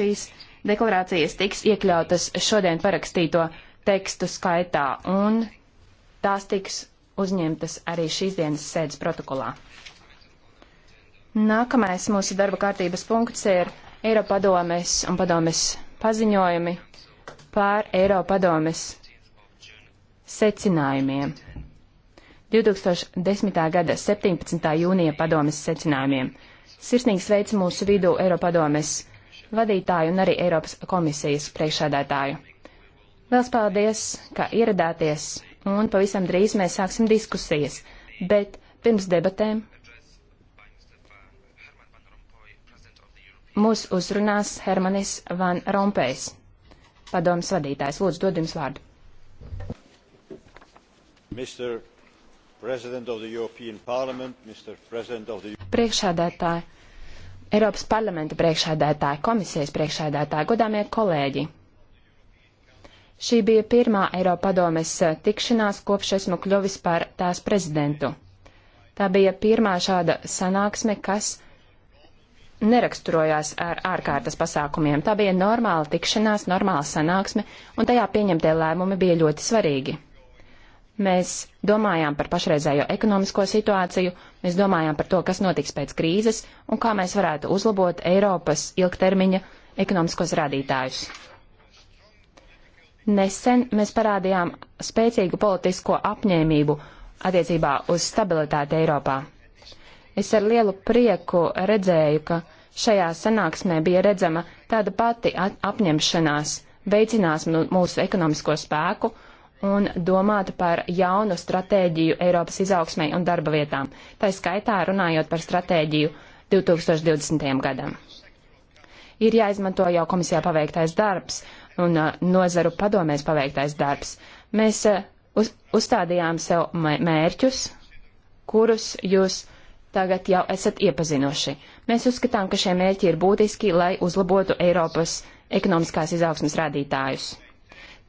šīs deklarācijas tiks iekļautas šodien parakstīto tekstu skaitā, un tās tiks uzņemtas arī šīs dienas sēdes protokolā. Nākamais mūsu darba kārtības punkts ir Eiropadomes un padomes paziņojumi pār Eiropadomes secinājumiem. 2010. gada 17. jūnija padomes secinājumiem. Sirsnīgi sveicu mūsu vidū Eiropadomes vadītāju un arī Eiropas komisijas priekšsēdētāju. Liels paldies, ka ieradāties, un pavisam drīz mēs sāksim diskusijas, bet pirms debatēm mūs uzrunās Hermanis Van Rompējs, padomas vadītājs. Lūdzu, dod jums vārdu. Mr. President of the European Parliament, Mr. President of the... Priekšādātāji, Eiropas parlamenta priekšēdētāji, komisijas priekšēdētāji, godāmie kolēģi! Šī bija pirmā Eiropadomes eh, tikšanās, kopš esmu kļuvis par tās prezidentu. Tā bija pirmā šāda sanāksme, kas neraksturojās ar ārkārtas pasākumiem. Tā bija normāla tikšanās, normāla sanāksme, un tajā pieņemtie lēmumi bija ļoti svarīgi. Mēs domājām par pašreizējo ekonomisko situāciju, mēs domājām par to, kas notiks pēc krīzes un kā mēs varētu uzlabot Eiropas ilgtermiņa ekonomiskos rādītājus. Nesen mēs parādījām spēcīgu politisko apņēmību attiecībā uz stabilitāti Eiropā. Es ar lielu prieku redzēju, ka šajā sanāksmē bija redzama tāda pati apņemšanās veicinās mūsu ekonomisko spēku un domāt par jaunu stratēģiju Eiropas izaugsmai un darba vietām, tā skaitā runājot par stratēģiju 2020. gadam. Ir jāizmanto jau komisijā paveiktais darbs un uh, nozaru padomēs paveiktais darbs. Mēs uh, uz, uzstādījām sev mērķus, kurus jūs tagad jau esat iepazinuši. Mēs uzskatām, ka šie mērķi ir būtiski, lai uzlabotu Eiropas ekonomiskās izaugsmas rādītājus.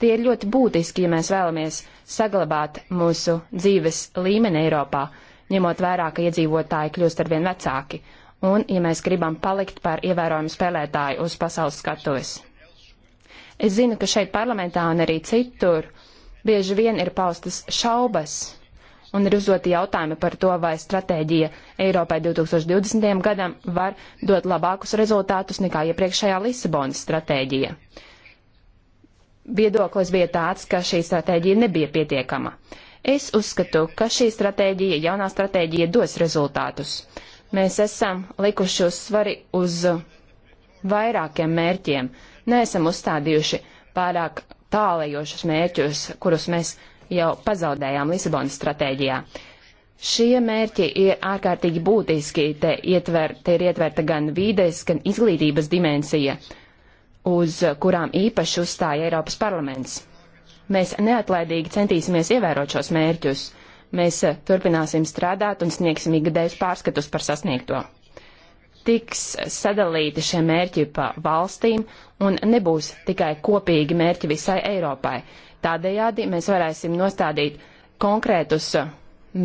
Tie ir ļoti būtiski, ja mēs vēlamies saglabāt mūsu dzīves līmeni Eiropā, ņemot vērā, ka iedzīvotāji kļūst arvien vecāki, un ja mēs gribam palikt par ievērojumu spēlētāju uz pasaules skatuves. Es zinu, ka šeit parlamentā un arī citur bieži vien ir paustas šaubas un ir uzdoti jautājumi par to, vai stratēģija Eiropai 2020. gadam var dot labākus rezultātus nekā iepriekšējā Lisabonas stratēģija viedoklis bija tāds, ka šī stratēģija nebija pietiekama. Es uzskatu, ka šī stratēģija, jaunā stratēģija dos rezultātus. Mēs esam likuši uzsvari uz vairākiem mērķiem, neesam uzstādījuši pārāk tālējošus mērķus, kurus mēs jau pazaudējām Lisabonas stratēģijā. Šie mērķi ir ārkārtīgi būtiski, te, ietver, te ir ietverta gan vīdes, gan izglītības dimensija. Uh, uz kurām īpaši uzstāja Eiropas parlaments. Mēs neatlaidīgi centīsimies ievērot šos mērķus. Mēs eh, turpināsim strādāt un sniegsim ikgadējus pārskatus par sasniegto. Tiks sadalīti šie mērķi pa valstīm un nebūs tikai kopīgi mērķi visai Eiropai. Tādējādi mēs varēsim nostādīt konkrētus eh,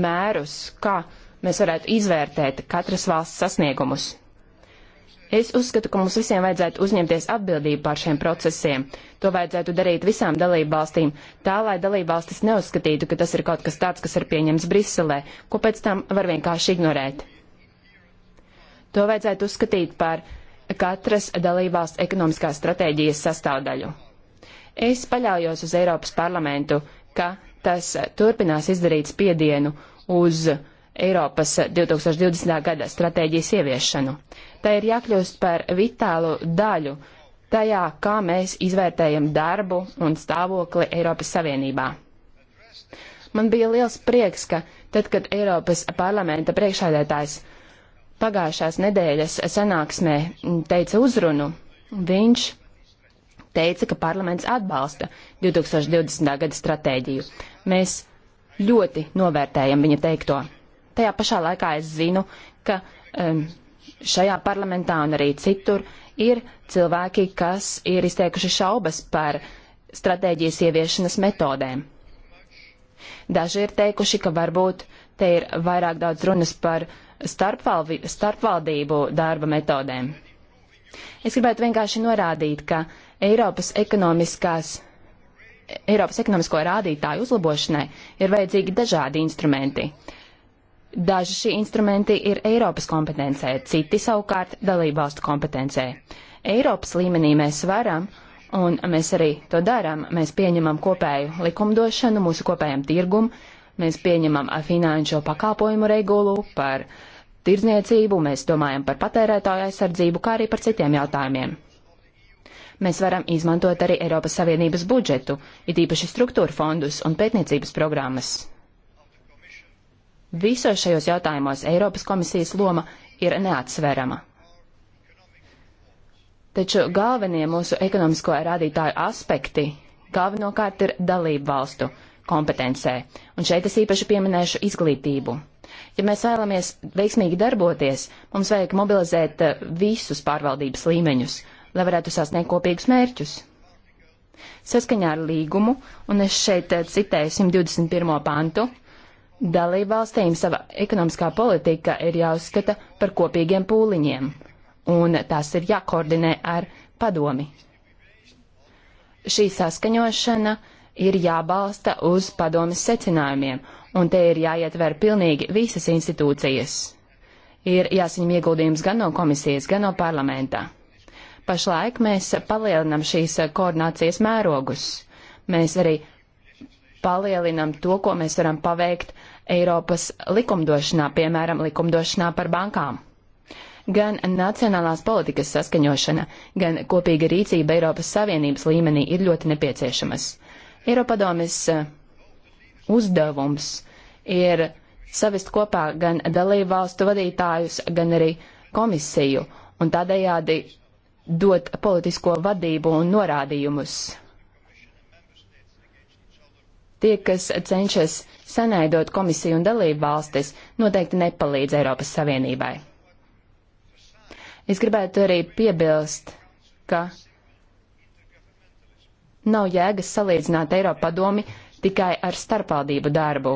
mērus, kā mēs varētu izvērtēt katras valsts sasniegumus. Es uzskatu, ka mums visiem vajadzētu uzņemties atbildību par šiem procesiem. To vajadzētu darīt visām dalībvalstīm, tā lai dalībvalstis neuzskatītu, ka tas ir kaut kas tāds, kas ir pieņems Briselē, ko pēc tam var vienkārši ignorēt. To vajadzētu uzskatīt par katras dalībvalsts ekonomiskās stratēģijas sastāvdaļu. Es paļaujos uz Eiropas parlamentu, ka tas turpinās izdarīt spiedienu uz uh, Eiropas 2020. gada stratēģijas ieviešanu. Tā ir jākļūst par vitālu daļu tajā, kā mēs izvērtējam darbu un stāvokli Eiropas Savienībā. Man bija liels prieks, ka tad, kad Eiropas parlamenta priekšādētājs pagājušās nedēļas sanāksmē teica uzrunu, viņš teica, ka parlaments atbalsta 2020. gada stratēģiju. Mēs ļoti novērtējam viņa teikto tajā pašā laikā es zinu, ka um, šajā parlamentā un arī citur ir cilvēki, kas ir izteikuši šaubas par stratēģijas ieviešanas metodēm. Daži ir teikuši, ka varbūt te ir vairāk daudz runas par starpvaldību darba metodēm. Es gribētu vienkārši norādīt, ka Eiropas ekonomiskās Eiropas ekonomisko rādītāju uzlabošanai ir vajadzīgi dažādi instrumenti. Daži šī instrumenti ir Eiropas kompetencē, citi savukārt dalībvalstu kompetencē. Eiropas līmenī mēs varam, un mēs arī to darām, mēs pieņemam kopēju likumdošanu mūsu kopējam tirgum, mēs pieņemam finanšu pakāpojumu regulu par tirdzniecību, mēs domājam par patērētāju aizsardzību, kā arī par citiem jautājumiem. Mēs varam izmantot arī Eiropas Savienības budžetu, it īpaši struktūra fondus un pētniecības programmas. Visos šajos jautājumos Eiropas komisijas loma ir neatsverama. Taču galvenie mūsu ekonomisko rādītāju aspekti galvenokārt ir dalību valstu kompetencē, un šeit es īpaši pieminēšu izglītību. Ja mēs vēlamies veiksmīgi darboties, mums vajag mobilizēt eh, visus pārvaldības līmeņus, lai varētu sasniegt kopīgus mērķus. Saskaņā ar līgumu, un es šeit eh, citēju 121. pantu, Dalībvalstīm sava ekonomiskā politika ir jāuzskata par kopīgiem pūliņiem, un tās ir jākoordinē ar padomi. Šī saskaņošana ir jābalsta uz padomis secinājumiem, un te ir jāietver pilnīgi visas institūcijas. Ir jāsaņem ieguldījums gan no komisijas, gan no parlamentā. Pašlaik mēs palielinam šīs koordinācijas mērogus. Mēs arī palielinam to, ko mēs varam paveikt Eiropas likumdošanā, piemēram, likumdošanā par bankām. Gan nacionālās politikas saskaņošana, gan kopīga rīcība Eiropas Savienības līmenī ir ļoti nepieciešamas. Eiropadomes eh, uzdevums ir savest kopā gan dalību valstu vadītājus, gan arī komisiju un tādējādi dot politisko vadību un norādījumus Tie, kas cenšas sanaidot komisiju un dalību valstis, noteikti nepalīdz Eiropas Savienībai. Es gribētu arī piebilst, ka nav jēgas salīdzināt Eiropa padomi tikai ar starpvaldību darbu.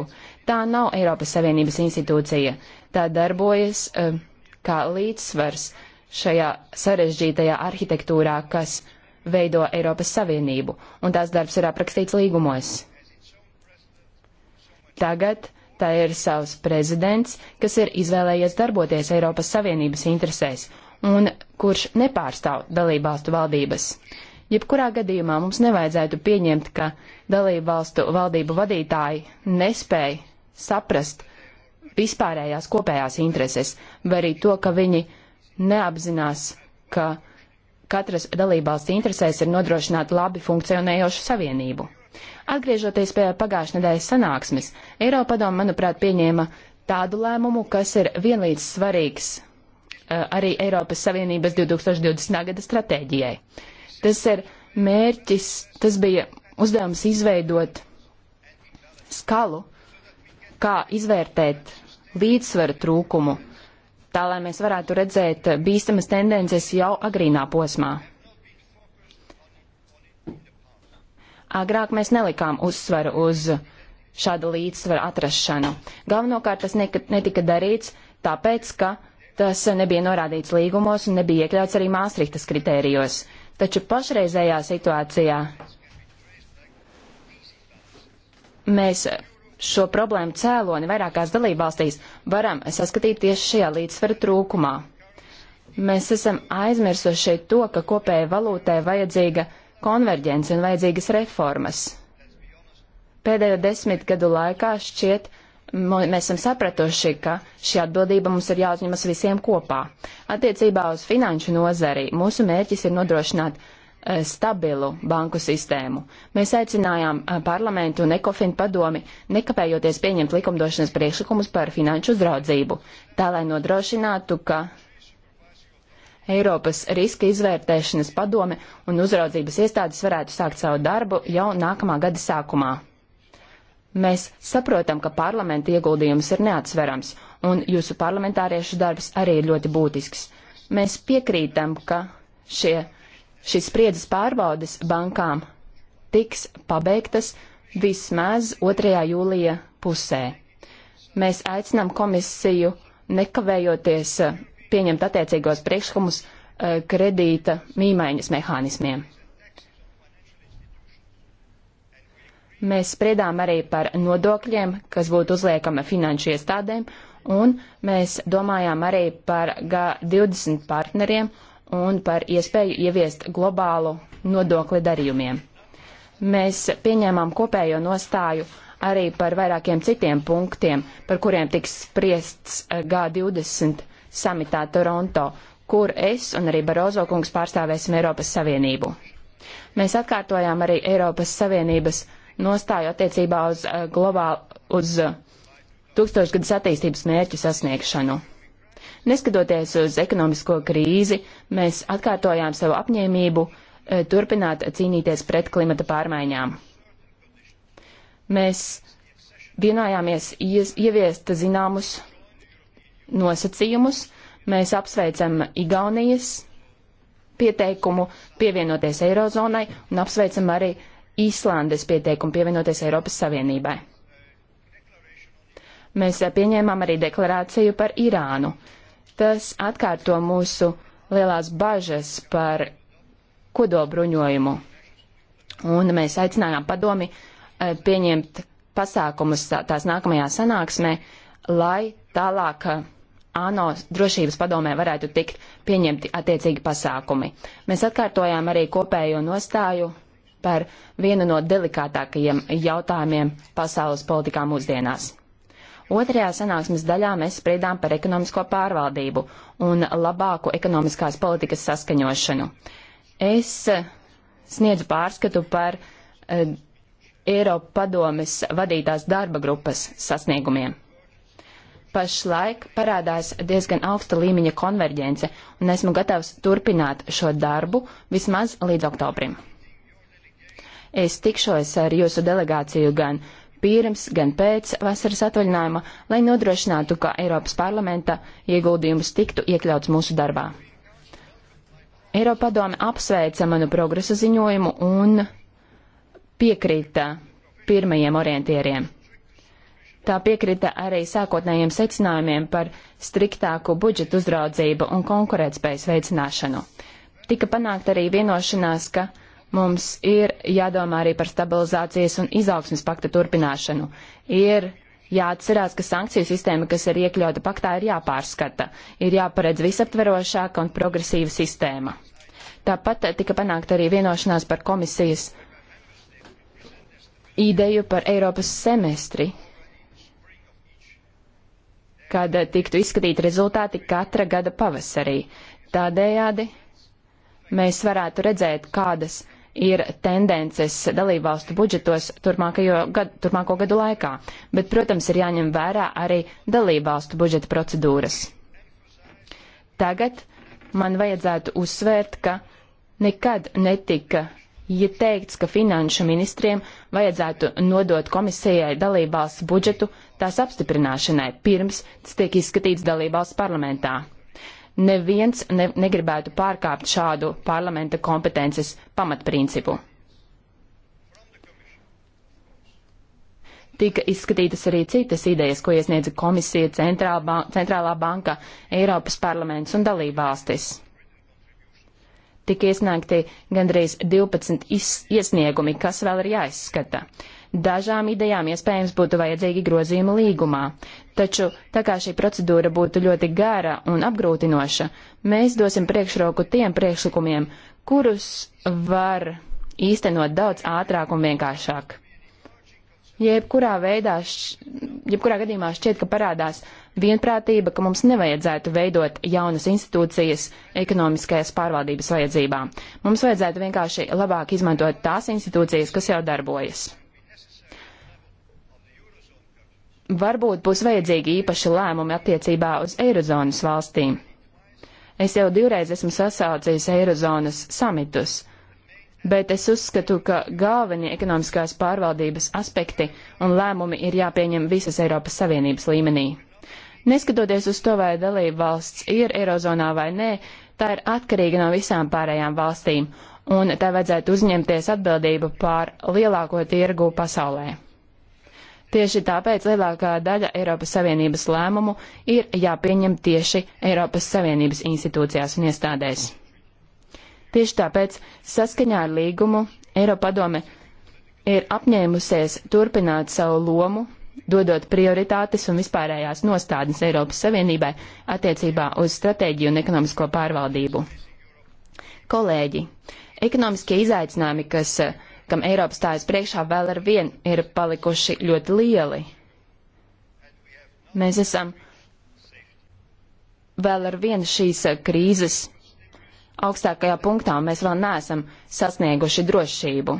Tā nav Eiropas Savienības institūcija. Tā darbojas uh, kā līdzsvars šajā sarežģītajā arhitektūrā, kas veido Eiropas Savienību, un tās darbs ir aprakstīts līgumos. Tagad tā ir savs prezidents, kas ir izvēlējies darboties Eiropas Savienības interesēs un kurš nepārstāv dalībvalstu valdības. Jebkurā gadījumā mums nevajadzētu pieņemt, ka dalībvalstu valdību vadītāji nespēja saprast vispārējās kopējās intereses, vai arī to, ka viņi neapzinās, ka katras dalībvalsts interesēs ir nodrošināt labi funkcionējošu savienību. Atgriežoties pie pagājušā nedēļas sanāksmes, Eiropadoma, manuprāt, pieņēma tādu lēmumu, kas ir vienlīdz svarīgs eh, arī Eiropas Savienības 2020. gada stratēģijai. Tas ir mērķis, tas bija uzdevums izveidot skalu, kā izvērtēt līdzsvaru trūkumu, tā lai mēs varētu redzēt bīstamas tendences jau agrīnā posmā. Agrāk mēs nelikām uzsvaru uz šādu līdzsvaru atrašanu. Galvenokārt tas nek, netika darīts tāpēc, ka tas nebija norādīts līgumos un nebija iekļauts arī Māstrihtas kritērijos. Taču pašreizējā situācijā mēs šo problēmu cēloni vairākās dalībvalstīs varam saskatīt tieši šajā līdzsvera trūkumā. Mēs esam aizmirsuši to, ka kopējai valūtai vajadzīga konverģence un vajadzīgas reformas. Pēdējo desmit gadu laikā šķiet, mēs esam sapratuši, ka šī atbildība mums ir jāuzņemas visiem kopā. Attiecībā uz finanšu nozari mūsu mērķis ir nodrošināt e, stabilu banku sistēmu. Mēs aicinājām e, parlamentu un ekofinu padomi nekavējoties pieņemt likumdošanas priekšlikumus par finanšu uzraudzību, tā lai nodrošinātu, ka Eiropas riska izvērtēšanas padome un uzraudzības iestādes varētu sākt savu darbu jau nākamā gada sākumā. Mēs saprotam, ka parlamenta ieguldījums ir neatsverams, un jūsu parlamentāriešu darbs arī ir ļoti būtisks. Mēs piekrītam, ka šie, šīs spriedzes pārbaudes bankām tiks pabeigtas vismaz 2. jūlija pusē. Mēs aicinām komisiju nekavējoties pieņemt attiecīgos priekšlikumus eh, kredīta mīmaiņas mehānismiem. Mēs spriedām arī par nodokļiem, kas būtu uzliekama finanšu iestādēm, un mēs domājām arī par G20 partneriem un par iespēju ieviest globālu nodokli darījumiem. Mēs pieņēmām kopējo nostāju arī par vairākiem citiem punktiem, par kuriem tiks spriests eh, G20 samitā Toronto, kur es un arī Barozo kungs pārstāvēsim Eiropas Savienību. Mēs atkārtojām arī Eiropas Savienības nostāju attiecībā uz uh, eh, globālu, uz uh, eh, tūkstošgadus attīstības mērķu sasniegšanu. Neskatoties uz ekonomisko krīzi, mēs atkārtojām savu apņēmību uh, turpināt cīnīties pret klimata pārmaiņām. Mēs vienojāmies ies, ieviest zināmus nosacījumus. Mēs apsveicam Igaunijas pieteikumu pievienoties Eirozonai un apsveicam arī Īslandes pieteikumu pievienoties Eiropas Savienībai. Mēs pieņēmām arī deklarāciju par Irānu. Tas atkārto mūsu lielās bažas par kodolbruņojumu. Un mēs aicinājām padomi eh, pieņemt pasākumus tās nākamajā sanāksmē, lai tālāk eh, ANO drošības padomē varētu tikt pieņemti attiecīgi pasākumi. Mēs atkārtojām arī kopējo nostāju par vienu no delikātākajiem jautājumiem pasaules politikā mūsdienās. Otrajā sanāksmes daļā mēs spriedām par ekonomisko pārvaldību un labāku ekonomiskās politikas saskaņošanu. Es eh, sniedzu pārskatu par eh, Eiropa padomes vadītās darba grupas sasniegumiem pašlaik parādās diezgan augsta līmeņa konverģence, un esmu gatavs turpināt šo darbu vismaz līdz oktobrim. Es tikšos ar jūsu delegāciju gan pirms, gan pēc vasaras atvaļinājuma, lai nodrošinātu, ka Eiropas parlamenta ieguldījums tiktu iekļauts mūsu darbā. Eiropa padome apsveica manu progresa ziņojumu un piekrita pirmajiem orientieriem. Tā piekrita arī sākotnējiem secinājumiem par striktāku budžetu uzraudzību un konkurētspējas veicināšanu. Tika panākt arī vienošanās, ka mums ir jādomā arī par stabilizācijas un izaugsmes pakta turpināšanu. Ir jāatcerās, ka sankciju sistēma, kas ir iekļauta paktā, ir jāpārskata, ir jāparedz visaptverošāka un progresīva sistēma. Tāpat tika panākt arī vienošanās par komisijas ideju par Eiropas semestri, kad eh, tiktu izskatīti rezultāti katra gada pavasarī. Tādējādi mēs varētu redzēt, kādas ir tendences dalībvalstu budžetos gadu, turmāko gadu laikā, bet, protams, ir jāņem vērā arī dalībvalstu budžeta procedūras. Tagad man vajadzētu uzsvērt, ka nekad netika ja teikts, ka finanšu ministriem vajadzētu nodot komisijai dalībvalsts budžetu tās apstiprināšanai, pirms tas tiek izskatīts dalībvalsts parlamentā. Neviens ne, negribētu pārkāpt šādu parlamenta kompetences pamatprincipu. tika izskatītas arī citas idejas, ko iesniedza komisija, centrālā, banka, centrālā banka, Eiropas parlaments un dalībvalstis. Tika iesniegti gandrīz 12 iesniegumi, kas vēl ir jāizskata. Dažām idejām iespējams būtu vajadzīgi grozījumi līgumā, taču tā kā šī procedūra būtu ļoti gara un apgrūtinoša, mēs dosim priekšroku tiem priekšlikumiem, kurus var īstenot daudz ātrāk un vienkāršāk. Jebkurā veidā, jebkurā gadījumā šķiet, ka parādās uh, vienprātība, ka mums nevajadzētu veidot jaunas institūcijas ekonomiskajās pārvaldības vajadzībām. Mums vajadzētu vienkārši labāk izmantot tās institūcijas, kas jau darbojas. Varbūt būs vajadzīgi īpaši lēmumi attiecībā uz Eirozonas valstīm. Es jau divreiz esmu sasaucījis Eirozonas samitus bet es uzskatu, ka galvenie ekonomiskās pārvaldības aspekti un lēmumi ir jāpieņem visas Eiropas Savienības līmenī. Neskatoties uz to, vai dalība valsts ir Eirozonā vai nē, tā ir atkarīga no visām pārējām valstīm, un tā vajadzētu uzņemties atbildību pār lielāko tirgu pasaulē. Tieši tāpēc lielākā daļa Eiropas Savienības lēmumu ir jāpieņem tieši Eiropas Savienības institūcijās un iestādēs. Tieši tāpēc saskaņā ar līgumu Eiropadome ir apņēmusies turpināt savu lomu dodot prioritātes un vispārējās nostādnes Eiropas Savienībai attiecībā uz stratēģiju un ekonomisko pārvaldību. Kolēģi, ekonomiskie izaicinājumi, kas, kam Eiropa stājas priekšā, vēl ar vien ir palikuši ļoti lieli. Mēs esam vēl ar vienu šīs krīzes augstākajā punktā, un mēs vēl neesam sasnieguši drošību.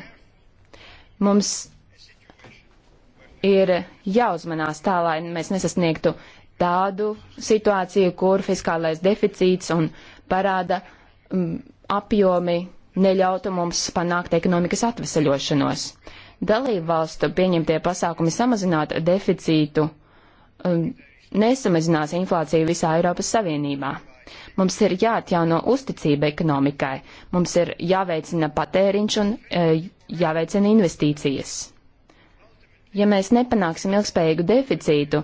Mums ir jāuzmanās tā, lai mēs nesasniegtu tādu situāciju, kur fiskālais deficīts un parāda mm, apjomi neļautu mums panākt ekonomikas atveseļošanos. Dalību valstu pieņemtie pasākumi samazināt deficītu mm, nesamazinās inflāciju visā Eiropas Savienībā. Mums ir jāatjauno uzticība ekonomikai, mums ir jāveicina patēriņš un e, jāveicina investīcijas. Ja mēs nepanāksim ilgspējīgu deficītu,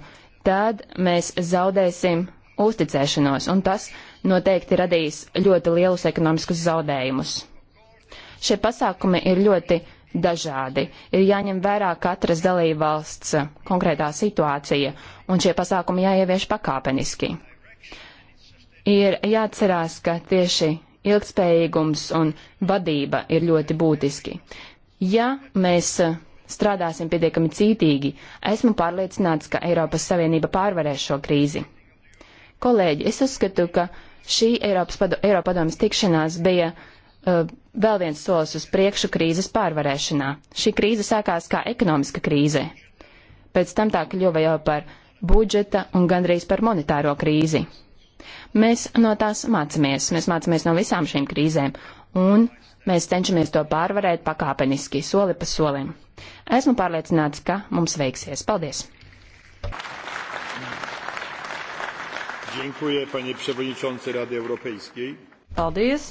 tad mēs zaudēsim uzticēšanos, un tas noteikti radīs ļoti lielus ekonomiskus zaudējumus. Šie pasākumi ir ļoti dažādi. Ir jāņem vērā katras dalībvalsts konkrētā situācija, un šie pasākumi jāievieš pakāpeniski. Ir jāatcerās, ka tieši ilgspējīgums un vadība ir ļoti būtiski. Ja mēs strādāsim pietiekami cītīgi, esmu pārliecināts, ka Eiropas Savienība pārvarēs šo krīzi. Kolēģi, es uzskatu, ka šī Eiropas pado, Eiropadomas tikšanās bija uh, vēl viens solis uz priekšu krīzes pārvarēšanā. Šī krīze sākās kā ekonomiska krīze. Pēc tam tā kļuva jau par budžeta un gandrīz par monetāro krīzi. Mēs no tās mācāmies. Mēs mācāmies no visām šīm krīzēm. Un Mēs cenšamies to pārvarēt pakāpeniski, soli pa solim. Esmu pārliecināts, ka mums veiksies. Paldies! Dziękuję, panie przewodniczący Rady Europejskiej. Paldies!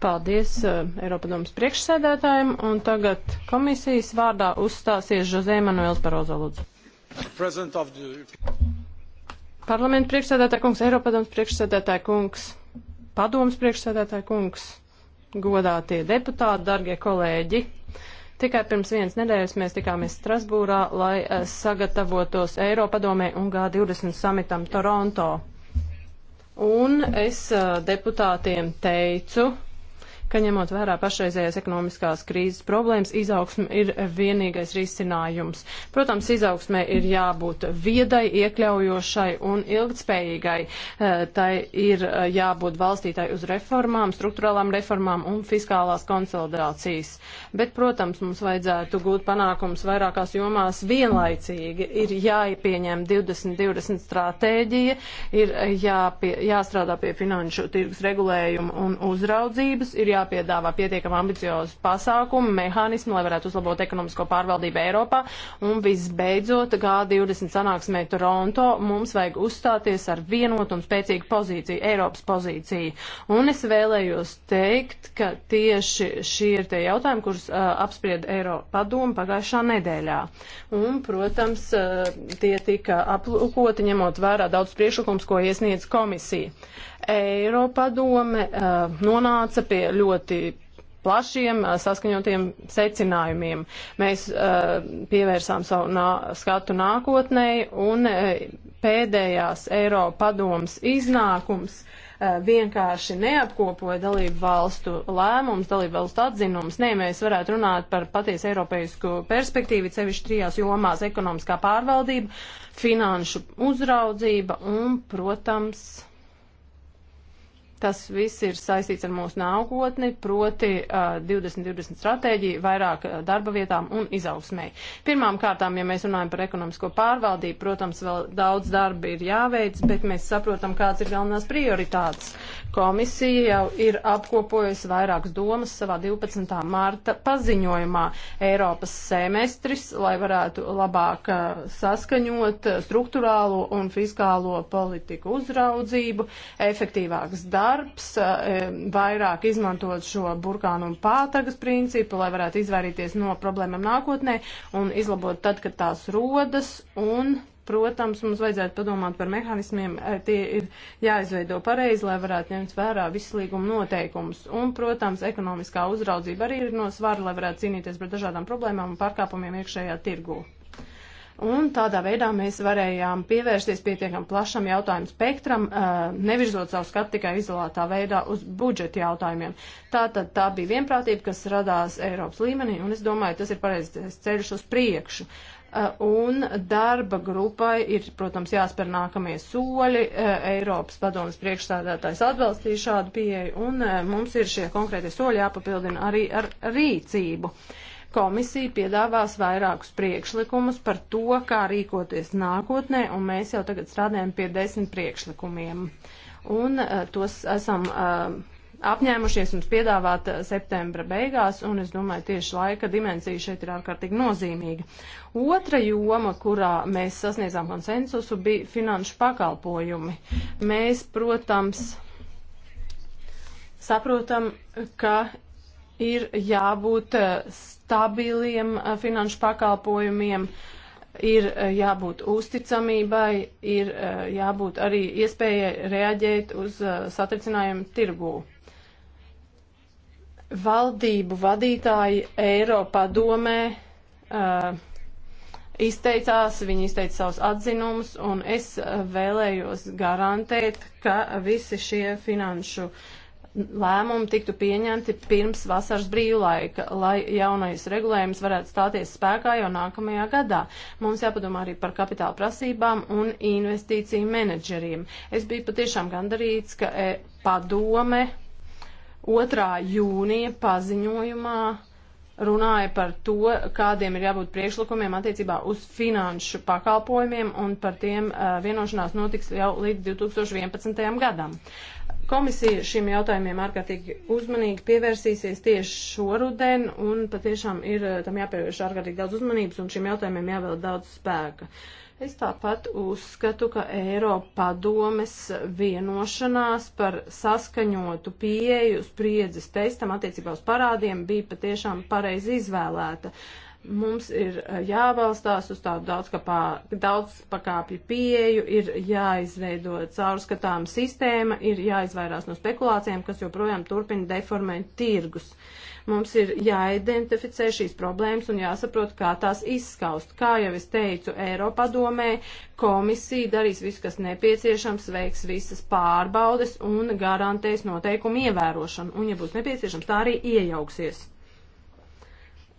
Paldies uh, Eiropadomas priekšsēdētājiem, un tagad komisijas vārdā uzstāsies Žozē Manuels Barozo Lūdzu. Parlamenta priekšsēdētāja kungs, Eiropadomas priekšsēdētāja kungs, padomas priekšsēdētāja kungs godātie deputāti, dargie kolēģi. Tikai pirms vienas nedēļas mēs tikāmies Strasbūrā, lai eh, sagatavotos Eiropadomē un G20 samitam Toronto. Un es eh, deputātiem teicu, ka ņemot vērā pašreizējās ekonomiskās krīzes problēmas, izaugsme ir vienīgais risinājums. Protams, izaugsmē ir jābūt viedai, iekļaujošai un ilgtspējīgai. Eh, tai ir eh, jābūt valstītai uz reformām, struktūrālām reformām un fiskālās konsolidācijas. Bet, protams, mums vajadzētu gūt panākums vairākās jomās vienlaicīgi. Ir jāpieņem 2020 stratēģija, ir eh, jāpie, jāstrādā pie finanšu tirgus regulējuma un uzraudzības, ir jā jāpiedāvā pietiekam ambiciozi pasākumi, mehānismi, lai varētu uzlabot ekonomisko pārvaldību Eiropā. Un visbeidzot, G20 sanāksmē Toronto mums vajag uzstāties ar vienotu un spēcīgu pozīciju, Eiropas pozīciju. Un es vēlējos teikt, ka tieši šie ir tie jautājumi, kurus uh, apspried Eiropa padomu pagājušā nedēļā. Un, protams, uh, tie tika aplūkoti, ņemot vērā daudz priekšlikums, ko iesniedz komisija. Uh, Eiropadome eh, nonāca pie ļoti plašiem eh, saskaņotiem secinājumiem. Mēs uh, pievērsām savu nā, skatu nākotnē un uh, pēdējās Eiropa padomas iznākums uh, vienkārši neapkopoja dalību valstu lēmums, dalību valstu atzinums. Nē, mēs varētu runāt par patiesu eiropeisku perspektīvu, sevišķi trijās jomās - ekonomiskā pārvaldība, finanšu uzraudzība un, protams, Tas viss ir saistīts ar mūsu nākotni, proti uh, 2020 stratēģiju, vairāk uh, darba vietām un izaugsmēji. Pirmām kārtām, ja mēs runājam par ekonomisko pārvaldību, protams, vēl daudz darba ir jāveic, bet mēs saprotam, kāds ir galvenās prioritātes. Uh, Komisija jau ir apkopojusi vairākas domas savā 12. mārta paziņojumā Eiropas semestris, lai varētu labāk eh, saskaņot eh, struktūrālo un fiskālo politiku uzraudzību, efektīvāks darbs, eh, vairāk izmantot šo burkānu un pātagas principu, lai varētu izvairīties no problēmām nākotnē un izlabot tad, kad tās rodas un protams, mums vajadzētu padomāt par mehānismiem, tie ir jāizveido pareizi, lai varētu ņemt vērā visas līguma noteikumus. Un, protams, ekonomiskā uzraudzība arī ir no svara, lai varētu cīnīties pret dažādām problēmām un pārkāpumiem iekšējā tirgū. Un tādā veidā mēs varējām pievērsties pietiekam plašam jautājumu spektram, nevirzot savu skatu tikai izolētā veidā uz budžeta jautājumiem. Tā tad tā bija vienprātība, kas radās Eiropas līmenī, un es domāju, tas ir pareizais ceļš uz priekšu. Un darba grupai ir, protams, jāspēr nākamie soļi. Eiropas padomas priekšstādātājs atbalstīja šādu pieeju, un mums ir šie konkrētie soļi jāpapildina arī ar rīcību. Uh, Komisija piedāvās vairākus priekšlikumus par to, kā rīkoties nākotnē, un mēs jau tagad strādājam pie desmit priekšlikumiem. Un uh, tos esam uh, apņēmušies mums piedāvāt eh, septembra beigās, un es domāju, tieši laika dimensija šeit ir ārkārtīgi nozīmīga. Otra joma, kurā mēs sasniedzām konsensusu, bija finanšu pakalpojumi. Mēs, protams, saprotam, ka ir jābūt stabiliem eh, finanšu pakalpojumiem, ir eh, jābūt uzticamībai, ir eh, jābūt arī iespējai reaģēt uz satricinājumu tirgū. Valdību vadītāji Eiropā domē uh, izteicās, viņi izteica savus atzinumus, un es vēlējos garantēt, ka visi šie finanšu uh, lēmumi tiktu pieņemti pirms vasaras brīvlaika, lai jaunais regulējums varētu stāties spēkā jau nākamajā gadā. Mums jāpadomā arī par kapitāla prasībām un investīciju menedžeriem. Es biju patiešām gandarīts, ka e, padome 2. jūnija paziņojumā runāja par to, kādiem ir jābūt priekšlikumiem attiecībā uz finanšu pakalpojumiem, un par tiem uh, vienošanās notiks jau līdz 2011. gadam. Komisija šiem jautājumiem ārkārtīgi uzmanīgi pievērsīsies tieši šoruden, un patiešām ir eh, tam jāpievērš ārkārtīgi daudz uzmanības, un šiem jautājumiem jāvēl daudz spēka. Es tāpat uzskatu, ka Eiropa padomes vienošanās par saskaņotu pieeju spriedzes testam attiecībā uz parādiem bija patiešām pareizi izvēlēta. Uh, Mums ir eh, jābalstās uz tādu daudzpakāpju daudz pieeju, ir jāizveido caurskatāma sistēma, ir jāizvairās no spekulācijām, kas joprojām turpina deformēt tirgus. Mums ir jāidentificē šīs problēmas un jāsaprot, kā tās izskaust. Kā jau es teicu, Eiropadomē komisija darīs visu, kas nepieciešams, veiks visas pārbaudes un garantēs noteikumu ievērošanu. Un, ja būs nepieciešams, tā arī iejauksies.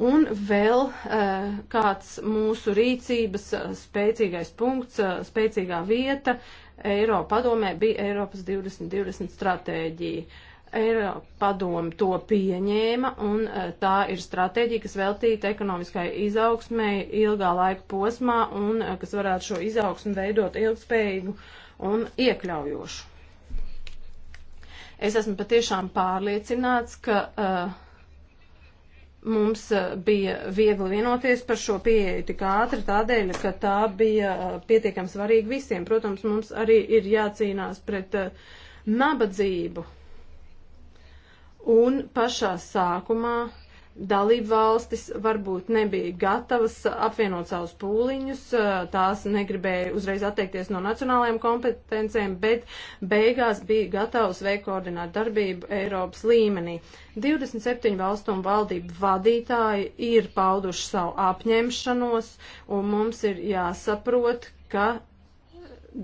Un vēl eh, kāds mūsu rīcības eh, spēcīgais punkts, eh, spēcīgā vieta Eiropa padomē bija Eiropas 2020 stratēģija. Eiropa padomu to pieņēma, un tā ir stratēģija, kas veltīta ekonomiskai izaugsmai ilgā laika posmā, un kas varētu šo izaugsmu veidot ilgspējīgu un iekļaujošu. Es esmu patiešām pārliecināts, ka uh, mums eh, bija viegli vienoties par šo pieeju tik ātri tādēļ, ka tā bija eh, pietiekami svarīga visiem. Protams, mums arī ir jācīnās pret eh, nabadzību. Un pašā sākumā Dalība valstis varbūt nebija gatavas apvienot savus pūliņus, tās negribēja uzreiz atteikties no nacionālajām kompetencēm, bet beigās bija gatavas veikt koordinētu darbību Eiropas līmenī. 27 valstu un valdību vadītāji ir pauduši savu apņemšanos, un mums ir jāsaprot, ka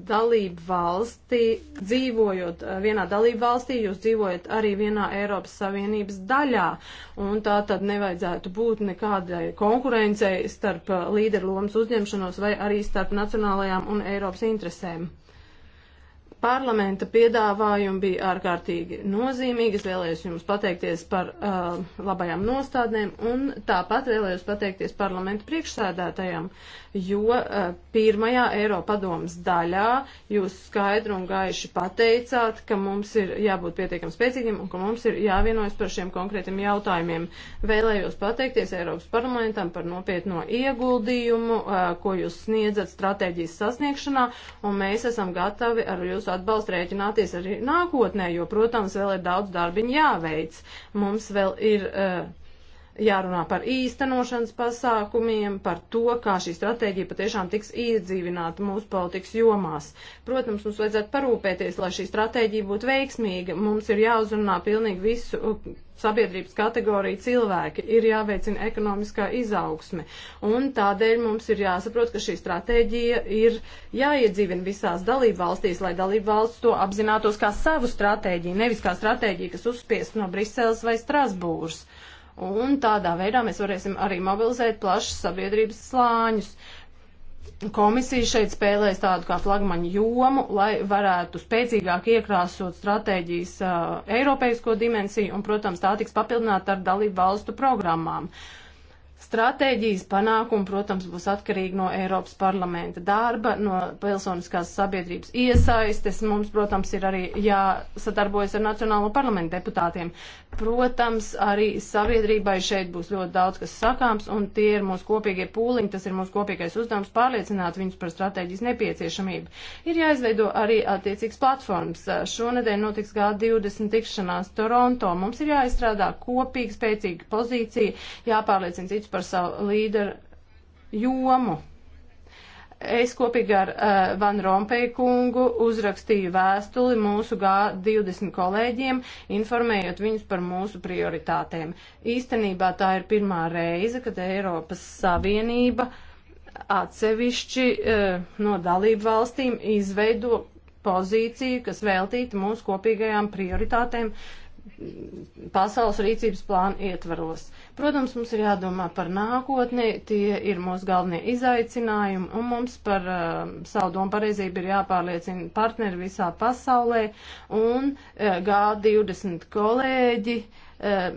dalību valstī, dzīvojot eh, vienā dalību valstī, jūs dzīvojat arī vienā Eiropas Savienības daļā, un tā tad nevajadzētu būt nekādai konkurencei starp eh, līderlomas uzņemšanos vai arī starp nacionālajām un Eiropas interesēm. Parlamenta piedāvājumi bija ārkārtīgi nozīmīgi. Es vēlējos jums pateikties par uh, labajām nostādnēm un tāpat vēlējos pateikties parlamenta priekšsēdētājam, jo uh, pirmajā Eiropadomas daļā jūs skaidru un gaiši pateicāt, ka mums ir jābūt pietiekam spēcīgiem un ka mums ir jāvienojas par šiem konkrētiem jautājumiem. Vēlējos pateikties Eiropas parlamentam par nopietno ieguldījumu, uh, ko jūs sniedzat stratēģijas sasniegšanā, un mēs esam gatavi ar jūs jūsu atbalstu rēķināties arī nākotnē, jo, protams, vēl ir daudz darbiņu jāveic. Mums vēl ir uh, jārunā par īstenošanas pasākumiem, par to, kā šī stratēģija patiešām tiks iedzīvināta mūsu politikas jomās. Protams, mums vajadzētu parūpēties, lai šī stratēģija būtu veiksmīga. Mums ir jāuzrunā pilnīgi visu sabiedrības kategorija cilvēki, ir jāveicina ekonomiskā izaugsme. Un tādēļ mums ir jāsaprot, ka šī stratēģija ir jāiedzīvina visās dalību valstīs, lai dalību valsts to apzinātos kā savu stratēģiju, nevis kā stratēģiju, kas uzspiest no Briseles vai Strasbūras. Un tādā veidā mēs varēsim arī mobilizēt plašas sabiedrības slāņus. Uh, Komisija šeit spēlēs tādu kā flagmaņu jomu, lai varētu spēcīgāk iekrāsot stratēģijas uh, eiropeisko dimensiju, un, protams, tā tiks papildināta ar dalību valstu programmām. Uh, Stratēģijas panākumi, protams, būs atkarīgi no Eiropas parlamenta darba, no pilsoniskās sabiedrības iesaistes. Mums, protams, ir arī jāsadarbojas ar Nacionālo parlamentu deputātiem. Protams, arī sabiedrībai šeit būs ļoti daudz kas sakāms, un tie ir mūsu kopīgie pūliņi, tas ir mūsu kopīgais uzdevums pārliecināt viņus par stratēģijas nepieciešamību. Ir jāizveido arī attiecīgs platformas. Šonadēļ notiks G20 tikšanās Toronto. Mums ir jāizstrādā kopīga, spēcīga pozīcija, jāpārliecina citus par par savu līderu jomu. Es kopīgi ar uh, Van Rompēju kungu uzrakstīju vēstuli mūsu G20 kolēģiem, informējot viņus par mūsu prioritātēm. Īstenībā tā ir pirmā reize, kad Eiropas Savienība atsevišķi uh, no dalību valstīm izveido pozīciju, kas veltīta mūsu kopīgajām prioritātēm uh, pasaules rīcības plānu ietvaros. Protams, mums ir jādomā par nākotni, tie ir mūsu galvenie izaicinājumi, un mums par uh, savu domu pareizību ir jāpārliecina partneri visā pasaulē, un uh, G20 kolēģi. Uh,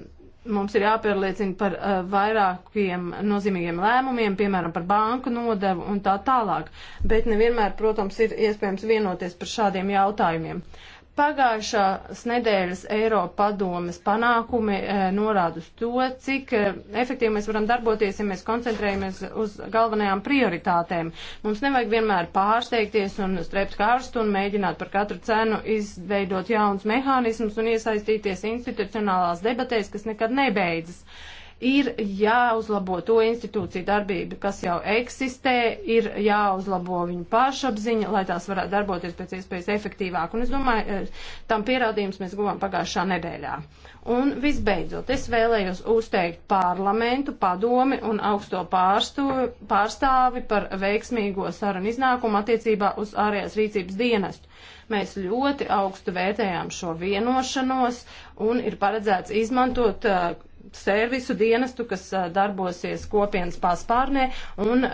Mums ir jāpierliecina par uh, vairākiem nozīmīgiem lēmumiem, piemēram, par banku nodevu un tā tālāk. Bet nevienmēr, protams, ir iespējams vienoties par šādiem jautājumiem. Uh, Pagājušās nedēļas Eiropa padomes panākumi e, norāda uz to, cik e, efektīvi mēs varam darboties, ja mēs koncentrējamies uz galvenajām prioritātēm. Mums nevajag vienmēr pārsteigties un strept kārstu un mēģināt par katru cenu izveidot jaunus mehānismus un iesaistīties institucionālās debatēs, kas nekad nebeidzas. E, ir jāuzlabo to institūciju darbību, kas jau eksistē, ir jāuzlabo viņu pašapziņa, lai tās varētu darboties pēc iespējas efektīvāk. Un es domāju, eh, tam pierādījums mēs guvām pagājušā nedēļā. Un visbeidzot, es vēlējos uzteikt parlamentu, padomi un augsto pārstu, pārstāvi par veiksmīgo sarunu iznākumu attiecībā uz ārējās rīcības dienestu mēs ļoti augstu vērtējām šo vienošanos un ir paredzēts izmantot eh, servisu dienestu, kas darbosies kopienas paspārnē, un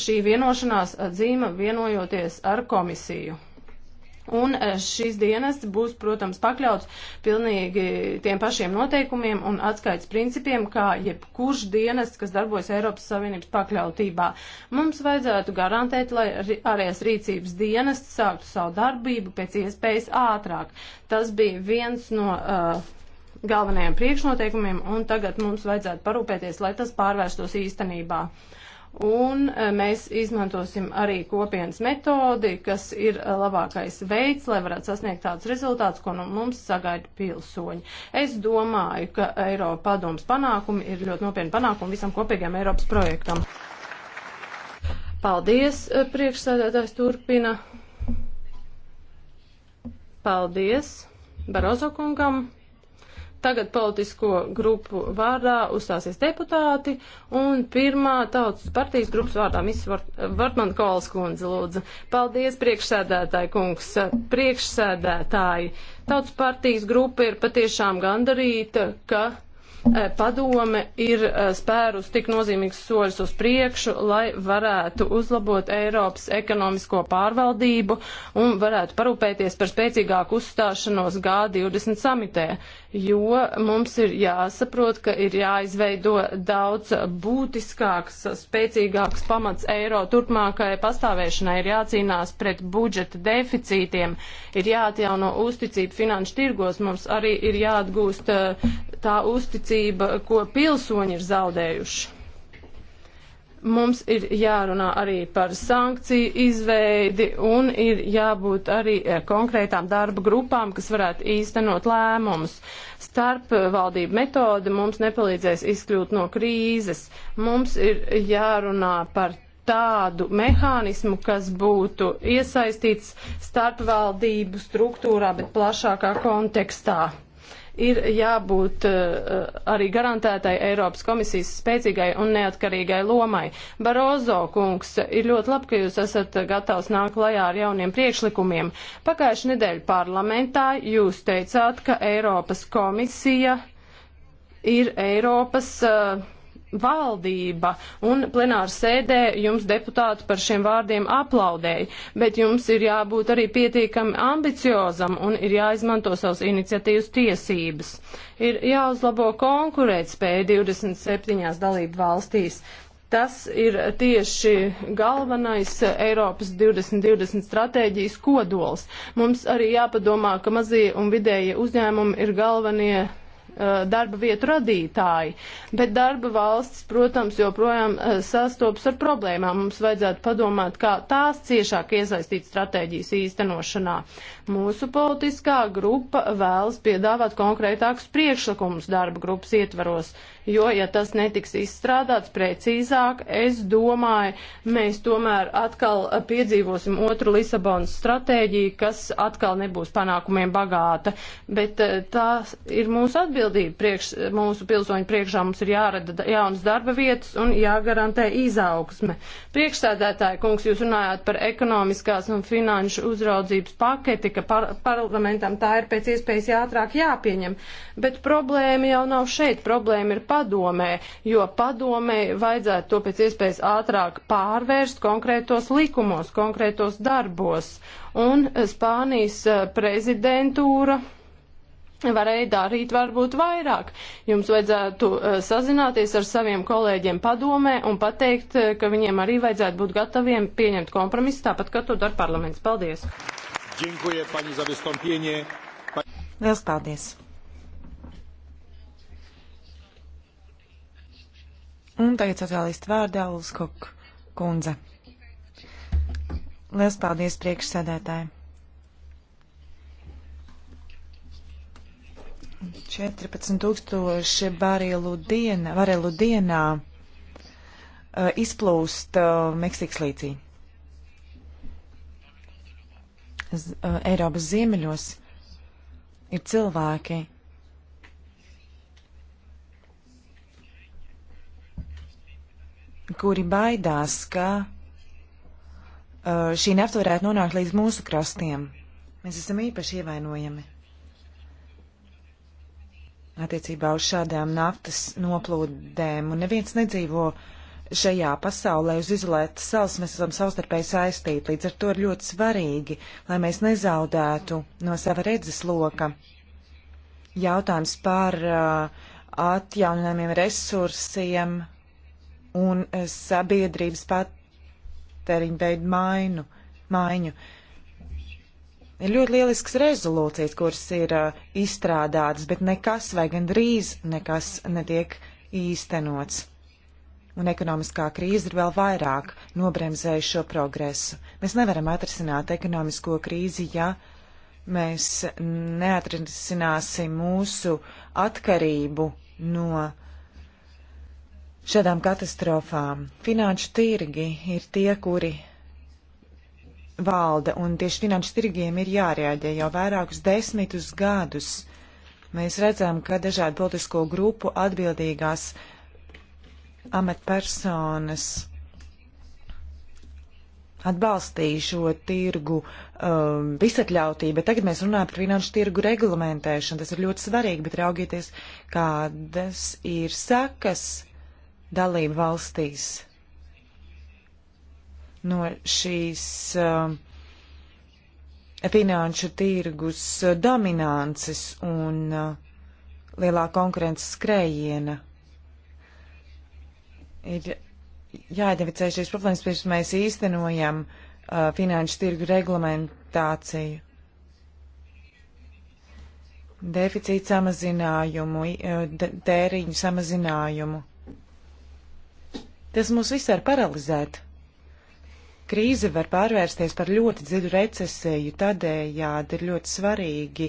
šī vienošanās dzīma vienojoties ar komisiju. Un šis dienests būs, protams, pakļauts pilnīgi tiem pašiem noteikumiem un atskaits principiem, kā jebkurš dienests, kas darbojas Eiropas Savienības pakļautībā. Mums vajadzētu garantēt, lai ārējās rīcības dienests sāktu savu darbību pēc iespējas ātrāk. Tas bija viens no. Uh, galvenajiem priekšnoteikumiem, un tagad mums vajadzētu parūpēties, lai tas pārvērstos īstenībā. Un e, mēs izmantosim arī kopienas metodi, kas ir e, labākais veids, lai varētu sasniegt tādus rezultātus, ko no nu mums sagaida pilsoņi. Es domāju, ka Eiropa padoms panākumi ir ļoti nopietni panākumi visam kopīgajam Eiropas projektam. Paldies, e, priekšsēdētājs turpina. Paldies Barozo kungam. Tagad politisko grupu vārdā uzstāsies deputāti, un pirmā tautas partijas grupas vārdā Miss Vart, Vartman Kolas kundze lūdzu. Paldies, priekšsēdētāji kungs, priekšsēdētāji. Tautas partijas grupa ir patiešām gandarīta, ka Eh, padome ir eh, spērus tik nozīmīgs soļus uz priekšu, lai varētu uzlabot Eiropas ekonomisko pārvaldību un varētu parūpēties par spēcīgāku uzstāšanos G20 samitē, jo mums ir jāsaprot, ka ir jāizveido daudz būtiskāks, spēcīgāks pamats eiro turpmākajai pastāvēšanai, ir jācīnās pret budžeta deficītiem, ir jāatjauno uzticība finanšu tirgos, mums arī ir jāatgūst uh, tā uzticība, ko pilsoņi ir zaudējuši. Mums ir jārunā arī par sankciju izveidi un ir jābūt arī eh, konkrētām darba grupām, kas varētu īstenot lēmumus. Starpvaldību metode mums nepalīdzēs izkļūt no krīzes. Mums ir jārunā par tādu mehānismu, kas būtu iesaistīts starpvaldību struktūrā, bet plašākā kontekstā ir jābūt eh, arī garantētai Eiropas komisijas spēcīgai un neatkarīgai lomai. Barozo kungs, ir ļoti labi, ka jūs esat gatavs nākt klajā ar jauniem priekšlikumiem. Pagājuši nedēļu parlamentā jūs teicāt, ka Eiropas komisija ir Eiropas uh, valdība un plenāra sēdē jums deputāti par šiem vārdiem aplaudēja, bet jums ir jābūt arī pietiekami ambiciozam un ir jāizmanto savas iniciatīvas tiesības. Ir jāuzlabo konkurētspēja 27 dalību valstīs. Tas ir tieši galvenais Eiropas 2020 stratēģijas kodols. Mums arī jāpadomā, ka mazie un vidējie uzņēmumi ir galvenie Uh, darba vietu radītāji, bet darba valstis, protams, joprojām uh, sastopas ar problēmām. Mums vajadzētu padomāt, kā tās ciešāk iesaistīt stratēģijas īstenošanā. Mūsu politiskā grupa vēlas piedāvāt konkrētākus priekšlikumus darba grupas ietvaros, jo, ja tas netiks izstrādāts precīzāk, es domāju, mēs tomēr atkal piedzīvosim otru Lisabonas stratēģiju, kas atkal nebūs panākumiem bagāta. Bet eh, tā ir mūsu atbildība priekš mūsu pilsoņu priekšā. Mums ir jārada jaunas darba vietas un jāgarantē izaugsme. Priekšsēdētāji, kungs, jūs runājāt par ekonomiskās un finanšu uzraudzības paketi, ka par parlamentam tā ir pēc iespējas jātrāk jāpieņem. Bet problēma jau nav šeit. Problēma ir pat padomē, jo padomē vajadzētu to pēc iespējas ātrāk pārvērst konkrētos likumos, konkrētos darbos. Un Spānijas eh, prezidentūra varēja darīt varbūt vairāk. Jums vajadzētu uh, sazināties ar saviem kolēģiem padomē un pateikt, uh, ka viņiem arī vajadzētu būt gataviem pieņemt kompromisu, tāpat kā to dara parlaments. Paldies! Dziękuję pani za wystąpienie. Pa... Liels paldies! Un tagad sociālistu vārdā Lūskok kundze. Liels paldies priekšsēdētāji. 14,000 barelu, diena, barelu dienā uh, izplūst uh, Meksikas līcī. Z, uh, Eiropas ziemeļos ir cilvēki, kuri baidās, ka uh, šī nafta varētu nonākt līdz mūsu krastiem. Mēs esam īpaši ievainojami attiecībā uz šādām naftas noplūdēm, un neviens nedzīvo šajā pasaulē uz izolētas salas, mēs esam savstarpēji saistīti, līdz ar to ir ļoti svarīgi, lai mēs nezaudētu no sava redzes loka. Jautājums par uh, atjauninājumiem resursiem, uh, un eh, sabiedrības patēriņu veidu mainu, maiņu. Ir ļoti lielisks rezolūcijas, kuras ir uh, izstrādātas, bet nekas vai gandrīz nekas netiek īstenots. Un ekonomiskā krīze ir vēl vairāk nobremzējusi šo progresu. Mēs nevaram atrisināt ekonomisko krīzi, ja mēs neatrisināsim mūsu atkarību no uh, šādām katastrofām. Finanšu tirgi ir tie, kuri valda, un tieši finanšu tirgiem ir jārēģē jau vairākus desmitus gadus. Mēs redzam, ka dažādu politisko grupu atbildīgās amatpersonas atbalstīja šo tirgu um, visatļautību, bet tagad mēs runājam par finanšu tirgu reglamentēšanu. Tas ir ļoti svarīgi, bet raugieties, kādas ir sekas dalību valstīs no šīs uh, finanšu tirgus dominances un uh, lielā konkurences skrējiena. Ir jāidentificē šīs problēmas, pirms mēs īstenojam uh, finanšu tirgu reglamentāciju. Deficīta samazinājumu, uh, tēriņu samazinājumu. Tas mūs visu var paralizēt. Krīze var pārvērsties par ļoti dziļu recesiju, tādējādi ir ļoti svarīgi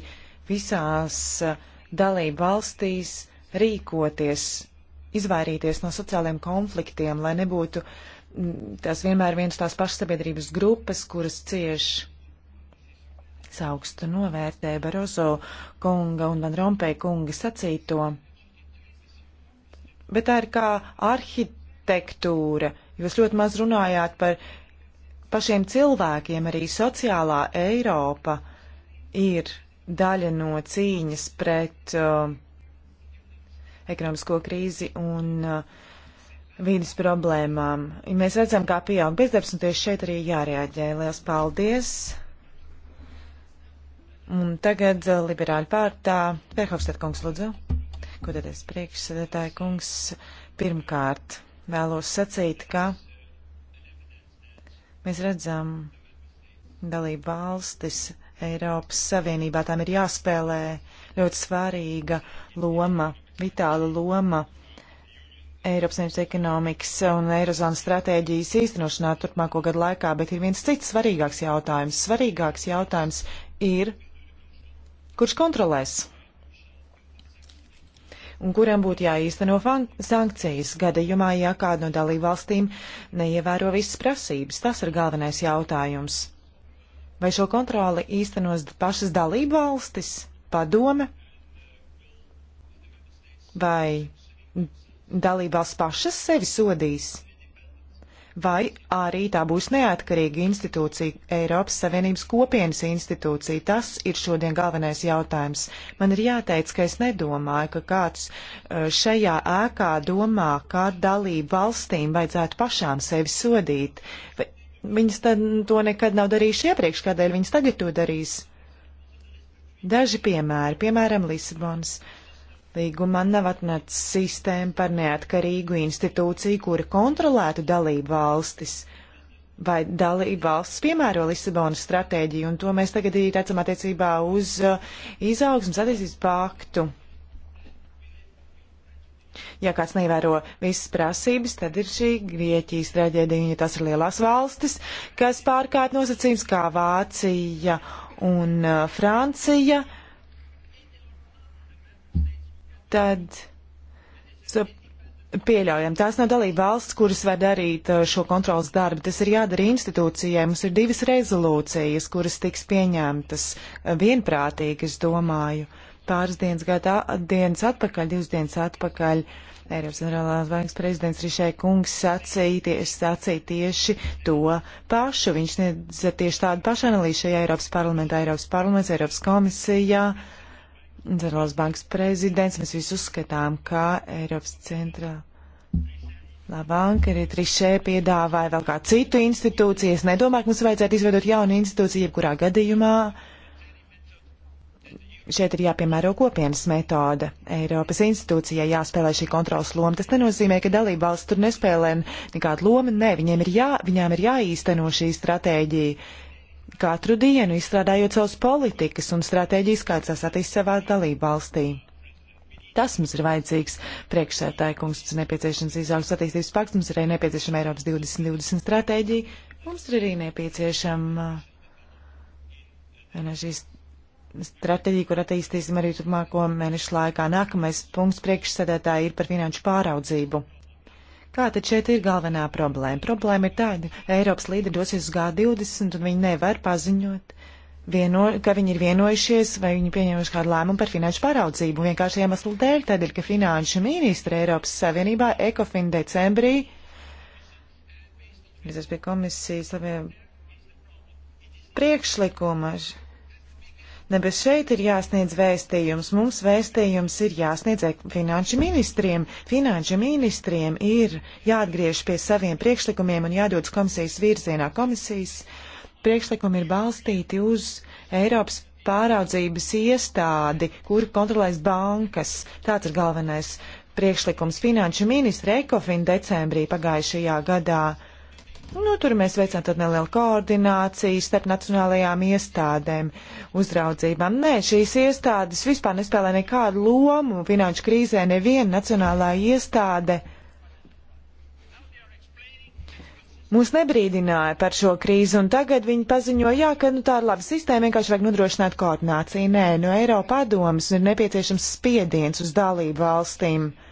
visās uh, dalību valstīs rīkoties, izvairīties no sociāliem konfliktiem, lai nebūtu mm, tās vienmēr vienas tās pašas sabiedrības grupas, kuras cieš. Saugstu novērtē Barozo kunga un Van Rompēja kunga sacīto. Bet tā ir kā arhitekta arhitektūra. Jūs ļoti maz runājāt par pašiem cilvēkiem, arī sociālā Eiropa ir daļa no cīņas pret uh, ekonomisko krīzi un uh, vīdes problēmām. Mēs redzam, kā pieaug bezdarbs, un tieši šeit arī jārēģē. Lielas paldies! Un tagad uh, liberāļu pārtā Perhofstad kungs lūdzu. Ko tad es priekšsēdētāju kungs pirmkārt? vēlos sacīt, ka mēs redzam dalību valstis Eiropas Savienībā. Tām ir jāspēlē ļoti svarīga loma, vitāla loma Eiropas Savienības ekonomikas un Eirozonas stratēģijas īstenošanā turpmāko gadu laikā, bet ir viens cits svarīgāks jautājums. Svarīgāks jautājums ir, kurš kontrolēs un kuram būtu jāīsteno sankcijas gadījumā, ja kāda no dalībvalstīm neievēro visas prasības. Tas ir galvenais jautājums. Vai šo kontroli īstenos pašas dalībvalstis, padome vai dalībvalsts pašas sevi sodīs? vai arī tā būs neatkarīga institūcija, Eiropas Savienības kopienas institūcija. Tas ir šodien galvenais jautājums. Man ir jāteic, ka es nedomāju, ka kāds eh, šajā ēkā domā, kā dalību valstīm vajadzētu pašām sevi sodīt. Viņas to nekad nav darījuši iepriekš, kādēļ viņas tagad to darīs. Daži piemēri, piemēram, Lisabonas Līgumā nav atnāca sistēma par neatkarīgu institūciju, kura kontrolētu dalību valstis. Vai dalība valsts piemēro Lisabonas stratēģiju, un to mēs tagad arī redzam attiecībā uz uh, izaugsmas attīstības paktu. Ja kāds neievēro visas prasības, tad ir šī Grieķijas traģēdija, ja tās ir lielās valstis, kas pārkārt nosacījums kā Vācija un uh, Francija. Uh, tad pieļaujam. Tās nav dalība valsts, kuras var darīt uh, šo kontrolas darbu. Tas ir jādara institūcijai. Mums ir divas rezolūcijas, kuras tiks pieņemtas uh, vienprātīgi, es domāju. Pāris dienas, gadā, dienas atpakaļ, divas dienas atpakaļ, Eiropas Centrālās bankas prezidents Rišai Kungs sacīja tieši, sacīja tieši to pašu. Viņš sniedza tieši tādu pašu analīzi šajā Eiropas parlamentā, Eiropas parlaments, Eiropas komisijā. Uh, Centrālās bankas prezidents. Mēs visi uzskatām, ka Eiropas centrālā banka arī trišē piedāvāja vēl kā citu institūciju. Es nedomāju, ka mums vajadzētu izveidot jaunu institūciju, jebkurā gadījumā. Šeit ir jāpiemēro kopienas metode. Eiropas institūcijai jāspēlē šī kontrolas loma. Tas nenozīmē, ka dalība valsts tur nespēlē nekādu lomu. Nē, viņiem ir, jā, viņām ir jāīsteno šī stratēģija katru dienu, izstrādājot savus politikas un stratēģijas, kāds tās attīst savā dalību valstī. Tas mums ir vajadzīgs priekšsētāji, kungs, mums ir nepieciešams izaugs attīstības pakts, mums ir arī nepieciešama Eiropas 2020 stratēģija, mums ir arī nepieciešama uh, enerģijas stratēģija, kur attīstīsim arī turpmāko mēnešu laikā. Nākamais punkts priekšsēdētāji ir par finanšu pāraudzību. Kā tad šeit ir galvenā problēma? Problēma ir tāda, Eiropas līderi dosies uz G20 un viņi nevar paziņot, vieno, ka viņi ir vienojušies vai viņi pieņemuši kādu lēmumu par finanšu pāraudzību. Vienkārši iemeslu dēļ tad ir, ka finanšu ministra Eiropas Savienībā Ekofin decembrī. Es esmu pie komisijas labiem priekšlikumus Ne bez šeit ir jāsniedz vēstījums. Mums vēstījums ir jāsniedz finanšu ministriem. Finanšu ministriem ir jāatgriež pie saviem priekšlikumiem un jādodas komisijas virzienā. Komisijas priekšlikumi ir balstīti uz Eiropas pāraudzības iestādi, kuru kontrolēs bankas. Tāds ir galvenais priekšlikums finanšu ministra Ekofin decembrī pagājušajā gadā. Nu, tur mēs veicām tādu nelielu koordināciju starp nacionālajām iestādēm, uzraudzībām. Nē, šīs iestādes vispār nespēlē nekādu lomu finanšu krīzē, neviena nacionālā iestāde. Mūs nebrīdināja par šo krīzi, un tagad viņi paziņo, jā, ka nu, tā ir laba sistēma, vienkārši vajag nodrošināt koordināciju. Nē, no Eiropa padomas ir nepieciešams spiediens uz dalību valstīm. Uh,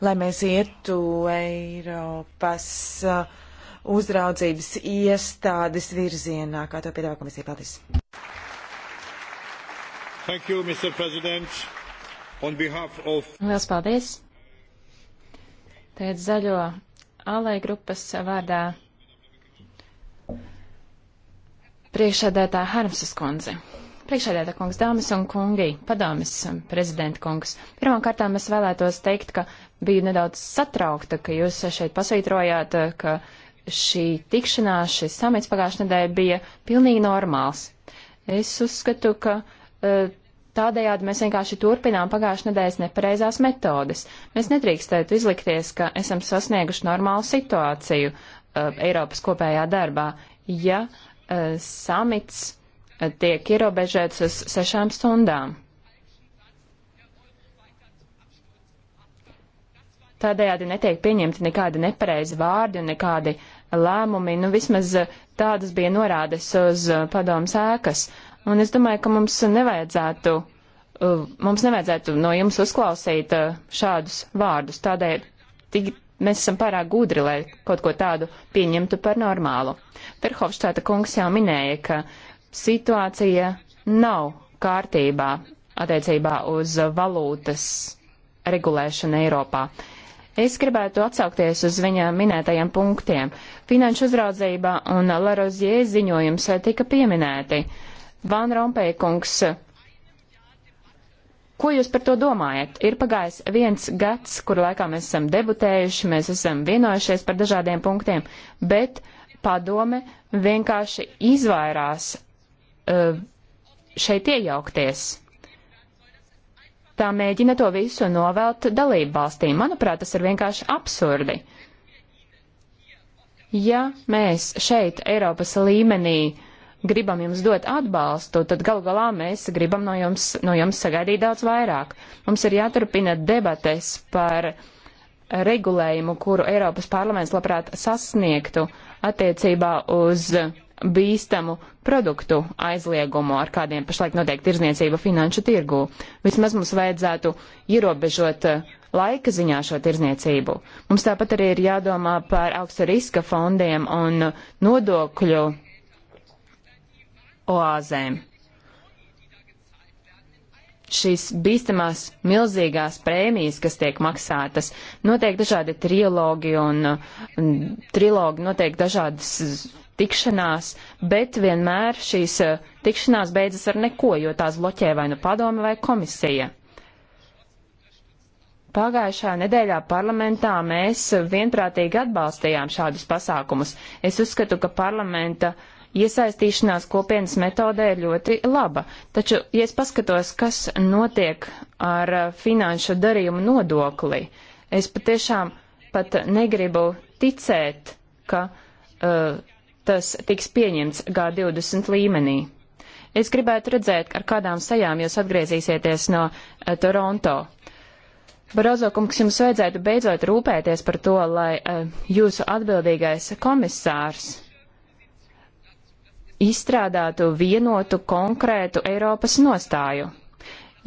lai mēs ietu Eiropas uh, uzraudzības iestādes virzienā, kā to piedāvā komisija. Paldies! Thank you, Mr. President. On behalf of... Liels paldies! Tēc zaļo alai grupas vārdā priekšādētā Harmsas kundze. Priekšādētā kungs, dāmas un kungi, padomis prezidenta kungs. Pirmkārt, es vēlētos teikt, ka biju nedaudz satraukta, ka jūs šeit pasvītrojāt, ka šī tikšanās, šis samits pagājušajā nedēļā bija pilnīgi normāls. Es uzskatu, ka e, tādējādi mēs vienkārši turpinām pagājušajā nedēļas nepareizās metodes. Mēs nedrīkstētu izlikties, ka esam sasnieguši normālu situāciju e, Eiropas kopējā darbā, ja e, samits tiek ierobežēts uz sešām stundām. Tādējādi netiek pieņemti nekādi nepareizi vārdi un nekādi lēmumi. Nu, vismaz eh, tādas bija norādes uz eh, padomas ēkas. Un es domāju, ka mums nevajadzētu, eh, mums nevajadzētu no jums uzklausīt šādus vārdus. Tādēļ tik, mēs esam pārāk gudri, lai kaut ko tādu pieņemtu par normālu. Perhofštāta kungs jau minēja, ka situācija nav kārtībā attiecībā uz valūtas regulēšanu Eiropā. Es gribētu atsaukties uz viņa minētajiem punktiem. Finanšu uzraudzība un Larozie ziņojums tika pieminēti. Van Rompēkungs, ko jūs par to domājat? Ir pagājis viens gads, kuru laikā mēs esam debutējuši, mēs esam vienojušies par dažādiem punktiem, bet padome vienkārši izvairās eh, šeit iejaukties tā mēģina to visu novelt dalību valstīm. Manuprāt, tas ir vienkārši absurdi. Ja mēs šeit Eiropas līmenī gribam jums dot atbalstu, tad gal galā mēs gribam no jums, no jums sagaidīt daudz vairāk. Mums ir jāturpina debates par regulējumu, kuru Eiropas parlaments labprāt sasniegtu attiecībā uz bīstamu produktu aizliegumu, ar kādiem pašlaik notiek tirzniecība finanšu tirgū. Vismaz mums vajadzētu ierobežot eh, laika ziņā šo tirzniecību. Mums tāpat arī ir jādomā par augsta riska fondiem un nodokļu oāzēm šīs bīstamās milzīgās prēmijas, kas tiek maksātas. Notiek dažādi trilogi un, un trilogi, notiek dažādas tikšanās, bet vienmēr šīs eh, tikšanās beidzas ar neko, jo tās bloķē vai nu padome vai komisija. Pagājušā nedēļā parlamentā mēs vienprātīgi atbalstījām šādus pasākumus. Es uzskatu, ka parlamenta uh, iesaistīšanās kopienas metodē ir ļoti laba. Taču, ja es paskatos, kas notiek ar uh, finanšu darījumu nodokli, es patiešām pat negribu ticēt, ka uh, tas tiks pieņemts G20 līmenī. Es gribētu redzēt, ar kādām sajām jūs atgriezīsieties no uh, Toronto. Barozo kungs, jums vajadzētu beidzot rūpēties par to, lai uh, jūsu atbildīgais komisārs izstrādātu vienotu konkrētu Eiropas nostāju.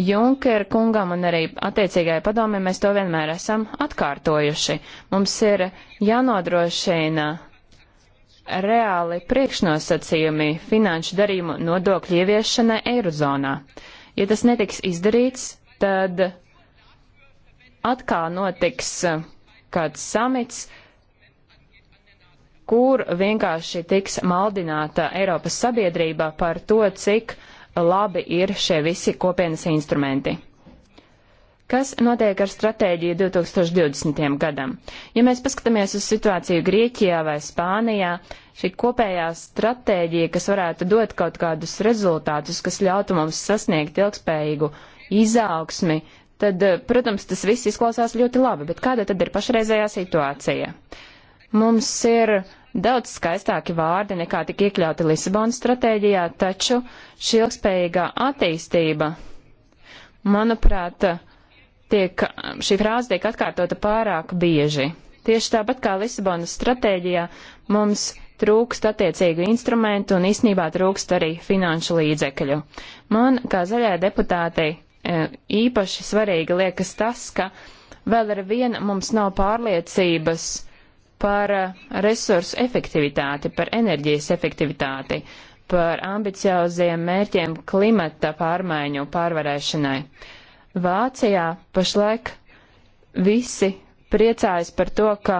Junker kungam un arī attiecīgajai padomē mēs to vienmēr esam atkārtojuši. Mums ir jānodrošina reāli priekšnosacījumi finanšu darījumu nodokļu ieviešanai Eirozonā. Ja tas netiks izdarīts, tad atkal notiks kāds samits, kur vienkārši tiks maldināta Eiropas sabiedrība par to, cik labi ir šie visi kopienas instrumenti. Kas notiek ar stratēģiju 2020. gadam? Ja mēs paskatāmies uz situāciju Grieķijā vai Spānijā, šī kopējā stratēģija, kas varētu dot kaut kādus rezultātus, kas ļautu mums sasniegt ilgspējīgu izaugsmi, tad, eh, protams, tas viss izklausās ļoti labi, bet kāda tad ir pašreizējā situācija? Uh, Mums ir daudz skaistāki vārdi nekā tik iekļauti Lisabonas stratēģijā, taču šī ilgspējīgā attīstība, manuprāt, tiek, šī frāze tiek atkārtota pārāk bieži. Tieši tāpat kā Lisabonas stratēģijā mums trūkst attiecīgu instrumentu un īsnībā trūkst arī finanšu līdzekļu. Man, kā zaļai deputātei, e, īpaši svarīgi liekas tas, ka vēl ar vienu mums nav pārliecības par eh, resursu efektivitāti, par enerģijas efektivitāti, par ambicioziem mērķiem klimata pārmaiņu pārvarēšanai. Vācijā pašlaik visi priecājas par to, ka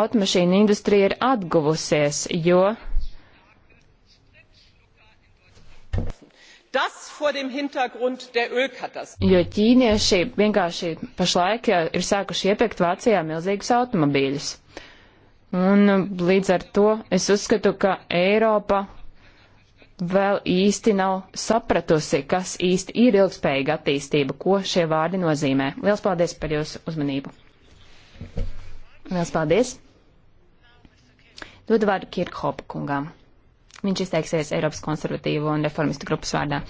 automašīna industrija ir atguvusies, jo. Jo ķīnieši vienkārši pašlaik ir sākuši iepirkt Vācijā milzīgus automobīļus. Uh, Un um, līdz ar to es uzskatu, ka Eiropa vēl īsti nav sapratusi, kas īsti ir ilgspējīga attīstība, ko šie vārdi nozīmē. Lielas paldies par jūsu uzmanību. Lielas paldies. Dodu vārdu Kirkhopa kungām. Viņš izteiksies Eiropas konservatīvo un reformistu grupas vārdā.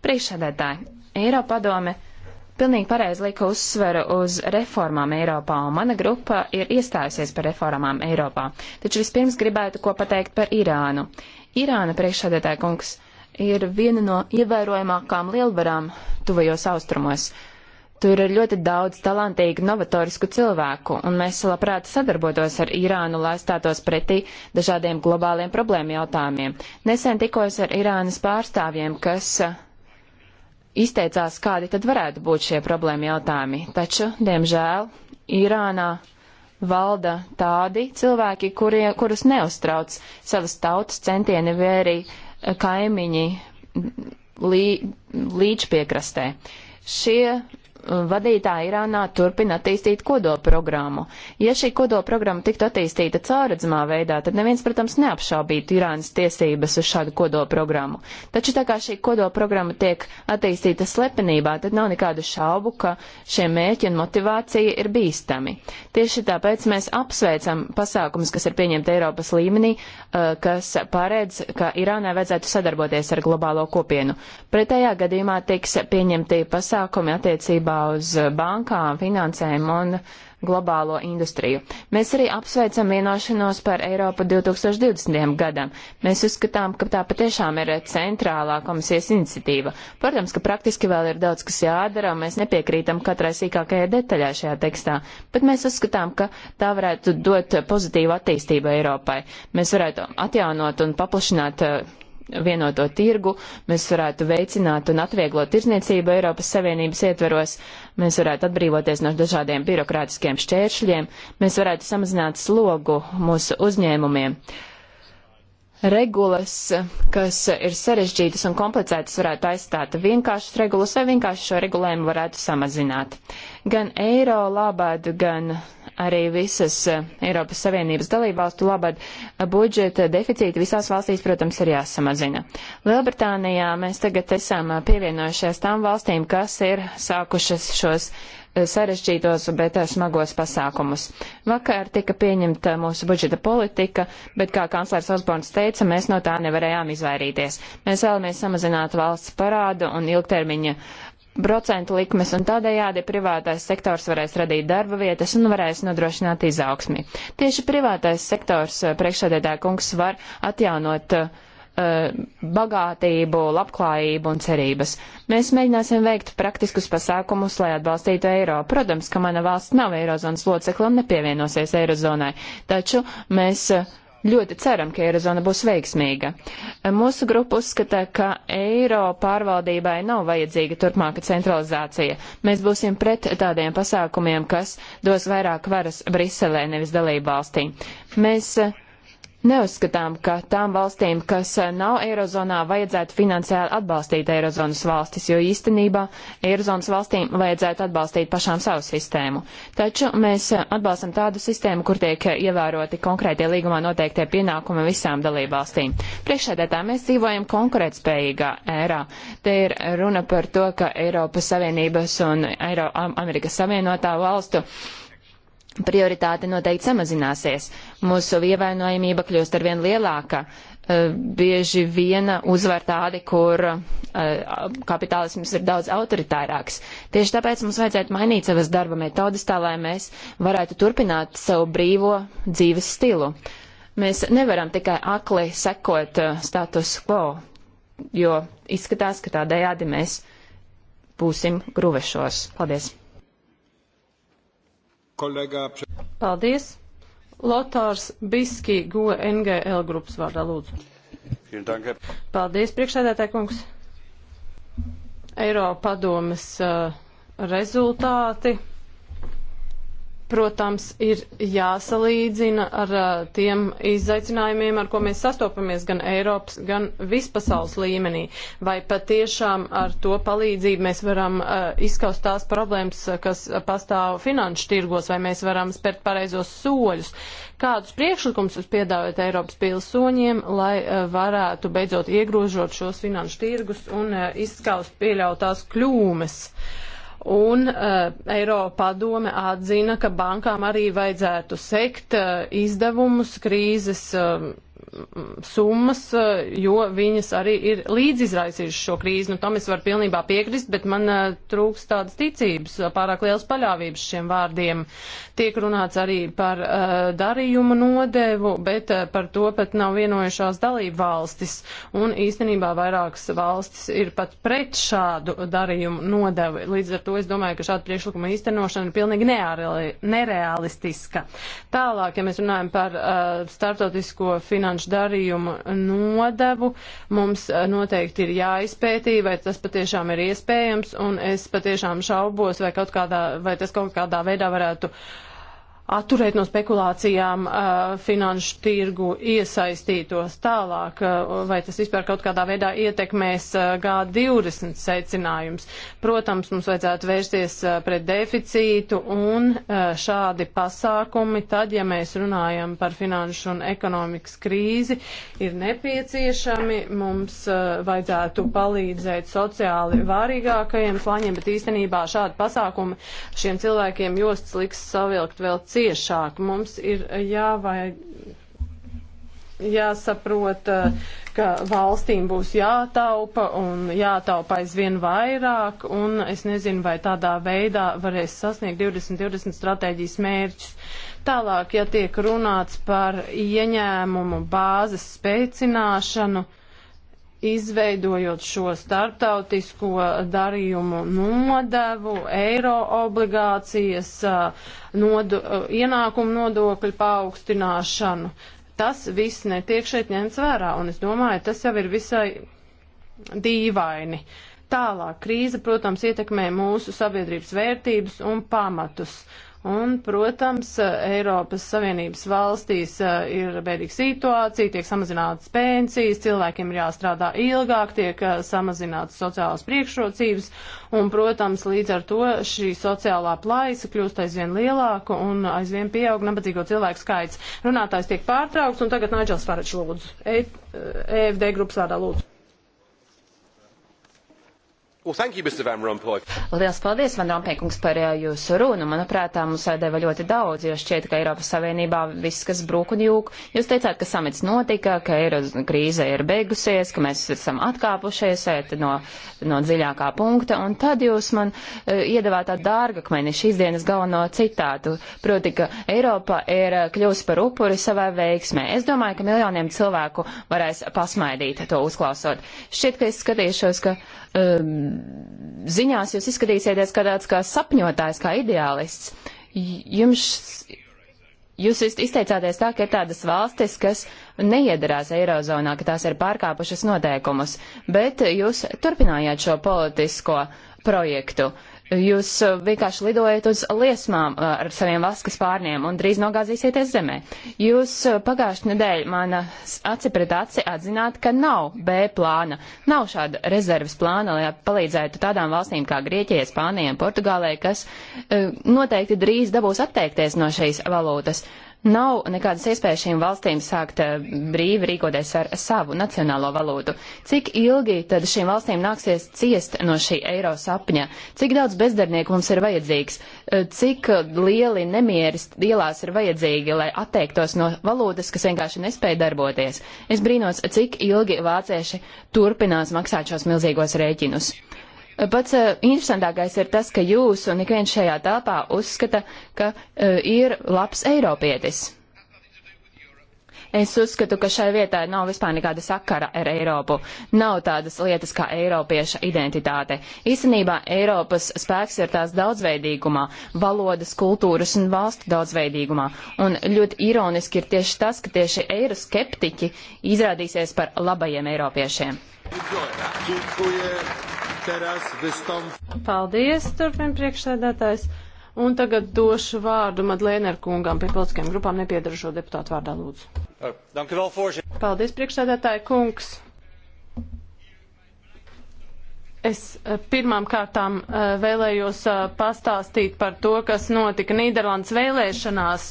Priekšsēdētāji, Eiropa padome pilnīgi pareizi lika uzsveru uz reformām Eiropā, un mana grupa ir iestājusies par reformām Eiropā. Taču vispirms gribētu ko pateikt par Irānu. Irāna priekšsēdētāja kungs ir viena no ievērojamākām lielvarām tuvajos austrumos. Tur ir ļoti daudz talantīgu, novatorisku cilvēku, un mēs labprāt sadarbotos ar Irānu, lai stātos pretī dažādiem globāliem problēmu jautājumiem. Nesen tikos ar Irānas pārstāvjiem, kas izteicās, kādi tad varētu būt šie problēma jautājumi. Taču, diemžēl, Irānā valda tādi cilvēki, kurie, kurus neuztrauc savas tautas centieni vai arī eh, kaimiņi mm, lī, līdz piekrastē. Šie vadītāji Irānā turpina attīstīt kodolprogrammu. Ja šī kodolprogramma tiktu attīstīta caurredzamā veidā, tad neviens, protams, neapšaubītu Irānas tiesības uz šādu kodolprogrammu. Taču tā kā šī kodolprogramma tiek attīstīta slepenībā, tad nav nekādu šaubu, ka šie mēķi un motivācija ir bīstami. Tieši tāpēc mēs apsveicam pasākumus, kas ir pieņemti Eiropas līmenī, uh, kas paredz, ka Irānai vajadzētu sadarboties ar globālo kopienu. Pretējā gadījumā tiks pieņemti pasākumi attiecībā attiecībā uz bankām, finansēm un globālo industriju. Mēs arī apsveicam vienošanos par Eiropu 2020. gadam. Mēs uzskatām, ka tā patiešām ir centrālā komisijas iniciatīva. Protams, ka praktiski vēl ir daudz, kas jādara, un mēs nepiekrītam katrai sīkākajai detaļai šajā tekstā, bet mēs uzskatām, ka tā varētu dot pozitīvu attīstību Eiropai. Mēs varētu atjaunot un paplašināt vienoto tirgu, mēs varētu veicināt un atvieglot tirzniecību Eiropas Savienības ietveros, mēs varētu atbrīvoties no dažādiem birokrātiskiem šķēršļiem, mēs varētu samazināt slogu mūsu uzņēmumiem. Regulas, kas ir sarežģītas un komplicētas, varētu aizstāt vienkāršas regulas vai vienkārši šo regulējumu varētu samazināt. Gan eiro labāk, gan arī visas eh, Eiropas Savienības dalībvalstu labad eh, budžeta deficīti visās valstīs, protams, ir jāsamazina. Lielbritānijā mēs tagad esam eh, pievienojušies tām valstīm, kas ir sākušas šos sarežģītos, bet smagos pasākumus. Vakar tika pieņemta mūsu budžeta politika, bet, kā kanclers Osborns teica, mēs no tā nevarējām izvairīties. Mēs vēlamies samazināt valsts parādu un ilgtermiņa procentu likmes, un tādējādi privātais sektors varēs radīt darba vietas un varēs nodrošināt izaugsmi. Tieši privātais sektors, eh, priekšsēdētāja kungs, var atjaunot uh, bagātību, labklājību un cerības. Mēs mēģināsim veikt praktiskus pasākumus, lai atbalstītu eiro. Protams, ka mana valsts nav eirozonas locekla un nepievienosies eirozonai, taču mēs uh, ļoti ceram, ka Eirozona būs veiksmīga. Mūsu grupa uzskata, ka eiro pārvaldībai nav vajadzīga turpmāka centralizācija. Mēs būsim pret tādiem pasākumiem, kas dos vairāk varas Briselē, nevis dalībvalstī. Mēs uh, Neuzskatām, ka tām valstīm, kas eh, nav Eirozonā, vajadzētu finansiāli atbalstīt Eirozonas valstis, jo īstenībā Eirozonas valstīm vajadzētu atbalstīt pašām savu sistēmu. Taču mēs eh, atbalstam tādu sistēmu, kur tiek eh, ievēroti konkrētie līgumā noteiktie pienākumi visām dalībvalstīm. Priekšsēdētā mēs dzīvojam konkurētspējīgā ērā. Te ir runa par to, ka Eiropas Savienības un Eiro Amerikas Savienotā valstu prioritāte noteikti samazināsies. Mūsu ievainojamība kļūst arvien lielāka. Eh, bieži viena uzvar tādi, kur eh, kapitālisms ir daudz autoritārāks. Tieši tāpēc mums vajadzētu mainīt savas darba metodas tā, lai mēs varētu turpināt savu brīvo dzīves stilu. Mēs nevaram tikai akli sekot eh, status quo, jo izskatās, ka tādējādi mēs būsim gruvešos. Paldies! Kolega... Paldies. Lotārs Biski, GOE NGL grupas vārdā lūdzu. Paldies, priekšsēdētāji kungs. Eiropadomes uh, rezultāti protams, ir jāsalīdzina ar uh, tiem izaicinājumiem, ar ko mēs sastopamies gan Eiropas, gan vispasaules līmenī. Vai patiešām ar to palīdzību mēs varam uh, izskaust tās problēmas, kas pastāv finanšu tirgos, vai mēs varam spērt pareizos soļus. Kādus priekšlikumus jūs piedāvājat Eiropas pilsoņiem, lai uh, varētu beidzot iegrožot šos finanšu tirgus un izskaust pieļautās kļūmes? Uh, Un uh, eh, Eiropa padome atzina, ka bankām arī vajadzētu sekt uh, izdevumus krīzes. Uh, summas, eh, jo viņas arī ir līdzizraisījušas šo krīzi. Nu, tam es varu pilnībā piekrist, bet man uh, eh, trūks tādas ticības, eh, pārāk liels paļāvības šiem vārdiem. Tiek runāts arī par uh, darījumu nodevu, bet uh, par to pat nav vienojušās dalību valstis. Un īstenībā vairākas valstis ir pat pret šādu darījumu nodevu. Līdz ar to es domāju, ka šāda priekšlikuma īstenošana ir pilnīgi nereāli, nereālistiska. Tālāk, ja mēs runājam par uh, startautisko finanšu finanšu darījumu nodevu. Mums eh, noteikti ir jāizpētī, vai tas patiešām ir iespējams, un es patiešām šaubos, vai, kaut kādā, vai tas kaut kādā veidā varētu uh, atturēt no spekulācijām uh, finanšu tirgu iesaistītos tālāk, uh, vai tas vispār kaut kādā veidā ietekmēs uh, G20 secinājums. Protams, mums vajadzētu vērsties uh, pret deficītu un uh, šādi pasākumi, tad, ja mēs runājam par finanšu un ekonomikas krīzi, ir nepieciešami. Mums uh, vajadzētu palīdzēt sociāli vārīgākajiem slaņiem, bet īstenībā šādi pasākumi šiem cilvēkiem jostas liks savilkt vēl cīk ciešāk. Mums ir jāvajag, jāsaprot, ka valstīm būs jātaupa un jātaupa aizvien vairāk, un es nezinu, vai tādā veidā varēs sasniegt 2020 stratēģijas mērķus. Tālāk, ja tiek runāts par ieņēmumu bāzes spēcināšanu, uh, izveidojot šo starptautisko darījumu nodevu, eiro obligācijas, eh, nodu, eh, ienākumu nodokļu paaugstināšanu. Tas viss netiek šeit ņemts vērā, un es domāju, tas jau ir visai dīvaini. Tālāk krīze, protams, ietekmē mūsu sabiedrības vērtības un pamatus Un, protams, Eiropas Savienības valstīs eh, ir bēdīga situācija, tiek samazinātas pensijas, cilvēkiem ir jāstrādā ilgāk, tiek eh, samazinātas sociālās priekšrocības, un, protams, līdz ar to šī sociālā plaisa kļūst aizvien lielāka un aizvien pieaug nabadzīgo cilvēku skaits. Runātājs tiek pārtraukts, un tagad Naidžels Faračs lūdzu. E EFD grupas vārdā lūdzu. Well, you, Lielas paldies, Van Rompēkungs, par uh, jūsu runu. Manuprāt, tā mums uh, deva ļoti daudz, jo šķiet, ka Eiropas Savienībā viss, kas brūk un jūk. Jūs teicāt, ka samits notika, ka eiro krīze ir beigusies, ka mēs esam atkāpušies no, no dziļākā punkta, un tad jūs man uh, iedavāt tādu dārgakmeni šīs dienas galveno citātu, proti, ka Eiropa ir uh, kļūsi par upuri savai veiksmē. Es domāju, ka miljoniem cilvēku varēs pasmaidīt to uzklausot. Šķiet, ka es skatīšos, ka. Uh, um, ziņās jūs izskatīsieties kā tāds kā sapņotājs, kā ideālists. Jums Jūs izteicāties tā, ka ir tādas valstis, kas neiedarās Eirozonā, ka tās ir pārkāpušas noteikumus, bet jūs turpinājāt šo politisko projektu. Uh, Jūs uh, vienkārši lidojat uz liesmām uh, ar saviem vaskas pārniem un drīz nogāzīsieties zemē. Jūs uh, pagājušajā nedēļā man aci pret aci atzināt, ka nav B plāna, nav šāda rezerves plāna, lai palīdzētu tādām valstīm kā Grieķijai, Spānijai un Portugālei, kas noteikti drīz dabūs atteikties no šīs valūtas. Nav nekādas iespējas šīm valstīm sākt eh, brīvi rīkoties ar savu nacionālo valūtu. Cik ilgi tad šīm valstīm nāksies ciest no šī eiro sapņa? Cik daudz bezdarbnieku mums ir vajadzīgs? Eh, cik lieli nemieris ielās ir vajadzīgi, lai atteiktos no valūtas, kas vienkārši nespēja darboties? Es brīnos, cik ilgi vācieši turpinās maksāt šos milzīgos rēķinus. Pats uh, interesantākais ir tas, ka jūs un ik viens šajā telpā uzskata, ka uh, ir labs eiropietis. Es uzskatu, ka šai vietai nav vispār nekāda sakara ar Eiropu. Nav tādas lietas kā Eiropieša identitāte. Īstenībā Eiropas spēks ir tās daudzveidīgumā, valodas, kultūras un valstu daudzveidīgumā. Un ļoti ironiski ir tieši tas, ka tieši eiroskeptiķi izrādīsies par labajiem eiropiešiem. Paldies, turpin priekšsēdētājs. Un tagad došu vārdu Madlēner kungam pie politiskajām grupām nepiedarošo deputātu vārdā lūdzu. Paldies, priekšsēdētāji kungs. Es eh, pirmām kārtām eh, vēlējos eh, pastāstīt par to, kas notika Nīderlandes vēlēšanās.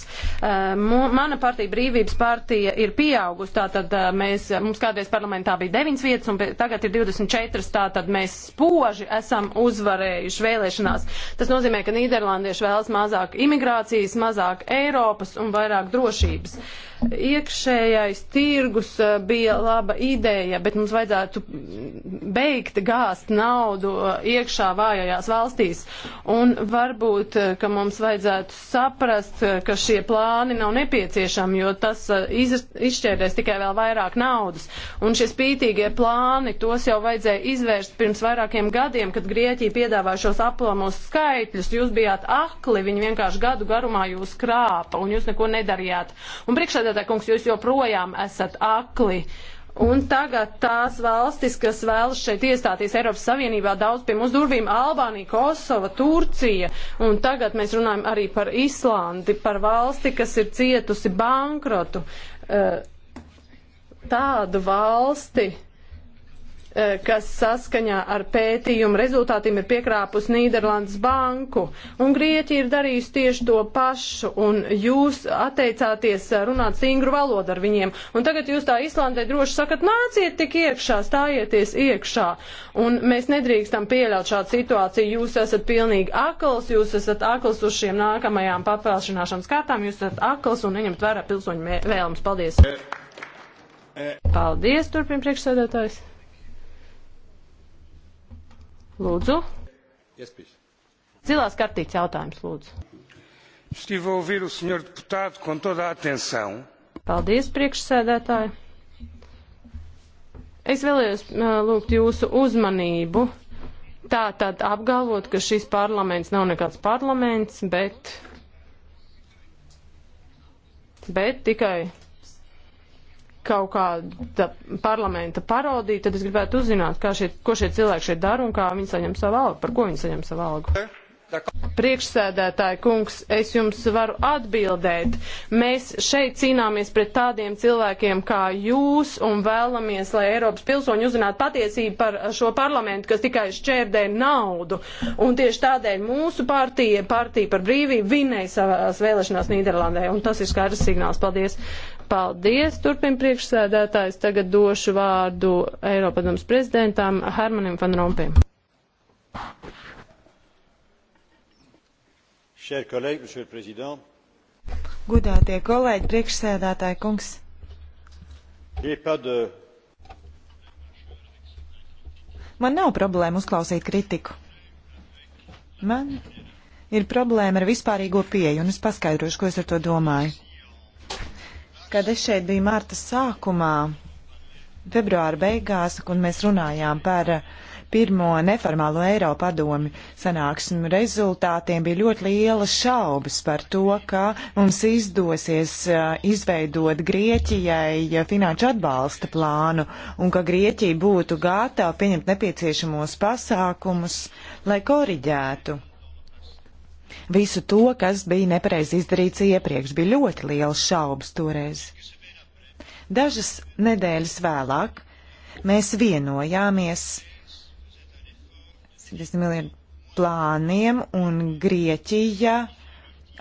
Mana partija, Brīvības partija, ir pieaugusi. Tātad mēs, mums kādreiz parlamentā bija 9 vietas un tagad ir 24. Tātad mēs spoži esam uzvarējuši vēlēšanās. Tas nozīmē, ka Nīderlandieši vēlas mazāk imigrācijas, mazāk Eiropas un vairāk drošības. Uh, iekšējais tirgus eh, bija laba ideja, bet mums vajadzētu beigt gāzt naudu eh, iekšā vājajās valstīs. Un varbūt, eh, ka mums vajadzētu saprast, ka šie plāni nav nepieciešami, jo tas izšķērdēs tikai vēl vairāk naudas. Un šie spītīgie plāni, tos jau vajadzēja izvērst pirms vairākiem gadiem, kad Grieķija piedāvāja šos aplamos skaitļus. Jūs bijāt akli, viņi vienkārši gadu garumā jūs krāpa un jūs neko nedarījāt. Un priekšādā priekšsēdētāji kungs, jūs joprojām esat akli. Un tagad tās valstis, kas vēlas šeit iestāties Eiropas Savienībā, daudz pie mums durvīm - Albānija, Kosova, Turcija. Un tagad mēs runājam arī par Islandi, par valsti, kas ir cietusi bankrotu. Eh, tādu valsti Eh, kas saskaņā ar pētījumu rezultātiem ir piekrāpus Nīderlandes banku. Un Grieķija ir darījusi tieši to pašu, un jūs atteicāties eh, runāt stingru valodu ar viņiem. Un tagad jūs tā Islandē droši sakat, nāciet tik iekšā, stājieties iekšā. Un mēs nedrīkstam pieļaut šādu situāciju. Jūs esat pilnīgi akls, jūs esat akls uz šiem nākamajām papelšanāšanas kārtām, jūs esat akls un neņemt vērā pilsoņu vēlmes. Paldies! Eh, Paldies, turpina priekšsēdētājs. Lūdzu. Yes, please. Zilās kartītes jautājums, lūdzu. Estive a ouvir o senhor deputado com toda a atenção. Paldies, priekšsēdētāji. Es vēlējos lūgt jūsu uzmanību. Tā tad apgalvot, ka šis parlaments nav nekāds parlaments, bet, bet tikai kaut kāda parlamenta parodija, tad es gribētu uzzināt, šie, ko šie cilvēki šeit dara un kā viņi saņem savu algu, par ko viņi saņem savu algu. Priekšsēdētāji kungs, es jums varu atbildēt. Mēs šeit cīnāmies pret tādiem cilvēkiem kā jūs un vēlamies, lai Eiropas pilsoņi uzzinātu patiesību par šo parlamentu, kas tikai šķērdē naudu. Un tieši tādēļ mūsu partija, partija par brīvību, vinēja savās vēlēšanās Nīderlandē. Un tas ir skaidrs signāls. Paldies. Paldies, turpin priekšsēdētājs. Tagad došu vārdu Eiropadoms prezidentam Hermanim Van Rompim. Godātie kolēģi, priekšsēdētāji kungs. Man nav problēma uzklausīt kritiku. Man ir problēma ar vispārīgo pieeju, un es paskaidrošu, ko es ar to domāju. Kad es šeit biju marta sākumā, februāra beigās, un mēs runājām par eh, pirmo neformālo Eiropa padomi sanāksmu rezultātiem, bija ļoti liela šaubas par to, ka mums izdosies eh, izveidot Grieķijai eh, finanšu atbalsta plānu un ka Grieķija būtu gatava pieņemt nepieciešamos pasākumus, lai koriģētu visu to, kas bija nepareizi izdarīts iepriekš. Bija ļoti liels šaubas toreiz. Dažas nedēļas vēlāk mēs vienojāmies 70 miljardu plāniem, un Grieķija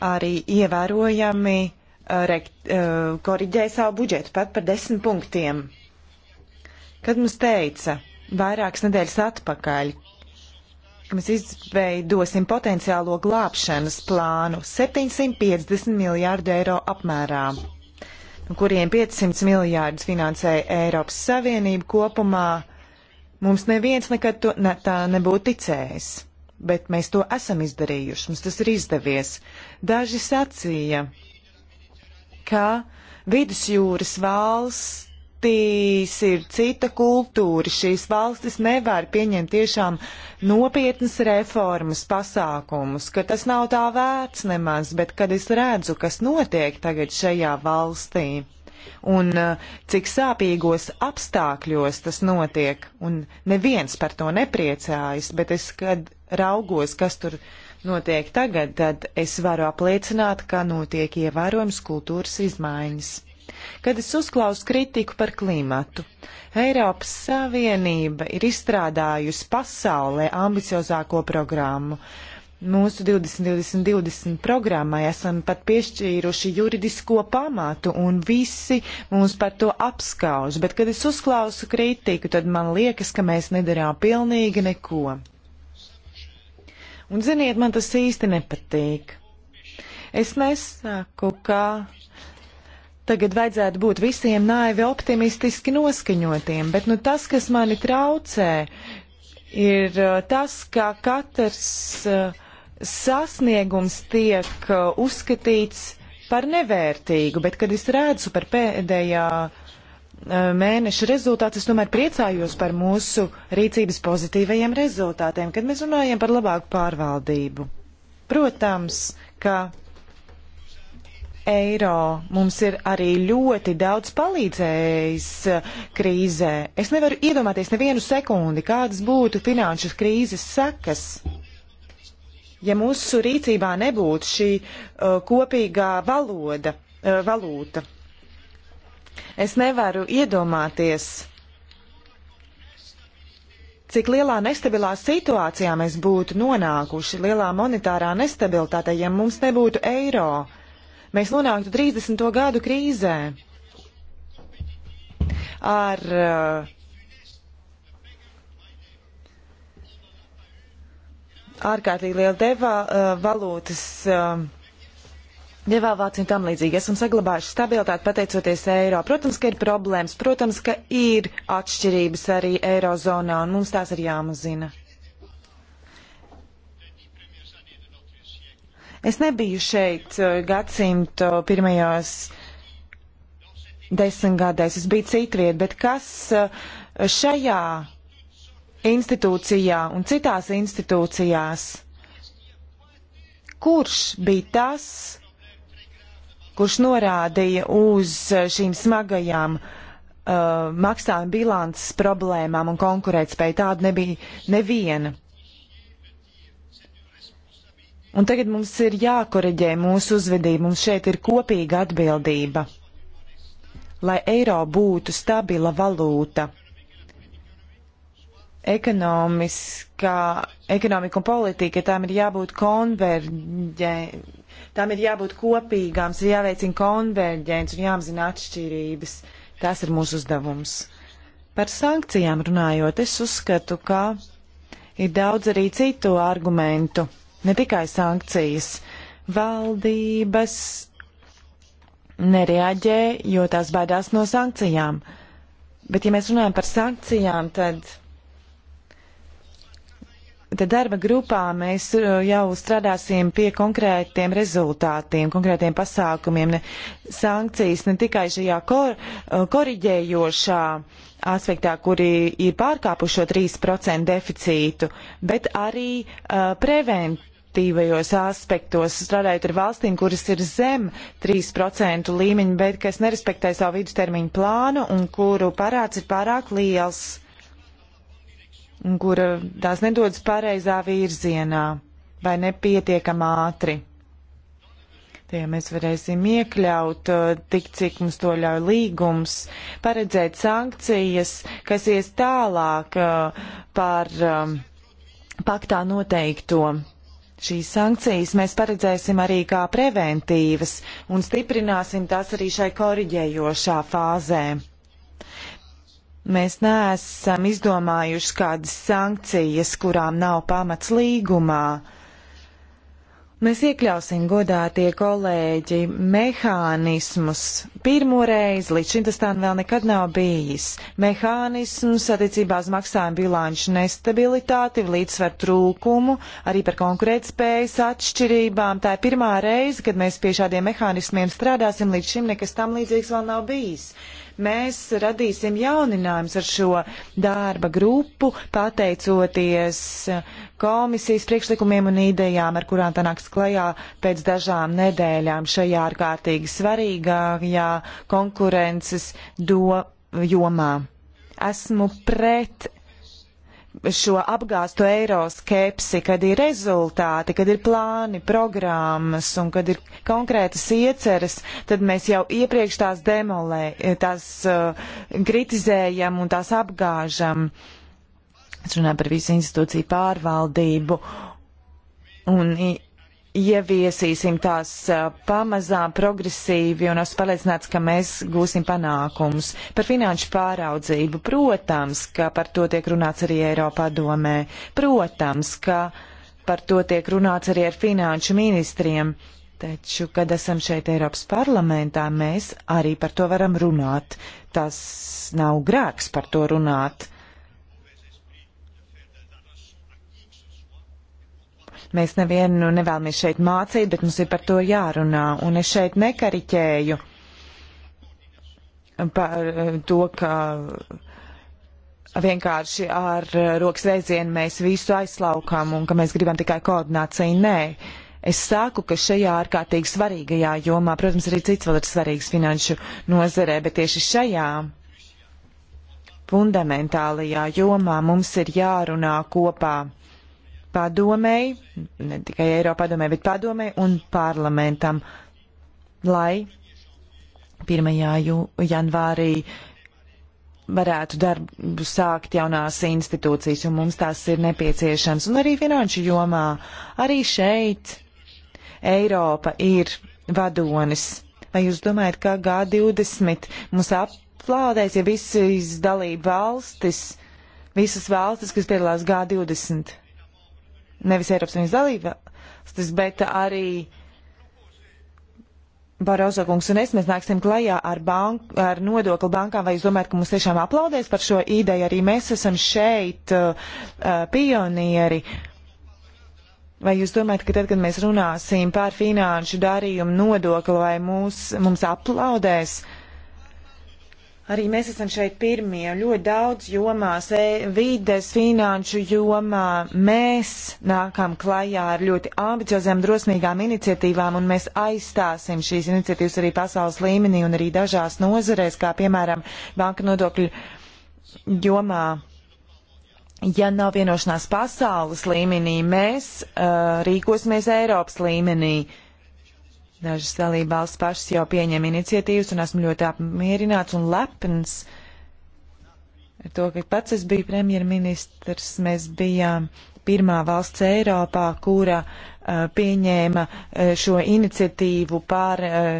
arī ievērojami uh, rekt, uh, koriģēja savu budžetu pat par desmit punktiem. Kad mums teica vairākas nedēļas atpakaļ, Mēs izveidosim potenciālo glābšanas plānu 750 miljārdu eiro apmērā, no kuriem 500 miljārdus finansēja Eiropas Savienība kopumā. Mums neviens nekad to, ne, tā nebūtu ticējis, bet mēs to esam izdarījuši, mums tas ir izdevies. Daži sacīja, ka vidusjūras valsts valstīs ir cita kultūra, šīs valstis nevar pieņemt tiešām nopietnas reformas pasākumus, ka tas nav tā vērts nemaz, bet kad es redzu, kas notiek tagad šajā valstī un uh, cik sāpīgos apstākļos tas notiek, un neviens par to nepriecājas, bet es, kad raugos, kas tur notiek tagad, tad es varu apliecināt, ka notiek ievērojams kultūras izmaiņas. Kad es uzklausu kritiku par klimatu, Eiropas Savienība ir izstrādājusi pasaulē ambiciozāko programmu. Mūsu 2020 20 programmai esam pat piešķīruši juridisko pamatu un visi mūs par to apskauž, bet kad es uzklausu kritiku, tad man liekas, ka mēs nedarām pilnīgi neko. Un ziniet, man tas īsti nepatīk. Es nesaku, ka tagad vajadzētu būt visiem naivi optimistiski noskaņotiem, bet nu, tas, kas mani traucē, ir uh, tas, ka katrs uh, sasniegums tiek uh, uzskatīts par nevērtīgu, bet kad es redzu par pēdējā mēneša rezultāts, es tomēr priecājos par mūsu rīcības pozitīvajiem rezultātiem, kad mēs runājam par labāku pārvaldību. Protams, ka eiro mums ir arī ļoti daudz palīdzējis uh, krīzē. Es nevaru iedomāties nevienu sekundi, kādas būtu finanšu krīzes sekas. Ja mūsu rīcībā nebūtu šī uh, kopīgā valoda, uh, valūta, es nevaru iedomāties, cik lielā nestabilā situācijā mēs būtu nonākuši, lielā monetārā nestabilitātē, ja mums nebūtu eiro. Uh, mēs nonāktu 30. gadu krīzē ar uh, ārkārtīgi liela devā, uh, valūtas uh, um, devalvācija un tam līdzīgi. Esam saglabājuši stabilitāti pateicoties eiro. Protams, ka ir problēmas, protams, ka ir atšķirības arī eirozonā un mums tās ir jāmazina. Es nebiju šeit eh, gadsimta pirmajās desmitgadēs, es biju citviet, bet kas eh, šajā institūcijā un citās institūcijās, kurš bija tas, kurš norādīja uz šīm smagajām uh, maksājuma bilances problēmām un konkurētspēju, tāda nebija neviena. Un tagad mums ir jākoreģē mūsu uzvedība, mums šeit ir kopīga atbildība, lai eiro būtu stabila valūta. Ekonomiskā, ekonomika un politika, tām ir jābūt konverģē, tām ir jābūt kopīgām, ir jāveicina konverģents un jāmazina atšķirības. Tas ir mūsu uzdevums. Par sankcijām runājot, es uzskatu, ka ir daudz arī citu argumentu ne tikai sankcijas. Valdības nereaģē, jo tās baidās no sankcijām. Bet, ja mēs runājam par sankcijām, tad, tad darba grupā mēs uh, jau strādāsim pie konkrētiem rezultātiem, konkrētiem pasākumiem. Ne, sankcijas ne tikai šajā kor, uh, koriģējošā aspektā, kuri ir pārkāpušo 3% deficītu, bet arī uh, prevent operatīvajos aspektos, strādājot ar valstīm, kuras ir zem 3% līmeņa, bet kas nerespektē savu vidustermiņu plānu un kuru parāds ir pārāk liels, un kura tās nedodas pareizā virzienā vai nepietiekam ātri. Tie mēs varēsim iekļaut, uh, tik cik mums to ļauj līgums, paredzēt sankcijas, kas ies tālāk uh, par um, paktā noteikto Šīs sankcijas mēs paredzēsim arī kā preventīvas un stiprināsim tās arī šai koriģējošā fāzē. Mēs neesam izdomājuši kādas sankcijas, kurām nav pamats līgumā Mēs iekļausim godātie kolēģi mehānismus. Pirmoreiz, līdz šim tas tā vēl nekad nav bijis. Mehānismus attiecībā uz maksājumu bilanču nestabilitāti, līdzsver trūkumu, arī par konkurētspējas atšķirībām. Tā ir pirmā reize, kad mēs pie šādiem mehānismiem strādāsim, līdz šim nekas tam līdzīgs vēl nav bijis. Mēs radīsim jauninājums ar šo darba grupu, pateicoties komisijas priekšlikumiem un idejām, ar kurām tā nāks klajā pēc dažām nedēļām šajā ārkārtīgi svarīgākajā konkurences do jomā. Esmu pret šo apgāstu eiroskepsi, kad ir rezultāti, kad ir plāni, programmas un kad ir konkrētas ieceres, tad mēs jau iepriekš tās demolē, tās uh, kritizējam un tās apgāžam. Uh, Es runāju par visu institūciju pārvaldību un ieviesīsim tās pamazām progresīvi un esmu pārliecināts, ka mēs gūsim panākumus. Par finanšu pāraudzību, protams, ka par to tiek runāts arī Eiropā domē. Protams, ka par to tiek runāts arī ar finanšu ministriem. Taču, kad esam šeit Eiropas parlamentā, mēs arī par to varam runāt. Tas nav grēks par to runāt. Uh, Mēs nevienu nu, nevēlamies šeit mācīt, bet mums ir par to jārunā. Un es šeit nekariķēju par eh, to, ka vienkārši ar eh, rokas reizienu mēs visu aizslaukam un ka mēs gribam tikai koordināciju. Nē, es saku, ka šajā ārkārtīgi svarīgajā jomā, protams, arī cits vēl ir svarīgs finanšu nozarē, bet tieši šajā fundamentālajā jomā mums ir jārunā kopā padomēji, ne tikai Eiropadomēji, bet padomēji un parlamentam, lai 1. janvārī varētu darbu sākt jaunās institūcijas, un mums tās ir nepieciešams. Un arī finanšu jomā, arī šeit Eiropa ir vadonis. Vai jūs domājat, ka G20 mums aplaudēs, ja visas dalība valstis, visas valstis, kas piedalās G20? nevis Eiropas Savienības dalībvalstis, bet arī Barozo kungs un es, mēs nāksim klajā ar, bank, ar nodokli bankām, vai jūs domājat, ka mums tiešām aplaudēs par šo ideju, arī mēs esam šeit uh, uh pionieri. Vai jūs domājat, ka tad, kad mēs runāsim par finanšu darījumu nodokli, vai mūs, mums aplaudēs? Arī mēs esam šeit pirmie ļoti daudz jomās, e, vides, finanšu jomā. Mēs nākam klajā ar ļoti ambiciozēm, drosmīgām iniciatīvām, un mēs aizstāsim šīs iniciatīvas arī pasaules līmenī un arī dažās nozarēs, kā piemēram banka nodokļu jomā. Ja nav vienošanās pasaules līmenī, mēs uh, rīkosimies Eiropas līmenī. Uh, Dažas dalībvalsts pašas jau pieņem iniciatīvas, un esmu ļoti apmierināts un lepns ar to, ka pats es biju premjerministrs, mēs bijām pirmā valsts Eiropā, kura uh, pieņēma uh, šo iniciatīvu pār uh,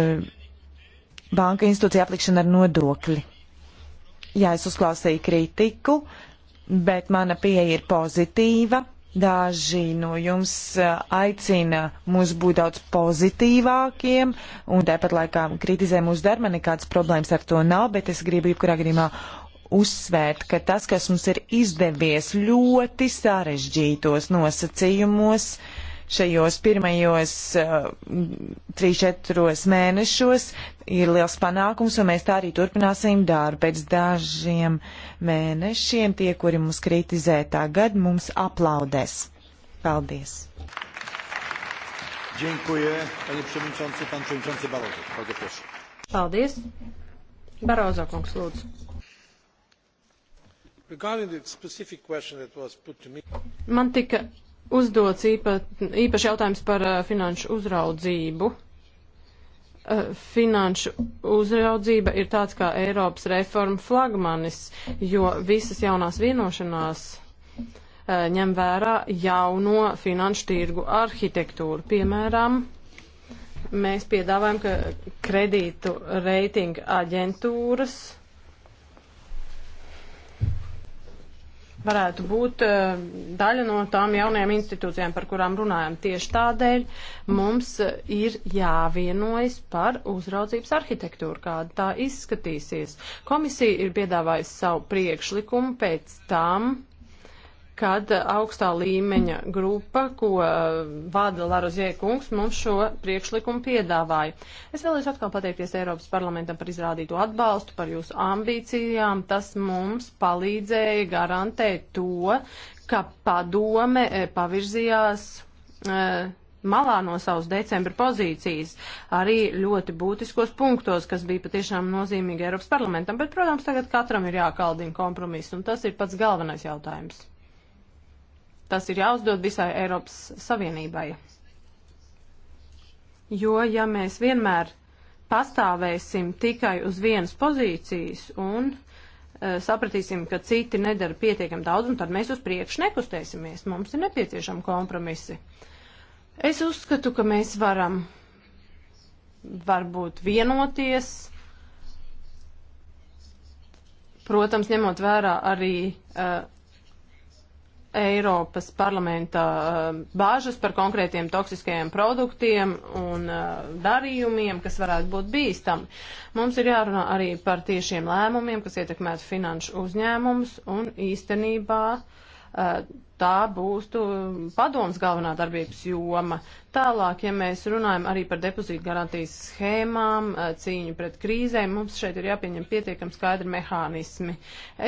uh, banka institūciju aplikšanu ar nodokli. Jā, es uzklausīju kritiku, bet mana pieeja ir pozitīva Daži no jums eh, aicina mūs būt daudz pozitīvākiem un tāpat laikā kritizē mūsu darba, nekādas problēmas ar to nav, bet es gribu jebkurā gadījumā uzsvērt, ka tas, kas mums ir izdevies ļoti sarežģītos nosacījumos, uh, šajos pirmajos uh, eh, 3-4 mēnešos ir liels panākums, un mēs tā arī turpināsim darbu. Pēc dažiem mēnešiem tie, kuri mums kritizē tagad, mums aplaudēs. Paldies! Dziękuję, panie przewodniczący, pan przewodniczący Barozo. Bardzo proszę. Paldies. Barozo, kungs, lūdzu. Man tika uzdots īpa, īpaši jautājums par uh, finanšu uzraudzību. Uh, finanšu uzraudzība ir tāds kā Eiropas reforma flagmanis, jo visas jaunās vienošanās uh, ņem vērā jauno finanšu tirgu arhitektūru. Piemēram, mēs piedāvājam, ka kredītu reitinga aģentūras uh, varētu būt eh, daļa no tām jaunajām institūcijām, par kurām runājam. Tieši tādēļ mums ir jāvienojas par uzraudzības arhitektūru, kāda tā izskatīsies. Komisija ir piedāvājusi savu priekšlikumu pēc tam kad eh, augstā līmeņa grupa, ko eh, vada Larozie kungs, mums šo priekšlikumu piedāvāja. Es vēlēs atkal pateikties Eiropas parlamentam par izrādīto atbalstu, par jūsu ambīcijām. Tas mums palīdzēja garantēt to, ka padome eh, pavirzījās malā no savas decembra pozīcijas, arī ļoti būtiskos punktos, kas bija patiešām nozīmīgi Eiropas parlamentam, bet, protams, tagad katram ir jākaldina kompromiss, un tas ir pats galvenais jautājums. Tas ir jāuzdod visai Eiropas Savienībai. Jo, ja mēs vienmēr pastāvēsim tikai uz vienas pozīcijas un e, sapratīsim, ka citi nedara pietiekami daudz, un tad mēs uz priekšu nekustēsimies. Mums ir nepieciešami kompromisi. Es uzskatu, ka mēs varam varbūt vienoties, protams, ņemot vērā arī uh, e, Eiropas parlamenta eh, bāžas par konkrētiem toksiskajiem produktiem un eh, darījumiem, kas varētu būt bīstami. Mums ir jārunā arī par tiešiem lēmumiem, kas ietekmētu finanšu uzņēmumus un īstenībā uh, Eh, tā būtu padoms galvenā darbības joma. Tālāk, ja mēs runājam arī par depozītu garantijas schēmām, eh, cīņu pret krīzēm, mums šeit ir jāpieņem pietiekami skaidri mehānismi.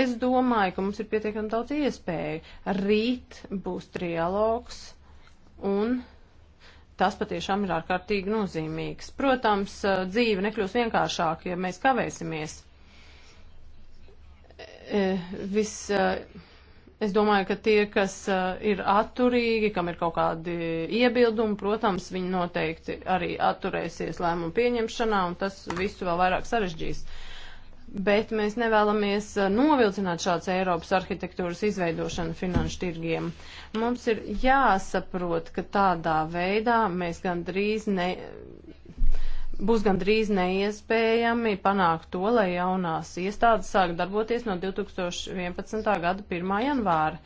Es domāju, ka mums ir pietiekami daudz iespēju. Rīt būs trialogs un tas patiešām ir ārkārtīgi nozīmīgs. Protams, eh, dzīve nekļūs vienkāršāk, ja mēs kavēsimies. E, vis, e, Es domāju, ka tie, kas eh, ir atturīgi, kam ir kaut kādi iebildumi, protams, viņi noteikti arī atturēsies lēmumu pieņemšanā, un tas visu vēl vairāk sarežģīs. Bet mēs nevēlamies eh, novilcināt šāds Eiropas arhitektūras izveidošanu finanšu tirgiem. Mums ir jāsaprot, ka tādā veidā mēs gandrīz ne būs gandrīz neiespējami panākt to, lai jaunās iestādes sāk darboties no 2011. gada 1. janvāra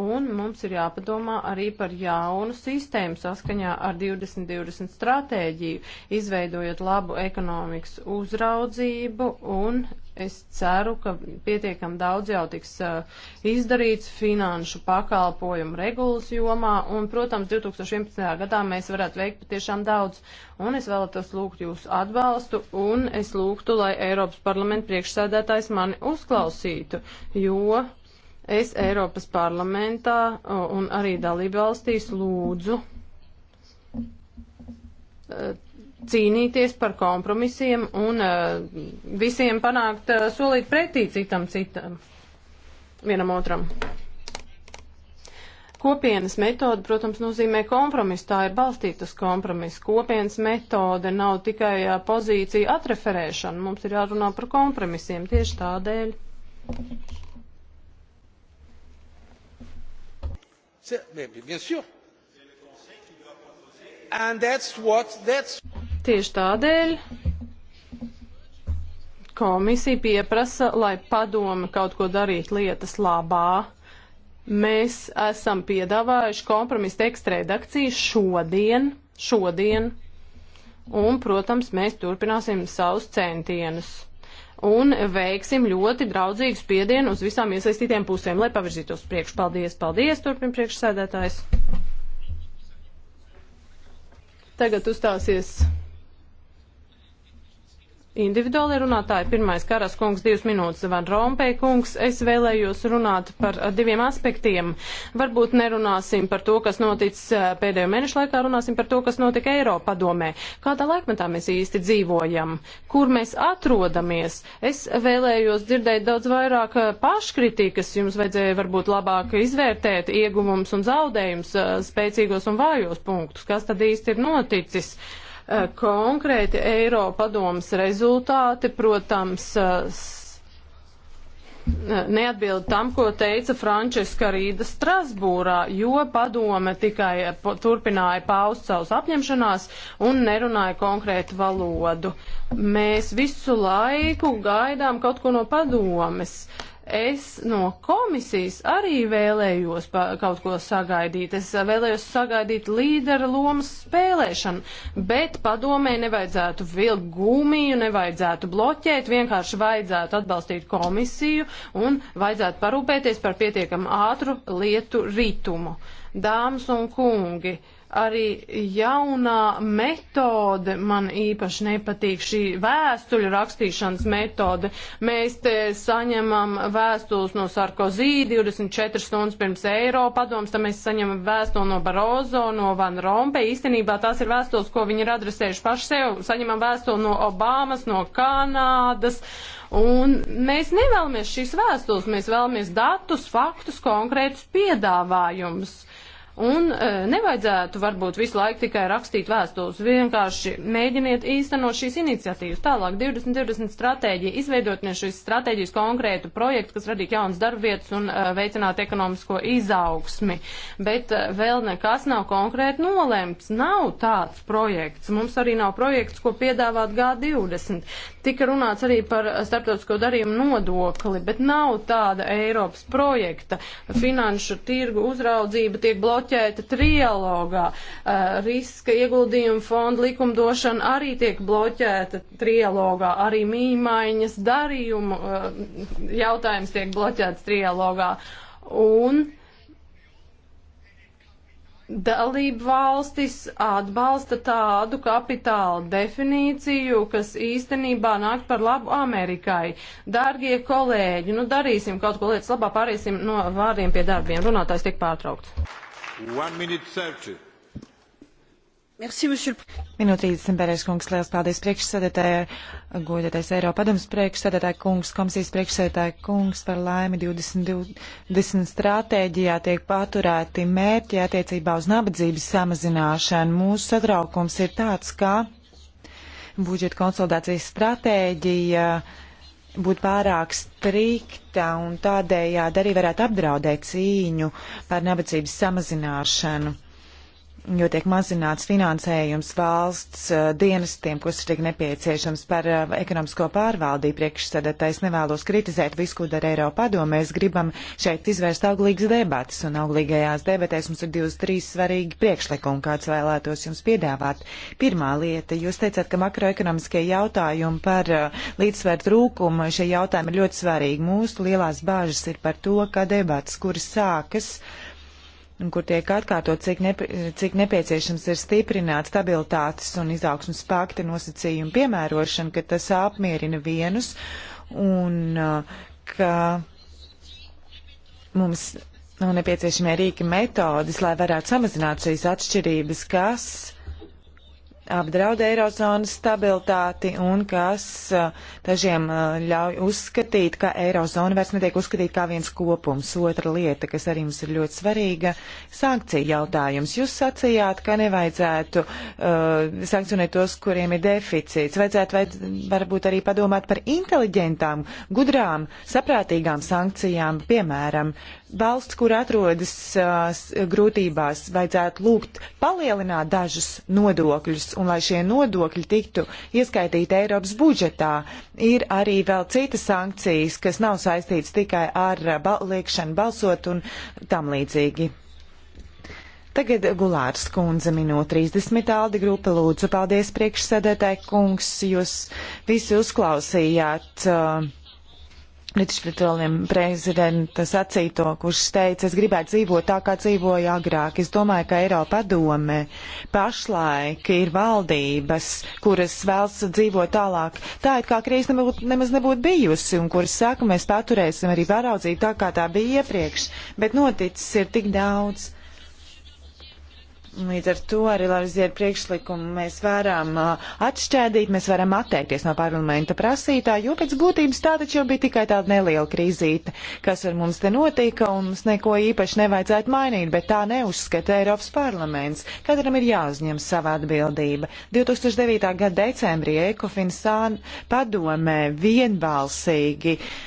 un mums ir jāpadomā arī par jaunu sistēmu saskaņā ar 2020 stratēģiju, izveidojot labu ekonomikas uzraudzību un es ceru, ka pietiekam daudz jau tiks uh, izdarīts finanšu pakalpojumu regulas jomā un, protams, 2011. gadā mēs varētu veikt patiešām daudz un es vēlētos lūgt jūsu atbalstu un es lūgtu, lai Eiropas parlamenta priekšsēdētājs mani uzklausītu, jo Es Eiropas parlamentā un arī dalībvalstīs lūdzu e, cīnīties par kompromisiem un e, visiem panākt e, solīt pretī citam citam, vienam otram. Kopienas metode, protams, nozīmē kompromisu, tā ir balstīta uz kompromisu. Kopienas metode nav tikai pozīcija atreferēšana, mums ir jārunā par kompromisiem tieši tādēļ. Bien sûr. And that's what, that's... Tieši tādēļ komisija pieprasa, lai padome kaut ko darītu lietas labā. Mēs esam piedāvājuši kompromisu tekstu redakciju šodien, šodien, un, protams, mēs turpināsim savus centienus un veiksim ļoti draudzīgu spiedienu uz visām iesaistītiem pusēm, lai pavirzītos priekš. Paldies, paldies, turpin priekšsēdētājs. Tagad uzstāsies individuāli runātāji. Pirmais Karas kungs, divas minūtes Van Rompē kungs. Es vēlējos runāt par diviem aspektiem. Varbūt nerunāsim par to, kas noticis eh, pēdējo mēnešu laikā, runāsim par to, kas notika Eiropa padomē. Kādā laikmetā mēs īsti dzīvojam? Kur mēs atrodamies? Es vēlējos dzirdēt daudz vairāk eh, paškritikas. Jums vajadzēja varbūt labāk izvērtēt ieguvums un zaudējums, eh, spēcīgos un vājos punktus. Kas tad īsti ir noticis? Uh, Eh, konkrēti Eiropadomas rezultāti, protams, eh, eh, neatbild tam, ko teica Frančiska Rīda Strasbūrā, jo padome tikai turpināja paust savus apņemšanās un nerunāja konkrētu valodu. Mēs visu laiku gaidām kaut ko no padomes. Uh, es no komisijas arī vēlējos kaut ko sagaidīt. Es vēlējos sagaidīt līdera lomas spēlēšanu, bet padomē nevajadzētu vilkt gumiju, nevajadzētu bloķēt, vienkārši vajadzētu atbalstīt komisiju un vajadzētu parūpēties par pietiekam ātru lietu ritumu. Dāmas un kungi! Uh, arī jaunā metode man īpaši nepatīk, šī vēstuļu rakstīšanas metode. Mēs te saņemam vēstules no Sarkozī 24 stundas pirms Eiro padoms, tad mēs saņemam vēstuli no Barozo, no Van Rompe. Īstenībā tās ir vēstules, ko viņi ir adresējuši paši sev. Saņemam vēstuli no Obamas, no Kanādas. Un mēs nevēlamies šīs vēstules, mēs vēlamies datus, faktus, konkrētus piedāvājumus. Uh, Un e, nevajadzētu varbūt visu laiku tikai rakstīt vēstules, vienkārši mēģiniet īstenot šīs iniciatīvas. Tālāk 2020 stratēģija, izveidot no šīs stratēģijas konkrētu projektu, kas radītu jaunas darbvietas un e, veicinātu ekonomisko izaugsmi. Bet e, vēl nekas nav konkrēti nolēmts, nav tāds projekts. Mums arī nav projekts, ko piedāvāt G20. Tika runāts arī par eh, starptautisko darījumu nodokli, bet nav tāda Eiropas projekta. Finanšu tirgu uzraudzība tiek bloķēta trialogā. Eh, riska ieguldījuma fonda likumdošana arī tiek bloķēta trialogā. Arī mīmaiņas darījumu eh, jautājums tiek bloķēts trialogā. Un Dalību valstis atbalsta tādu kapitāla definīciju, kas īstenībā nāk par labu Amerikai. Dārgie kolēģi, nu darīsim kaut ko lietas labā, pāriesim no vārdiem pie darbiem. Runātājs tiek pārtraukts. One minute 30. Merci, monsieur. Minūtītes, Simperēs kungs, liels paldies priekšsēdētāja, godētais Eiropadoms priekšsēdētāja kungs, komisijas priekšsēdētāja kungs par laimi 2020 stratēģijā tiek paturēti mērķi attiecībā uz nabadzības samazināšanu. Mūsu satraukums ir tāds, ka budžeta konsolidācijas stratēģija būtu pārāk strikta un tādējādi arī varētu apdraudēt cīņu par nabadzības samazināšanu jo tiek mazināts finansējums valsts uh, dienestiem, kas ir tik nepieciešams par uh, ekonomisko pārvaldību priekšsēdētājs. Nevēlos kritizēt visu, ko dara Eiropa padomē. Mēs gribam šeit izvērst auglīgas debatas, un auglīgajās debatēs mums ir 23 svarīgi priekšlikumi, kāds vēlētos jums piedāvāt. Pirmā lieta, jūs teicāt, ka makroekonomiskie jautājumi par uh, eh, līdzsvērt trūkumu, šie jautājumi ir ļoti svarīgi. Mūsu lielās bāžas ir par to, ka debatas, kuras sākas, uh, un kur tiek atkārtot, cik, nepie, cik nepieciešams ir stiprināt stabilitātes un izaugsmas pakta nosacījumu piemērošanu, ka tas apmierina vienus un uh, ka mums nav nepieciešamie rīki metodas, lai varētu samazināt šīs atšķirības, kas apdraud Eirozonas stabilitāti un kas eh, dažiem eh, ļauj uzskatīt, ka Eirozona vairs netiek uzskatīt kā viens kopums. Otra lieta, kas arī mums ir ļoti svarīga - sankcija jautājums. Jūs sacījāt, ka nevajadzētu uh, sankcionēt tos, kuriem ir deficīts. Vajadzētu vajadz, varbūt arī padomāt par inteliģentām, gudrām, saprātīgām sankcijām, piemēram, uh, valsts, kur atrodas uh, grūtībās, vajadzētu lūgt palielināt dažus nodokļus, un lai šie nodokļi tiktu ieskaitīti Eiropas budžetā, ir arī vēl citas sankcijas, kas nav saistītas tikai ar uh, bal liekšanu balsot un tam līdzīgi. Tagad Gulārs kundze minūte 30. Aldi grupa lūdzu, paldies priekšsēdētāji kungs, jūs visi uzklausījāt. Uh, Ričs Pretroliem prezidenta sacīto, kurš teica, es gribētu dzīvot tā, kā dzīvoju agrāk. Es domāju, ka Eiropa padome pašlaik ir valdības, kuras vēlas dzīvot tālāk. Tā it kā krīze nebūt, nemaz nebūtu bijusi un kuras saka, mēs paturēsim arī pāraudzību tā, kā tā bija iepriekš. Bet noticis ir tik daudz. Līdz ar to arī Larzier priekšlikumu mēs varam uh, atšķēdīt, mēs varam atteikties no parlamenta prasītā, jo pēc būtības tā taču jau bija tikai tāda neliela krīzīte, kas ar mums te notika un mums neko īpaši nevajadzētu mainīt, bet tā neuzskata Eiropas parlaments. Katram ir jāuzņem sava atbildība. 2009. gada decembrī Ekofin Sān padomē vienbalsīgi. Uh,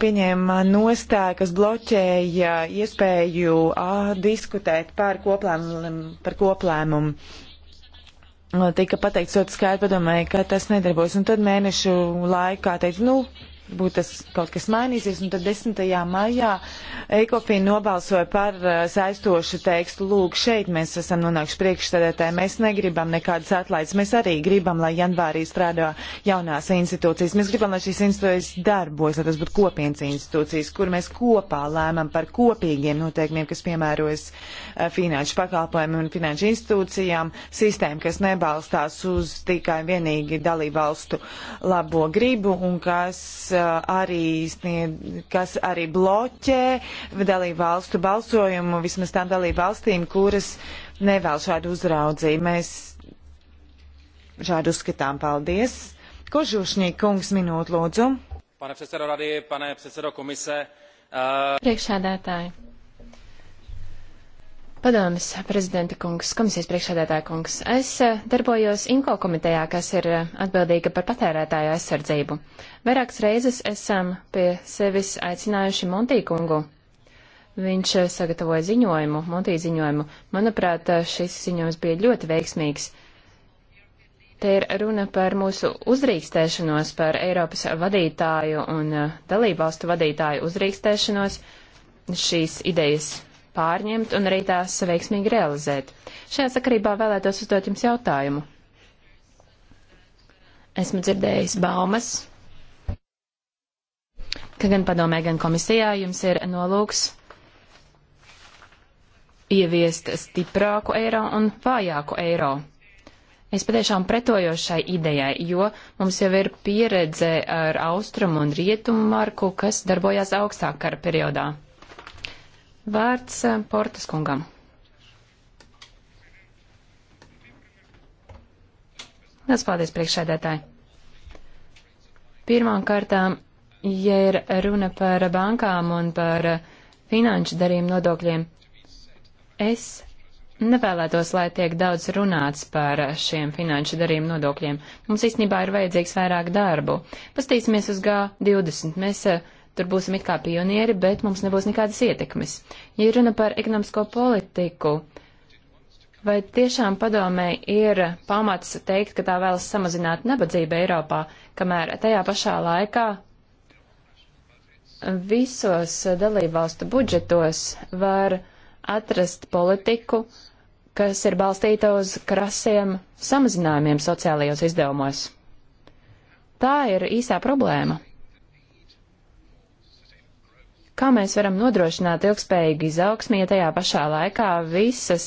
pieņēma nostāju, kas bloķēja iespēju a, diskutēt par koplēmumu. Par koplēmumu. Tika pateikts ļoti skaidri, padomāju, ka tas nedarbos. Un tad mēnešu laikā teica, nu, Būtu tas kaut kas mainīsies, un tad 10. maijā Ekofīna nobalsoja par uh, saistošu tekstu. Lūk, šeit mēs esam nonākuši priekšstādētāji. Mēs negribam nekādas atlaides. Mēs arī gribam, lai janvārī strādā jaunās institūcijas. Mēs gribam, lai šīs institūcijas darbojas, lai tas būtu kopienas institūcijas, kur mēs kopā lēmam par kopīgiem noteikumiem, kas piemērojas uh, finanšu pakalpojumiem un finanšu institūcijām. Sistēma, kas nebalstās uz tikai vienīgi dalībvalstu labo gribu un kas Uh, arī, snied, kas arī bloķē dalību valstu balsojumu, vismaz tām dalību valstīm, kuras nevēl šādu uzraudzību. Mēs šādu uzskatām. Paldies! Kožušņī kungs minūte lūdzu. Pane předsedo rady, pane předsedo komise. Uh... Priekšsēdētāji, Padomas prezidenta kungs, komisijas priekšsēdētāja kungs, es eh, darbojos INKO komitejā, kas ir eh, atbildīga par patērētāju aizsardzību. Vairākas reizes esam pie sevis aicinājuši Montī kungu. Viņš eh, sagatavoja ziņojumu, Montī ziņojumu. Manuprāt, šis ziņojums bija ļoti veiksmīgs. Te ir runa par mūsu uzrīkstēšanos, par Eiropas vadītāju un dalībvalstu vadītāju uzrīkstēšanos šīs idejas pārņemt un arī tās veiksmīgi realizēt. Šajā sakarībā vēlētos uzdot jums jautājumu. Esmu dzirdējis baumas, ka gan padomē, gan komisijā jums ir nolūks ieviest stiprāku eiro un vājāku eiro. Es patiešām pretojos šai idejai, jo mums jau ir pieredze ar austrumu un rietumu marku, kas darbojās augstākara periodā. Vārds eh, Portas kungam. Liels paldies priekšsēdētāji. Pirmām kārtām, ja ir runa par bankām un par finanšu darījumu nodokļiem, es nevēlētos, lai tiek daudz runāts par šiem finanšu darījumu nodokļiem. Mums īstenībā ir vajadzīgs vairāk darbu. Pastīsimies uz G20. Mēs eh, Tur būsim it kā pionieri, bet mums nebūs nekādas ietekmes. Ja runa par ekonomisko politiku, vai tiešām padomē ir pamats teikt, ka tā vēlas samazināt nabadzību Eiropā, kamēr tajā pašā laikā visos dalībvalstu budžetos var atrast politiku, kas ir balstīta uz krasiem samazinājumiem sociālajos izdevumos. Tā ir īsā problēma. Kā mēs varam nodrošināt ilgspējīgu izaugsmi, ja tajā pašā laikā visas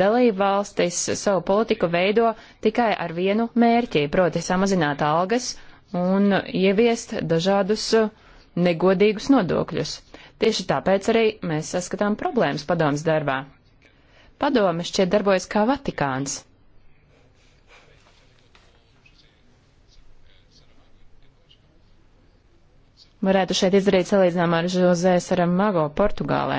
dalību valstis savu politiku veido tikai ar vienu mērķi, proti samazināt algas un ieviest dažādus negodīgus nodokļus. Tieši tāpēc arī mēs saskatām problēmas padomas darbā. Padome šķiet darbojas kā Vatikāns. varētu šeit izdarīt salīdzinājumu ar José Saramago Portugālē.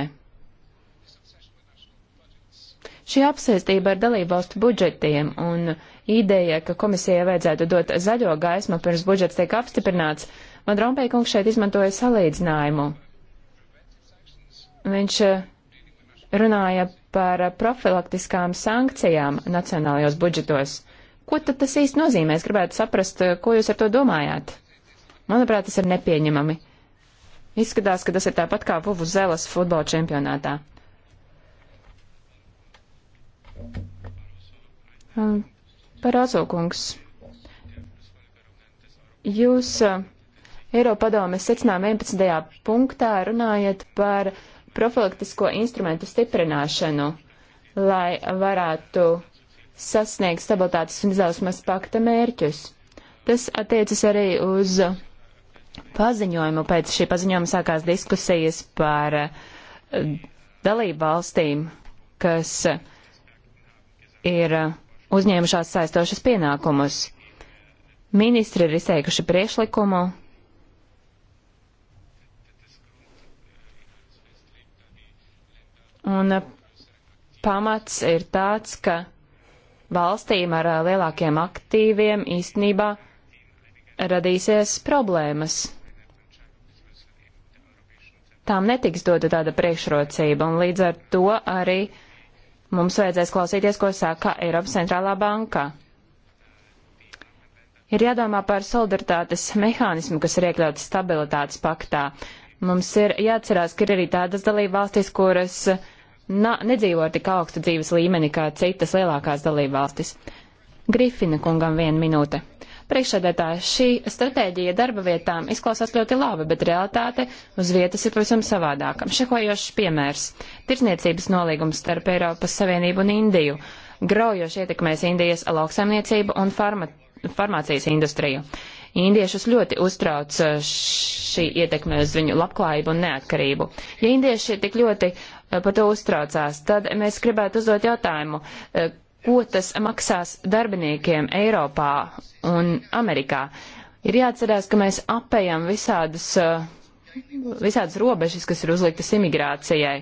Šī apsēstība ar dalībvalstu budžetiem un ideja, ka komisijai vajadzētu dot zaļo gaismu pirms budžets tiek apstiprināts, man Rompēkungs šeit izmantoja salīdzinājumu. Viņš eh, runāja par profilaktiskām sankcijām nacionālajos budžetos. Ko tad tas īsti nozīmē? Es gribētu saprast, eh, ko jūs ar to domājāt. Manuprāt, tas ir nepieņemami. Izskatās, ka tas ir tāpat kā Puvu Zelas futbola čempionātā. Um, par Azokungs. Jūs uh, Eiropadomes secinājuma 11. punktā runājat par profilaktisko instrumentu stiprināšanu, lai varētu sasniegt stabilitātes un izausmas pakta mērķus. Tas attiecas arī uz paziņojumu. Pēc šī paziņojuma sākās diskusijas par eh, dalību valstīm, kas eh, ir eh, uzņēmušās saistošas pienākumus. Ministri ir izteikuši priešlikumu. Un pamats ir tāds, ka valstīm ar lielākiem aktīviem īstenībā radīsies problēmas. Tām netiks dota tāda priekšrocība, un līdz ar to arī mums vajadzēs klausīties, ko saka Eiropas centrālā banka. Ir jādomā par solidaritātes mehānismu, kas ir iekļauts stabilitātes paktā. Mums ir jāatcerās, ka ir arī tādas dalība valstis, kuras na, nedzīvo ar tik augstu dzīves līmeni kā citas lielākās dalība valstis. Grifina kungam viena minūte. Priekšsēdētāji, šī stratēģija darba vietām izklausās ļoti labi, bet realitāte uz vietas ir pavisam savādāka. Šekojošs piemērs - tirsniecības nolīgums starp Eiropas Savienību un Indiju, graujoši ietekmēs Indijas lauksaimniecību un farma, farmācijas industriju. Indiešus ļoti uztrauc uh, šī ietekme uz viņu labklājību un neatkarību. Ja indieši tik ļoti uh, par to uztraucās, tad mēs gribētu uzdot jautājumu, uh, ko tas maksās darbiniekiem Eiropā un Amerikā. Ir jāatcerās, ka mēs apējam visādus, eh, visādas robežas, kas ir uzliktas imigrācijai.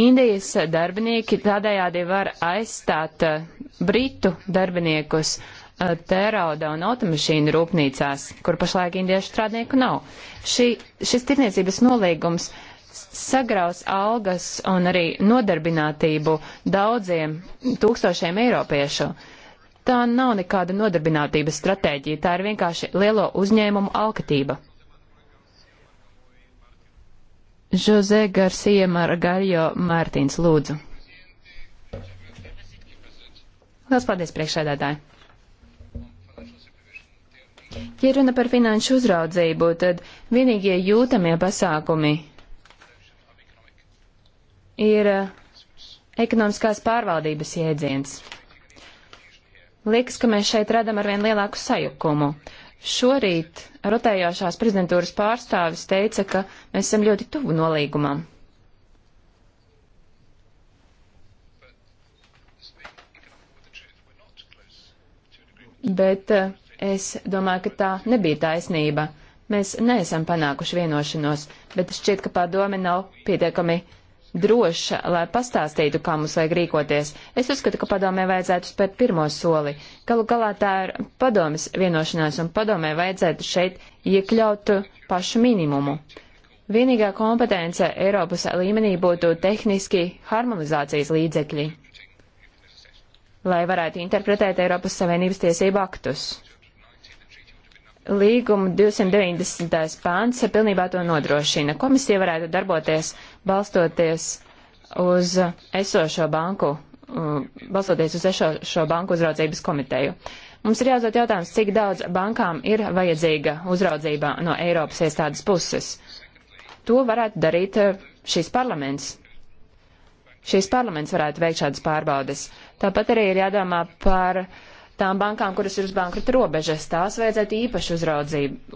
Indijas darbinieki tādējādi var aizstāt eh, britu darbiniekus eh, tērauda un automašīnu rūpnīcās, kur pašlaik indiešu strādnieku nav. Šī, šis tirniecības nolīgums uh, sagraus algas un arī nodarbinātību daudziem tūkstošiem eiropiešu. Tā nav nekāda nodarbinātības stratēģija, tā ir vienkārši lielo uzņēmumu alkatība. Jose Garcia Margarjo Mārtiņš lūdzu. Lielas paldies priekšsēdētāji. Ja runa par finanšu uzraudzību, tad vienīgie jūtamie pasākumi, ir eh, ekonomiskās pārvaldības jēdziens. Liekas, ka mēs šeit radam arvien lielāku sajukumu. Šorīt rotējošās prezidentūras pārstāvis teica, ka mēs esam ļoti tuvu nolīgumam. Bet eh, es domāju, ka tā nebija taisnība. Mēs neesam panākuši vienošanos, bet šķiet, ka padome nav pietiekami uh, droša, lai pastāstītu, kā mums vajag rīkoties. Es uzskatu, ka padomē vajadzētu spērt pirmo soli. Galu galā tā ir padomis vienošanās, un padomē vajadzētu šeit iekļaut pašu minimumu. Vienīgā kompetence Eiropas līmenī būtu tehniski harmonizācijas līdzekļi, lai varētu interpretēt Eiropas Savienības tiesību aktus. Līguma 290. pāns pilnībā to nodrošina. Komisija varētu darboties balstoties uz esošo banku, uh, balstoties uz esošo banku uzraudzības komiteju. Mums ir jāuzdod jautājums, cik daudz bankām ir vajadzīga uzraudzība no Eiropas iestādes puses. To varētu darīt uh, šīs parlaments. Šīs parlaments varētu veikt šādas pārbaudes. Tāpat arī ir jādomā par uh, tām bankām, kuras ir uz bankrota robežas, tās vajadzētu īpaši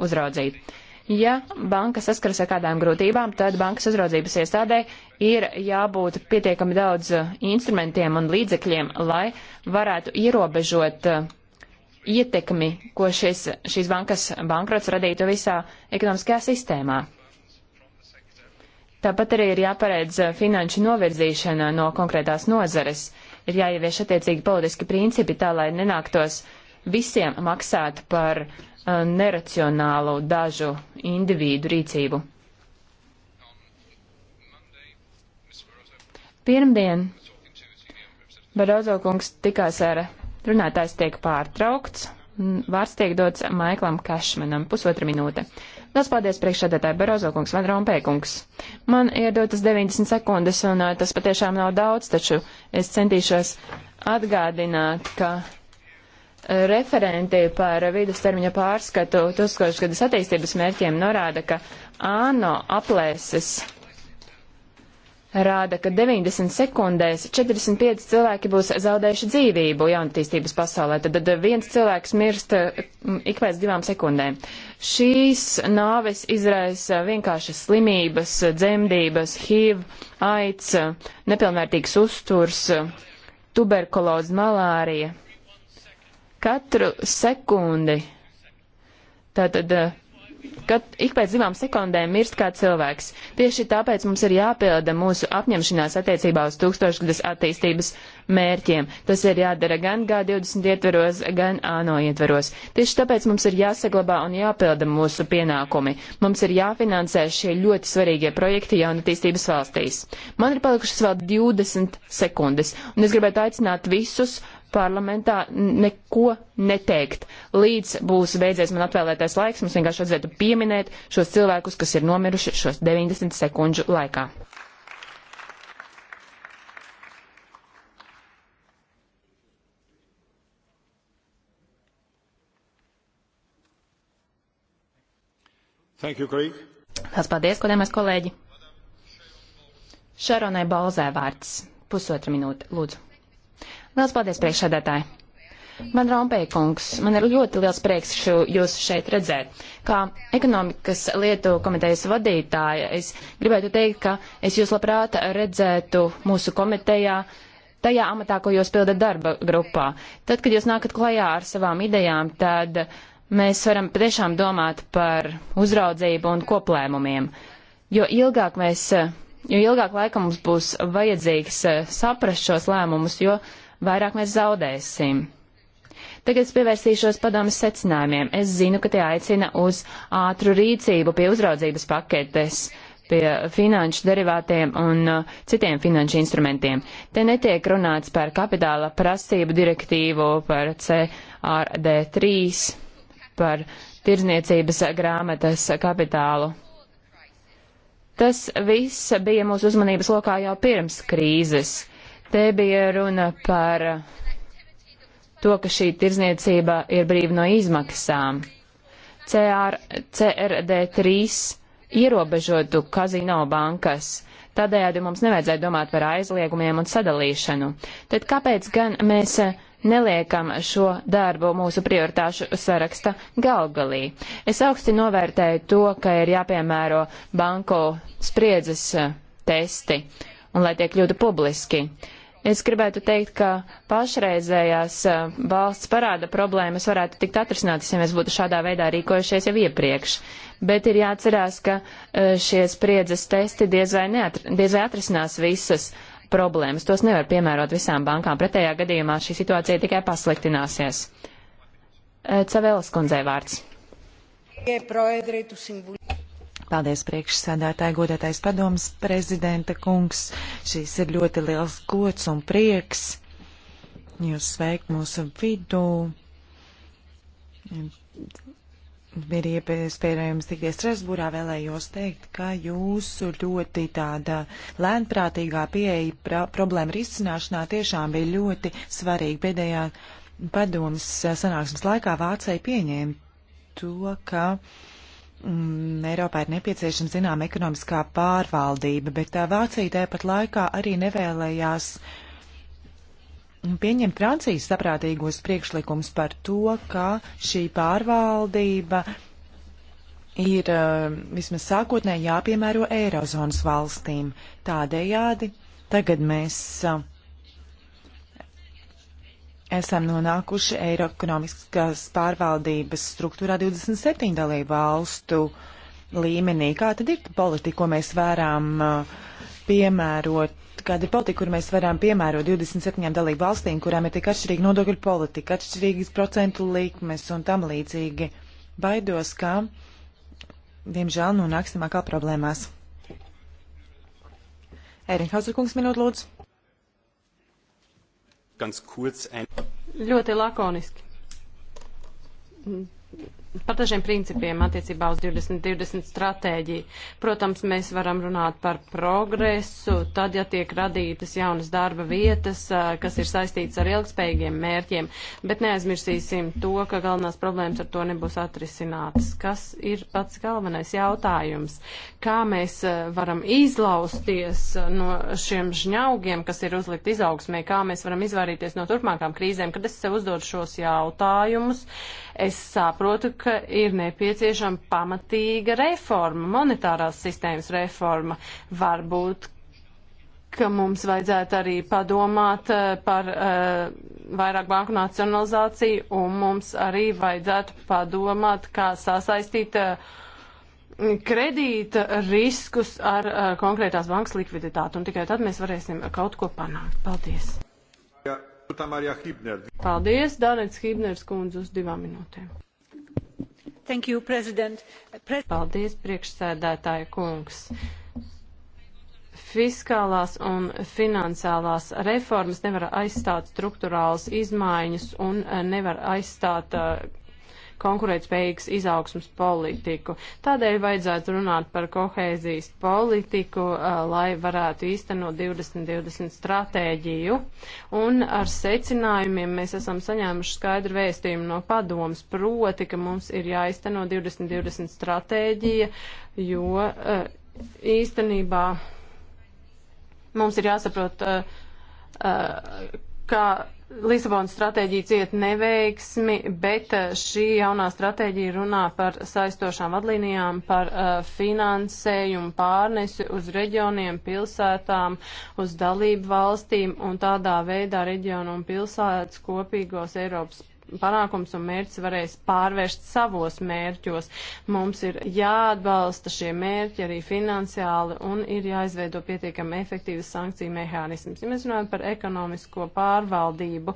uzraudzīt. Ja banka saskaras ar kādām grūtībām, tad bankas uzraudzības iestādē ir jābūt pietiekami daudz uh, instrumentiem un līdzekļiem, lai varētu ierobežot uh, ietekmi, ko šis, šīs bankas bankrots radītu visā ekonomiskajā sistēmā. Tāpat arī ir jāparedz uh, finanšu novirzīšana no konkrētās nozares. Uh, ir jāievieš attiecīgi politiski principi tā, lai nenāktos visiem maksāt par uh, neracionālu dažu individu rīcību. Pirmdien Barozo kungs tikās ar runātājs tiek pārtraukts, vārds tiek dots Maiklam Kašmanam, pusotra minūte. Uh, Daudz paldies priekšsēdētāji Barozokungs, Van Rompēkungs. Man ir dotas 90 sekundes, un uh, tas patiešām nav daudz, taču es centīšos atgādināt, ka uh, referenti par vidustermiņa pārskatu tūkstošgadas attīstības mērķiem norāda, ka ANO aplēses rāda, ka 90 sekundēs 45 cilvēki būs zaudējuši dzīvību jaunatīstības pasaulē, tad, tad viens cilvēks mirst mm, ik pēc divām sekundēm. Šīs nāves izraisa vienkāršas slimības, dzemdības, HIV, aids, nepilnvērtīgs uzturs, tuberkuloze, malārija. Katru sekundi. Tātad kad ik pēc divām sekundēm mirst kā cilvēks. Tieši tāpēc mums ir jāpilda mūsu apņemšanās attiecībā uz tūkstošgadas attīstības mērķiem. Tas ir jādara gan G20 ietveros, gan ANO ietveros. Tieši tāpēc mums ir jāsaglabā un jāpilda mūsu pienākumi. Mums ir jāfinansē šie ļoti svarīgie projekti jaunatīstības valstīs. Man ir palikušas vēl 20 sekundes, un es gribētu aicināt visus, uh, parlamentā neko neteikt. Līdz būs beidzies man atvēlētais laiks, mums vienkārši vajadzētu pieminēt šos cilvēkus, kas ir nomiruši šos 90 sekundžu laikā. Tās paldies, kodēmais kolēģi. Šaronai Balzē vārds. Pusotra minūte, lūdzu. Liels paldies, priekšsēdētāji! Man Rompēja kungs, man ir ļoti liels prieks šo, jūs šeit redzēt. Kā ekonomikas lietu komitejas vadītāja, es gribētu teikt, ka es jūs labprāt redzētu mūsu komitejā, tajā amatā, ko jūs pildat darba grupā. Tad, kad jūs nākat klajā ar savām idejām, tad mēs varam patiešām domāt par uzraudzību un koplēmumiem. Jo ilgāk mēs, jo ilgāk laika mums būs vajadzīgs saprast šos lēmumus, jo vairāk mēs zaudēsim. Tagad es pievērsīšos padomas secinājumiem. Es zinu, ka tie aicina uz ātru rīcību pie uzraudzības paketes, pie finanšu derivātiem un uh, citiem finanšu instrumentiem. Te netiek runāts par kapitāla prasību direktīvu, par CRD3, par tirzniecības grāmatas kapitālu. Tas viss bija mūsu uzmanības lokā jau pirms krīzes. Te bija runa par to, ka šī tirzniecība ir brīva no izmaksām. CR, CRD3 ierobežotu kazino bankas. Tādējādi mums nevajadzēja domāt par aizliegumiem un sadalīšanu. Tad kāpēc gan mēs neliekam šo darbu mūsu prioritāšu saraksta galgalī? Es augsti novērtēju to, ka ir jāpiemēro banku spriedzes testi un lai tie kļūtu publiski. Uh, Es gribētu teikt, ka pašreizējās eh, valsts parāda problēmas varētu tikt atrisinātas, ja mēs būtu šādā veidā rīkojušies jau iepriekš. Bet ir jāatcerās, ka eh, šie spriedzes testi diez vai, neatr diez vai atrisinās visas problēmas. Tos nevar piemērot visām bankām. Pretējā gadījumā šī situācija tikai pasliktināsies. Eh, Cavēlas kundzei vārds. Paldies priekšsēdētāji, godētais padomas prezidenta kungs. Šīs ir ļoti liels gods un prieks. Jūs sveikt mūsu vidū. Ir iespējams tikties Strasbūrā, vēlējos teikt, ka jūsu ļoti tāda lēnprātīgā pieeja pra, problēma risināšanā tiešām bija ļoti svarīga. Pēdējā padomas sanāksmes laikā Vācija pieņēma to, ka uh, mm, Eiropā ir nepieciešama zinām ekonomiskā pārvaldība, bet tā Vācija tāpat laikā arī nevēlējās pieņemt Francijas saprātīgos priekšlikums par to, ka šī pārvaldība ir eh, vismaz sākotnēji jāpiemēro Eirozonas valstīm. Tādējādi tagad mēs. Uh, esam nonākuši Eiroekonomiskās pārvaldības struktūrā 27 dalību valstu līmenī. Kā tad ir politika, ko mēs varam uh, piemērot? Kāda ir politika, kur mēs varam piemērot 27 dalību valstīm, kurām ir tik atšķirīga nodokļu politika, atšķirīgas procentu likmes un tam līdzīgi? Baidos, ka, diemžēl, nonāksim atkal problēmās. Ērinhauser kungs minūte lūdzu ganz kurz ein. Ļoti lakoniski. Mm par dažiem principiem attiecībā uz 2020 stratēģiju. Protams, mēs varam runāt par progresu, tad, ja tiek radītas jaunas darba vietas, kas ir saistītas ar ilgspējīgiem mērķiem, bet neaizmirsīsim to, ka galvenās problēmas ar to nebūs atrisinātas. Kas ir pats galvenais jautājums? Kā mēs varam izlausties no šiem žņaugiem, kas ir uzlikt izaugsmē, kā mēs varam izvairīties no turpmākām krīzēm, kad es sev uzdodu šos jautājumus? Es saprotu, ka ir nepieciešama pamatīga reforma, monetārās sistēmas reforma. Varbūt, ka mums vajadzētu arī padomāt eh, par uh, vairāk banku nacionalizāciju un mums arī vajadzētu padomāt, kā sasaistīt uh, kredīta riskus ar uh, konkrētās bankas likviditāti. Un tikai tad mēs varēsim kaut ko panākt. Paldies! Paldies, Dārēts Hībners kundze, uz divām minūtēm. You, Pre... Paldies, priekšsēdētāja kungs. Fiskālās un finansiālās reformas nevar aizstāt struktūrālas izmaiņas un nevar aizstāt uh, konkurētspējīgas izaugsmas politiku. Tādēļ vajadzētu runāt par kohēzijas politiku, lai varētu īstenot 2020 stratēģiju. Un ar secinājumiem mēs esam saņēmuši skaidru vēstījumu no padomas, proti, ka mums ir jāizteno 2020 stratēģija, jo īstenībā mums ir jāsaprot, ka Lisabonas stratēģija ciet neveiksmi, bet uh, šī jaunā stratēģija runā par saistošām vadlīnijām, par uh, finansējumu pārnesi uz reģioniem, pilsētām, uz dalību valstīm un tādā veidā reģionu un pilsētas kopīgos Eiropas panākums un mērķis varēs pārvērst savos mērķos. Mums ir jāatbalsta šie mērķi arī finansiāli un ir jāizveido pietiekami efektīvas sankciju mehānisms. Ja mēs runājam par ekonomisko pārvaldību,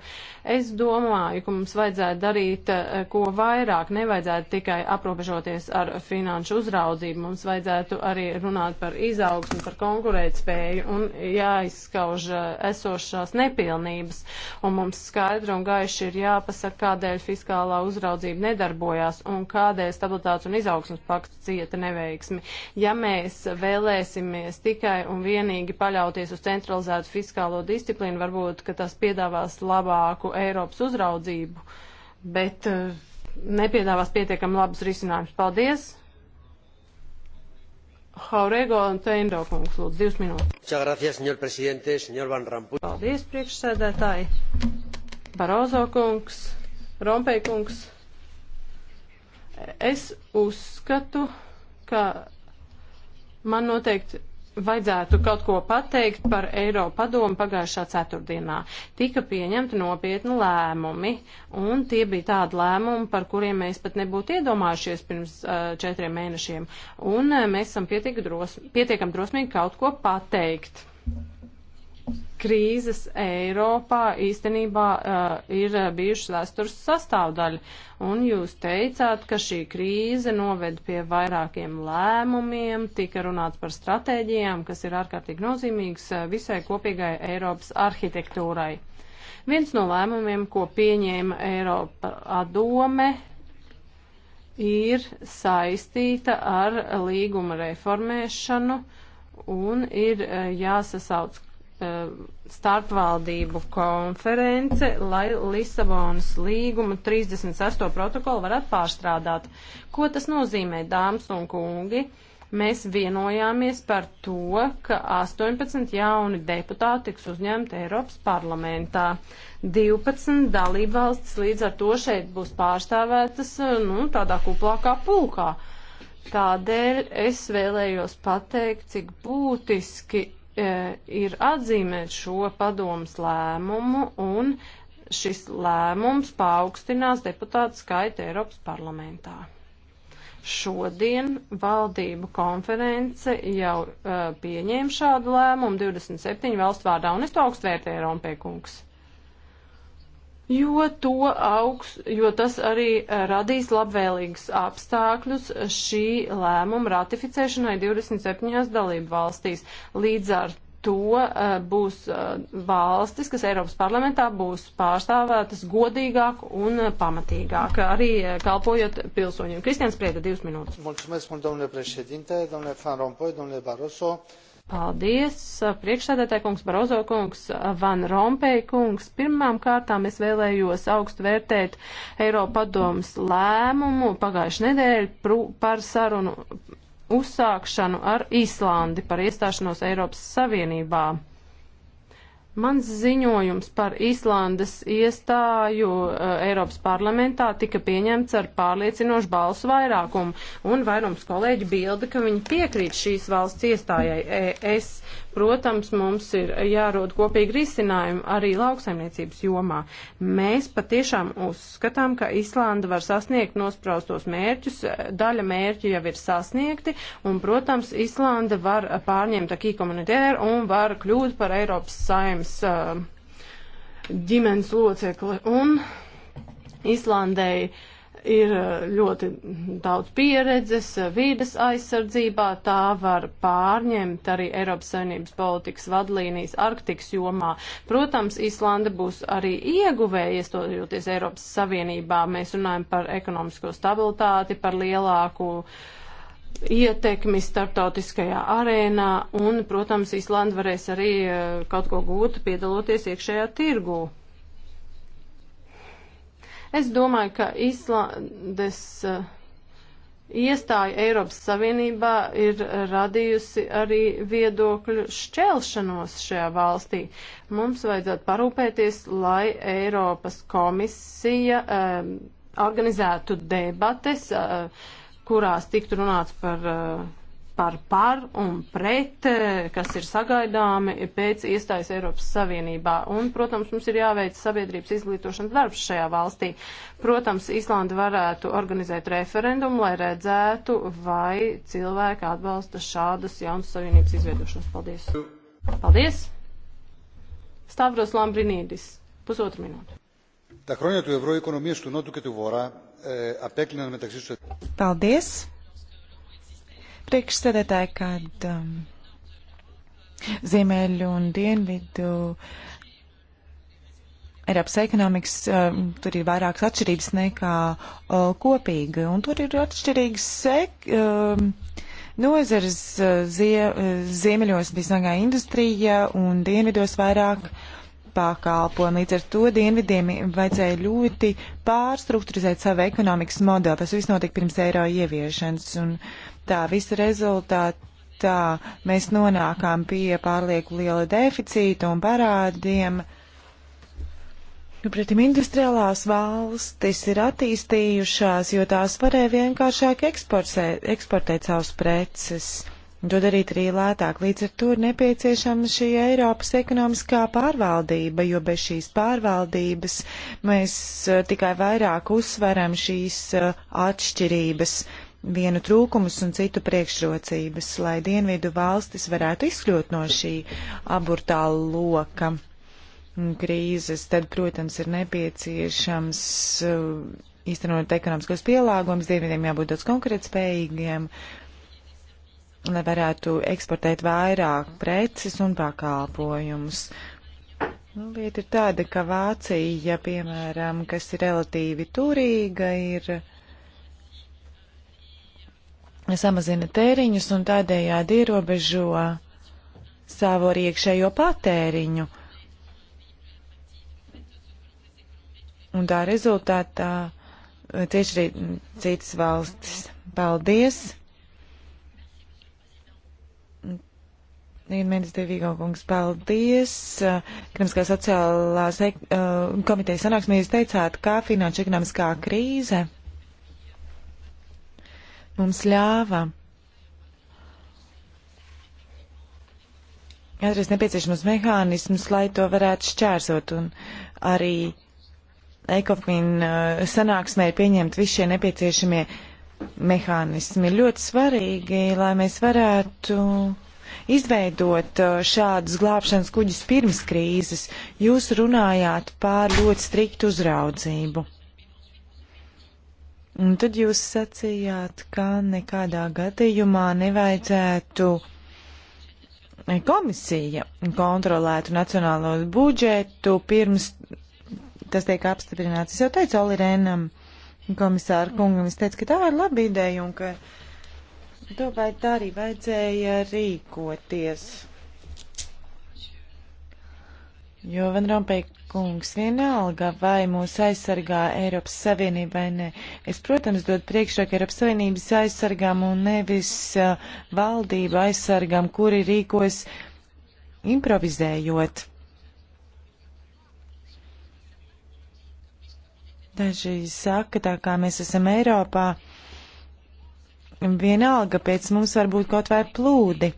es domāju, ka mums vajadzētu darīt eh, ko vairāk. Nevajadzētu tikai aprobežoties ar finanšu uzraudzību. Mums vajadzētu arī runāt par izaugsmu, par konkurētspēju un jāizskauž eh, esošās nepilnības. Un mums skaidri un gaiši ir jāpasaka, kādēļ fiskālā uzraudzība nedarbojās un kādēļ stabilitātes un izaugsmas pakts cieta neveiksmi. Ja mēs vēlēsimies tikai un vienīgi paļauties uz centralizētu fiskālo disciplīnu, varbūt, ka tas piedāvās labāku Eiropas uzraudzību, bet eh, nepiedāvās pietiekam labus risinājumus. Paldies! Jaurego Antendo kungs, lūdzu, divas minūtes. Gracias, señor presidente, señor Van Rampuy. Paldies, priekšsēdētāji. Barozo kungs, Rompēkungs, es uzskatu, ka man noteikti vajadzētu kaut ko pateikt par Eiropa padomu pagājušā ceturtdienā. Tika pieņemti nopietni lēmumi, un tie bija tādi lēmumi, par kuriem mēs pat nebūtu iedomājušies pirms uh, četriem mēnešiem. Un uh, mēs esam pietiek dros, pietiekam drosmīgi kaut ko pateikt krīzes Eiropā īstenībā uh, ir uh, bijušas vēstures sastāvdaļa, un jūs teicāt, ka šī krīze noved pie vairākiem lēmumiem, tika runāts par stratēģijām, kas ir ārkārtīgi nozīmīgs uh, visai kopīgai Eiropas arhitektūrai. Viens no lēmumiem, ko pieņēma Eiropa adome, ir saistīta ar līguma reformēšanu un ir uh, jāsasauc Eh, starpvaldību konference, lai Lisabonas līguma 38. protokolu varētu pārstrādāt. Ko tas nozīmē, dāmas un kungi? Mēs vienojāmies par to, ka 18 jauni deputāti tiks uzņemti Eiropas parlamentā. 12 dalībvalstis līdz ar to šeit būs pārstāvētas eh, nu, tādā kuplākā pulkā. Tādēļ es vēlējos pateikt, cik būtiski E, ir atzīmēt šo padomas lēmumu un šis lēmums paaugstinās deputātu skaitu Eiropas parlamentā. Šodien valdību konference jau uh, pieņēma šādu lēmumu 27 valstu vārdā, un es to augstu vērtēju, Rompēkungs jo, augs, jo tas arī radīs labvēlīgus apstākļus šī lēmuma ratificēšanai 27 dalību valstīs. Līdz ar to eh, būs eh, valstis, kas Eiropas parlamentā būs pārstāvētas godīgāk un pamatīgāk, arī eh, kalpojot pilsoņiem. Kristians Prieda, divas minūtes. Mulțumesc mult, domnule președinte, domnule Fan Rompuy, domnule Barroso. Paldies, uh, priekšsēdētāji kungs, Barozo kungs, uh, Van Rompēj kungs. Pirmām kārtām es vēlējos augstu vērtēt Eiropadomas lēmumu pagājušajā nedēļā par sarunu uzsākšanu ar Īslandi par iestāšanos Eiropas Savienībā. Mans ziņojums par Īslandes iestāju uh, Eiropas parlamentā tika pieņemts ar pārliecinošu balsu vairākumu, un vairums kolēģi bilda, ka viņi piekrīt šīs valsts iestājai ES protams, mums ir jārod kopīgi risinājumi arī lauksaimniecības jomā. Mēs patiešām uzskatām, ka Islanda var sasniegt nospraustos mērķus, daļa mērķu jau ir sasniegti, un, protams, Islanda var pārņemt akī komunitēru un var kļūt par Eiropas saimas uh, ģimenes locekli. Un Islandēji ir eh, ļoti daudz pieredzes eh, vīdes aizsardzībā, tā var pārņemt arī Eiropas Savienības politikas vadlīnijas Arktikas jomā. Protams, Īslanda būs arī ieguvēja, iestājoties Eiropas Savienībā. Mēs runājam par ekonomisko stabilitāti, par lielāku ietekmi starptautiskajā arēnā un, protams, Īslanda varēs arī eh, kaut ko gūt, piedaloties iekšējā tirgū. Es domāju, ka Īslandes eh, iestāja Eiropas Savienībā ir radījusi arī viedokļu šķelšanos šajā valstī. Mums vajadzētu parūpēties, lai Eiropas komisija eh, organizētu debates, eh, kurās tiktu runāts par eh, par par un pret, eh, kas ir sagaidāmi pēc iestājas Eiropas Savienībā. Un, protams, mums ir jāveic sabiedrības izglītošanas darbs šajā valstī. Protams, Islanda varētu organizēt referendumu, lai redzētu, vai cilvēki atbalsta šādas jaunas savienības izveidošanas. Paldies! Paldies! Stavros Lambrinīdis, pusotru minūtu. Τα χρόνια του ευρωοικονομίας του Νότου και του Βορρά ε, απέκλειναν μεταξύ τους. Paldies! priekšsēdētāji, kad um, Ziemeļu un Dienvidu Eiropas ekonomikas, um, tur ir vairākas atšķirības nekā uh, kopīga, un tur ir atšķirīgas sek, um, nozeres, uh, zie, uh, ziemeļos bija smagā industrija un dienvidos vairāk. Uh, pakalpojumi. Līdz ar to dienvidiem vajadzēja ļoti pārstruktūrizēt savu ekonomikas modeli. Tas viss notika pirms eiro ieviešanas, un tā visa rezultātā mēs nonākām pie pārlieku liela deficīta un parādiem. Nu, pretim industriālās valstis ir attīstījušās, jo tās varēja vienkāršāk eksportēt savus preces un to darīt arī lētāk. Līdz ar to ir nepieciešama šī Eiropas ekonomiskā pārvaldība, jo bez šīs pārvaldības mēs eh, tikai vairāk uzsveram šīs eh, atšķirības, vienu trūkumus un citu priekšrocības, lai dienvidu valstis varētu izkļūt no šī aburtā loka krīzes, tad, protams, ir nepieciešams eh, īstenot ekonomiskos pielāgojums, dienvidiem jābūt daudz konkurētspējīgiem, spējīgiem lai varētu eksportēt vairāk preces un pakalpojumus. Nu, lieta ir tāda, ka Vācija, piemēram, kas ir relatīvi turīga, ir samazina tēriņus un tādējādi ierobežo savu arī iekšējo patēriņu. Un tā rezultātā cieši arī citas valstis. Paldies! Vienmēnes devīgā kungs, paldies. Ekonomiskā sociālās e komitejas sanāksmē jūs teicāt, kā finanšu ekonomiskā krīze mums ļāva atrast nepieciešamos mehānismus, lai to varētu šķērsot. Un arī Ekofin sanāksmē ir pieņemt visi šie nepieciešamie mehānismi. Ļoti svarīgi, lai mēs varētu izveidot uh, šādas glābšanas kuģus pirms krīzes. Jūs runājāt pār ļoti striktu uzraudzību. Un tad jūs sacījāt, ka nekādā gadījumā nevajadzētu komisija kontrolētu nacionālo budžetu pirms tas tiek apstiprināts. Es jau teicu Olirēnam, komisāru kungam, es teicu, ka tā ir laba ideja un ka uh, Domāju, tā arī vajadzēja rīkoties. Jo Van Rompēj kungs vienalga, vai mūs aizsargā Eiropas Savienība vai nē. Es, protams, dod priekšroku Eiropas Savienības aizsargām un nevis uh, valdību aizsargām, kuri rīkos improvizējot. Daži saka, tā kā mēs esam Eiropā, uh, vienalga, pēc mums var būt kaut vai plūdi.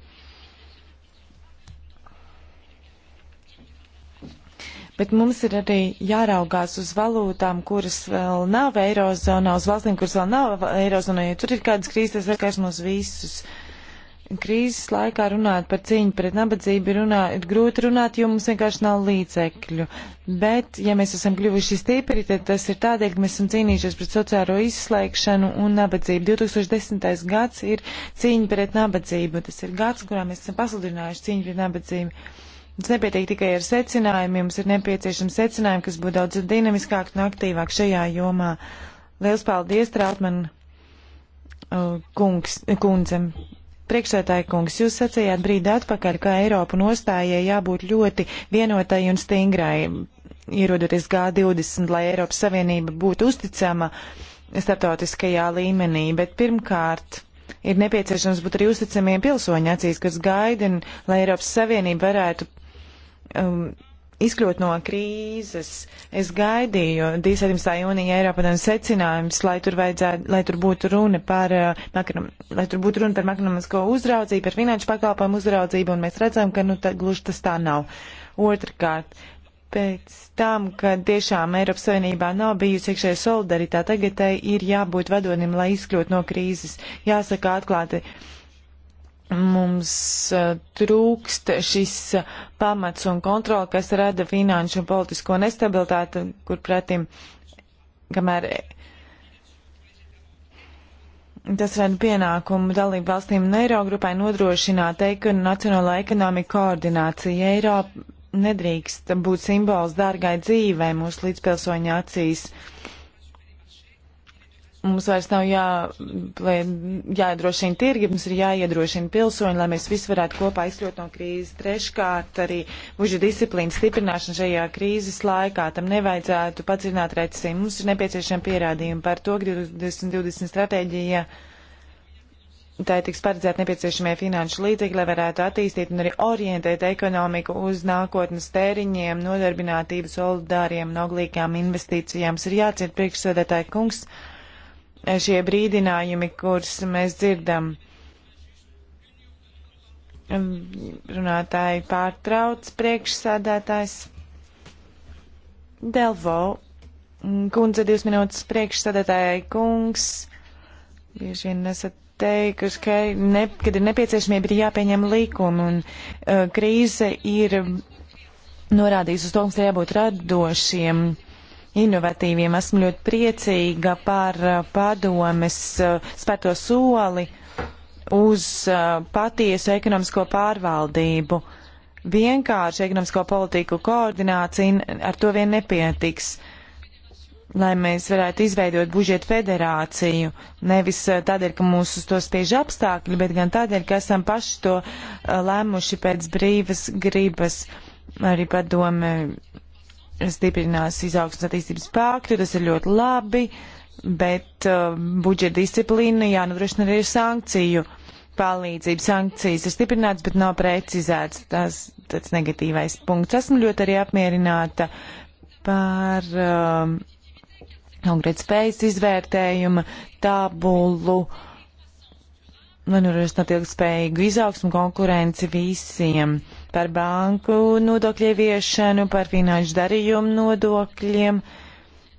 Bet mums ir arī jāraugās uz valūtām, kuras vēl nav Eirozonā, uz valstīm, kuras vēl nav Eirozonā, jo tur ir kādas krīzes, kas mūs visus. Uh, krīzes laikā runāt par cīņu pret nabadzību runā, ir grūti runāt, jo mums vienkārši nav līdzekļu. Bet, ja mēs esam kļuvuši stīpri, tad tas ir tādēļ, ka mēs esam cīnījušies pret sociālo izslēgšanu un nabadzību. 2010. gads ir cīņa pret nabadzību. Tas ir gads, kurā mēs esam pasludinājuši cīņu pret nabadzību. Mums nepietiek tikai ar secinājumiem, mums ir nepieciešams secinājumi, kas būtu daudz dinamiskāk un aktīvāk šajā jomā. Liels paldies, Trautman! Uh, kungs, kundzem. Priekšsētāji kungs, jūs sacījāt brīdi atpakaļ, ka Eiropa nostājai jābūt ļoti vienotai un stingrai, ierodoties G20, lai Eiropas Savienība būtu uzticama starptautiskajā līmenī, bet pirmkārt ir nepieciešams būt arī uzticamiem pilsoņu acīs, kas gaida, lai Eiropas Savienība varētu um, izkļūt no krīzes. Es gaidīju 27. jūnija Eiropadam secinājums, lai tur, lai tur būtu runa par, eh, makram, lai tur būtu runa par makronomisko uzraudzību, par finanšu pakalpojumu uzraudzību, un mēs redzam, ka nu, tā, gluži tas tā nav. Otrkārt, pēc tam, kad tiešām Eiropas Savienībā nav bijusi iekšēja solidaritāte, tagad tai ir jābūt vadonim, lai izkļūtu no krīzes. Jāsaka atklāti, mums eh, trūkst šis pamats un kontrola, kas rada finanšu un politisko nestabilitāti, kur pretim, kamēr eh, tas rada pienākumu dalību valstīm un Eiro grupai nodrošināt ekon, nacionālo ekonomiku koordināciju. Eiro nedrīkst būt simbols dārgai dzīvē mūsu līdzpilsoņu acīs. Uh, Mums vairs nav jā, jāiedrošina tirgi, mums ir jāiedrošina pilsoņi, lai mēs visi varētu kopā izkļūt no krīzes. Treškārt, arī mužu disciplīnas stiprināšana šajā krīzes laikā tam nevajadzētu pacināt recesiju. Mums ir nepieciešami pierādījumi par to, ka 2020 stratēģija tā tiks paredzēt nepieciešamie finanšu līdzekļi, lai varētu attīstīt un arī orientēt ekonomiku uz nākotnes tēriņiem, nodarbinātību, solidāriem un auglīgām investīcijām. Tas ir jāciet priekšsēdētāji kungs šie brīdinājumi, kurus mēs dzirdam. Runātāji pārtrauc priekšsādātājs. Delvo, kundze divas minūtes priekšsādātājai kungs, bieži vien esat teikuši, ka, ne, kad ir nepieciešamība, ir jāpieņem likumi, un uh, krīze ir norādījusi uz to, mums ir jābūt radošiem. Uh, inovatīviem. Esmu ļoti priecīga par uh, padomes uh, spēto soli uz uh, patiesu ekonomisko pārvaldību. Vienkārši ekonomisko politiku koordinācija ar to vien nepietiks lai mēs varētu izveidot budžetu federāciju. Nevis tādēļ, ka mūs uz to spiež apstākļi, bet gan tādēļ, ka esam paši to lēmuši pēc brīvas gribas. Arī padome stiprinās izaugsmas attīstības paktu, tas ir ļoti labi, bet uh, budžeta disciplīna jānodrošina arī ar sankciju palīdzību. Sankcijas ir stiprināts, bet nav precizēts. Tas tāds negatīvais punkts. Esmu ļoti arī apmierināta par um, uh, konkrēti spējas izvērtējuma tabulu. Lai norošinātu ilgspējīgu izaugsmu konkurenci visiem. Uh, par banku nodokļu ieviešanu, par finanšu darījumu nodokļiem,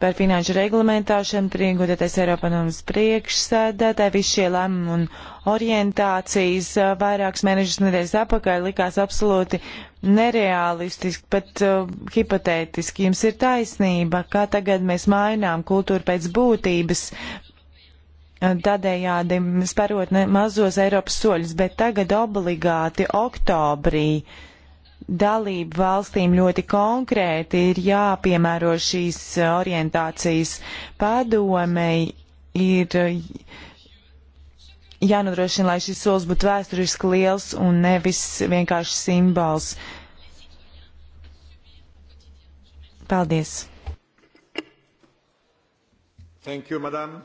par finanšu reglamentāšanu, priegoties Eiropadomas priekšsēdētāji, visi šie lēmumi un orientācijas vairākas mēnešas nedēļas apakaļ likās absolūti nereālistiski, pat uh, hipotētiski. Jums ir taisnība, kā tagad mēs mainām kultūru pēc būtības, tādējādi sparot mazos Eiropas soļus, bet tagad obligāti oktobrī dalību valstīm ļoti konkrēti ir jāpiemēro šīs orientācijas padomei, ir jānodrošina, lai šis solis būtu vēsturiski liels un nevis vienkārši simbols. Paldies! Thank you, madam.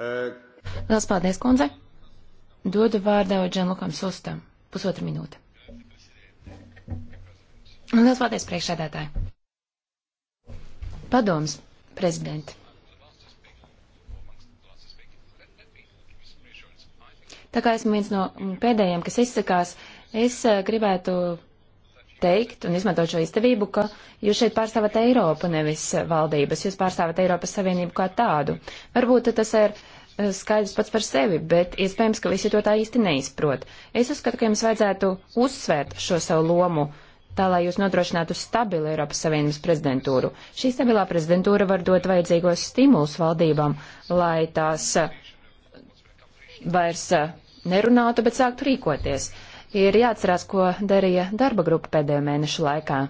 Lielas paldies, kundze. Dodu vārdu Džanlukam Sustam. Pusotra minūte. Lielas paldies, priekšsēdētāji. Padoms, prezidenti. Tā kā esmu viens no pēdējiem, kas izsakās, es eh, gribētu teikt un izmantot šo izdevību, ka jūs šeit pārstāvat Eiropu, nevis valdības. Jūs pārstāvat Eiropas Savienību kā tādu. Varbūt tas ir eh, skaidrs pats par sevi, bet iespējams, ka visi to tā īsti neizprot. Es uzskatu, ka jums vajadzētu uzsvērt šo savu lomu tā lai jūs nodrošinātu stabilu Eiropas Savienības prezidentūru. Šī stabilā prezidentūra var dot vajadzīgos stimulus valdībām, lai tās vairs eh, nerunātu, bet sāktu rīkoties ir jāatcerās, ko darīja darba grupa pēdējo mēnešu laikā.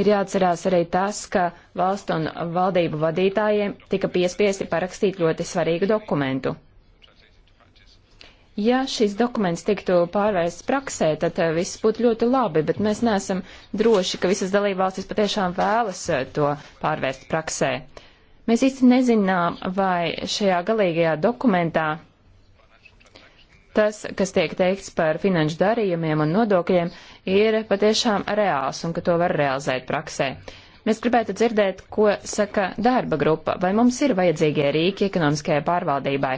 Ir jāatcerās arī tas, ka valstu un valdību vadītājiem tika piespiesti parakstīt ļoti svarīgu dokumentu. Ja šis dokuments tiktu pārvērsts praksē, tad eh, viss būtu ļoti labi, bet mēs neesam droši, ka visas dalībvalstis patiešām vēlas eh, to pārvērst praksē. Mēs īsti nezinām, vai šajā galīgajā dokumentā tas, kas tiek teikts par finanšu darījumiem un nodokļiem, ir patiešām reāls un ka to var realizēt praksē. Mēs gribētu dzirdēt, ko saka darba grupa, vai mums ir vajadzīgie rīki ekonomiskajai pārvaldībai,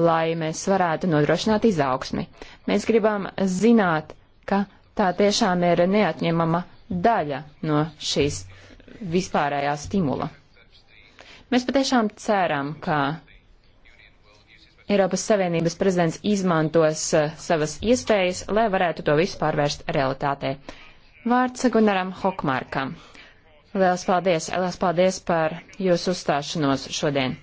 lai mēs varētu nodrošināt izaugsmi. Mēs gribam zināt, ka tā tiešām ir neatņemama daļa no šīs vispārējā stimula. Mēs patiešām ceram, ka Eiropas Savienības prezidents izmantos eh, savas iespējas, lai varētu to visu pārvērst realitātē. Vārds Gunaram Hokmārkam. Lielas paldies, lielas paldies par jūsu uzstāšanos šodien.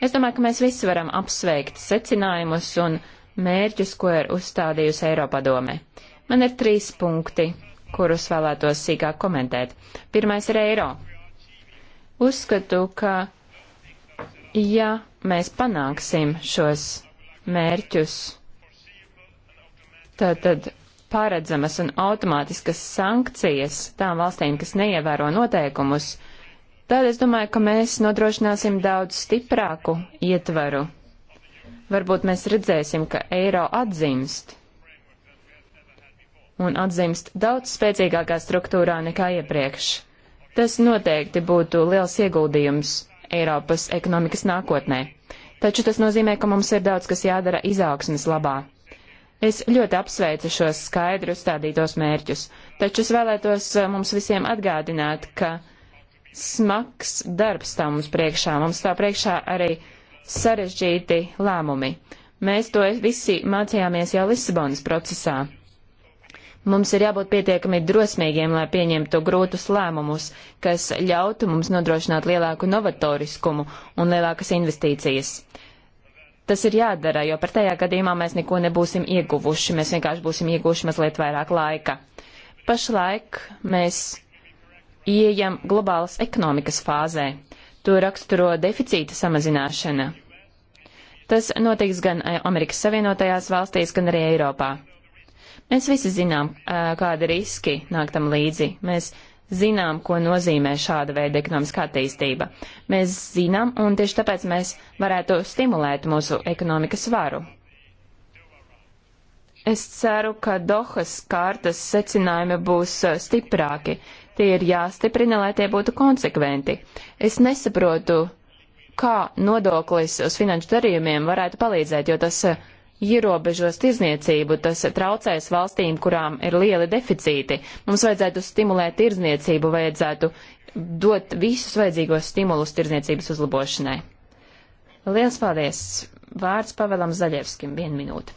Es domāju, ka mēs visi varam apsveikt secinājumus un mērķus, ko ir uzstādījusi Eiropadome. Man ir trīs punkti, kurus vēlētos sīkāk komentēt. Pirmais ir eiro. Uzskatu, ka ja mēs panāksim šos mērķus. Tātad paredzamas un automātiskas sankcijas tām valstīm, kas neievēro noteikumus, tad es domāju, ka mēs nodrošināsim daudz stiprāku ietvaru. Varbūt mēs redzēsim, ka eiro atzimst un atzimst daudz spēcīgākā struktūrā nekā iepriekš. Tas noteikti būtu liels ieguldījums Eiropas ekonomikas nākotnē. Taču tas nozīmē, ka mums ir daudz, kas jādara izaugsmes labā. Es ļoti apsveicu šos skaidri uzstādītos mērķus, taču es vēlētos eh, mums visiem atgādināt, ka smags darbs tā mums priekšā, mums tā priekšā arī sarežģīti lēmumi. Mēs to visi mācījāmies jau Lisabonas procesā. Mums ir jābūt pietiekami drosmīgiem, lai pieņemtu grūtus lēmumus, kas ļautu mums nodrošināt lielāku novatoriskumu un lielākas investīcijas. Tas ir jādara, jo pretējā gadījumā mēs neko nebūsim ieguvuši, mēs vienkārši būsim ieguvuši mazliet vairāk laika. Pašlaik mēs ieejam globālas ekonomikas fāzē. To raksturo deficīta samazināšana. Tas notiks gan eh, Amerikas Savienotajās valstīs, gan arī Eiropā. Mēs visi zinām, kādi riski nāk tam līdzi. Mēs zinām, ko nozīmē šāda veida ekonomiskā attīstība. Mēs zinām, un tieši tāpēc mēs varētu stimulēt mūsu ekonomikas varu. Es ceru, ka Dohas kārtas secinājumi būs stiprāki. Tie ir jāstiprina, lai tie būtu konsekventi. Es nesaprotu, kā nodoklis uz finanšu darījumiem varētu palīdzēt, jo tas uh, ierobežos tirzniecību, tas traucēs valstīm, kurām ir lieli deficīti. Mums vajadzētu stimulēt tirzniecību, vajadzētu dot visus vajadzīgos stimulus tirzniecības uzlabošanai. Liels paldies! Vārds Pavelam Zaļevskim, viena minūte.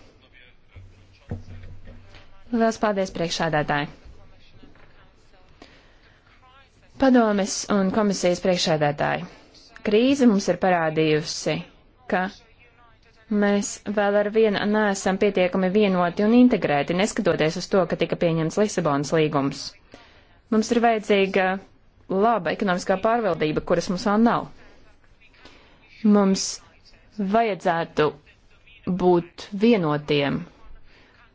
Liels paldies priekšādātāji! Padomes un komisijas priekšādātāji! Krīze mums ir parādījusi, ka Mēs vēl ar vienu neesam pietiekami vienoti un integrēti, neskatoties uz to, ka tika pieņemts Lisabonas līgums. Mums ir vajadzīga laba ekonomiskā pārvaldība, kuras mums vēl nav. Mums vajadzētu būt vienotiem.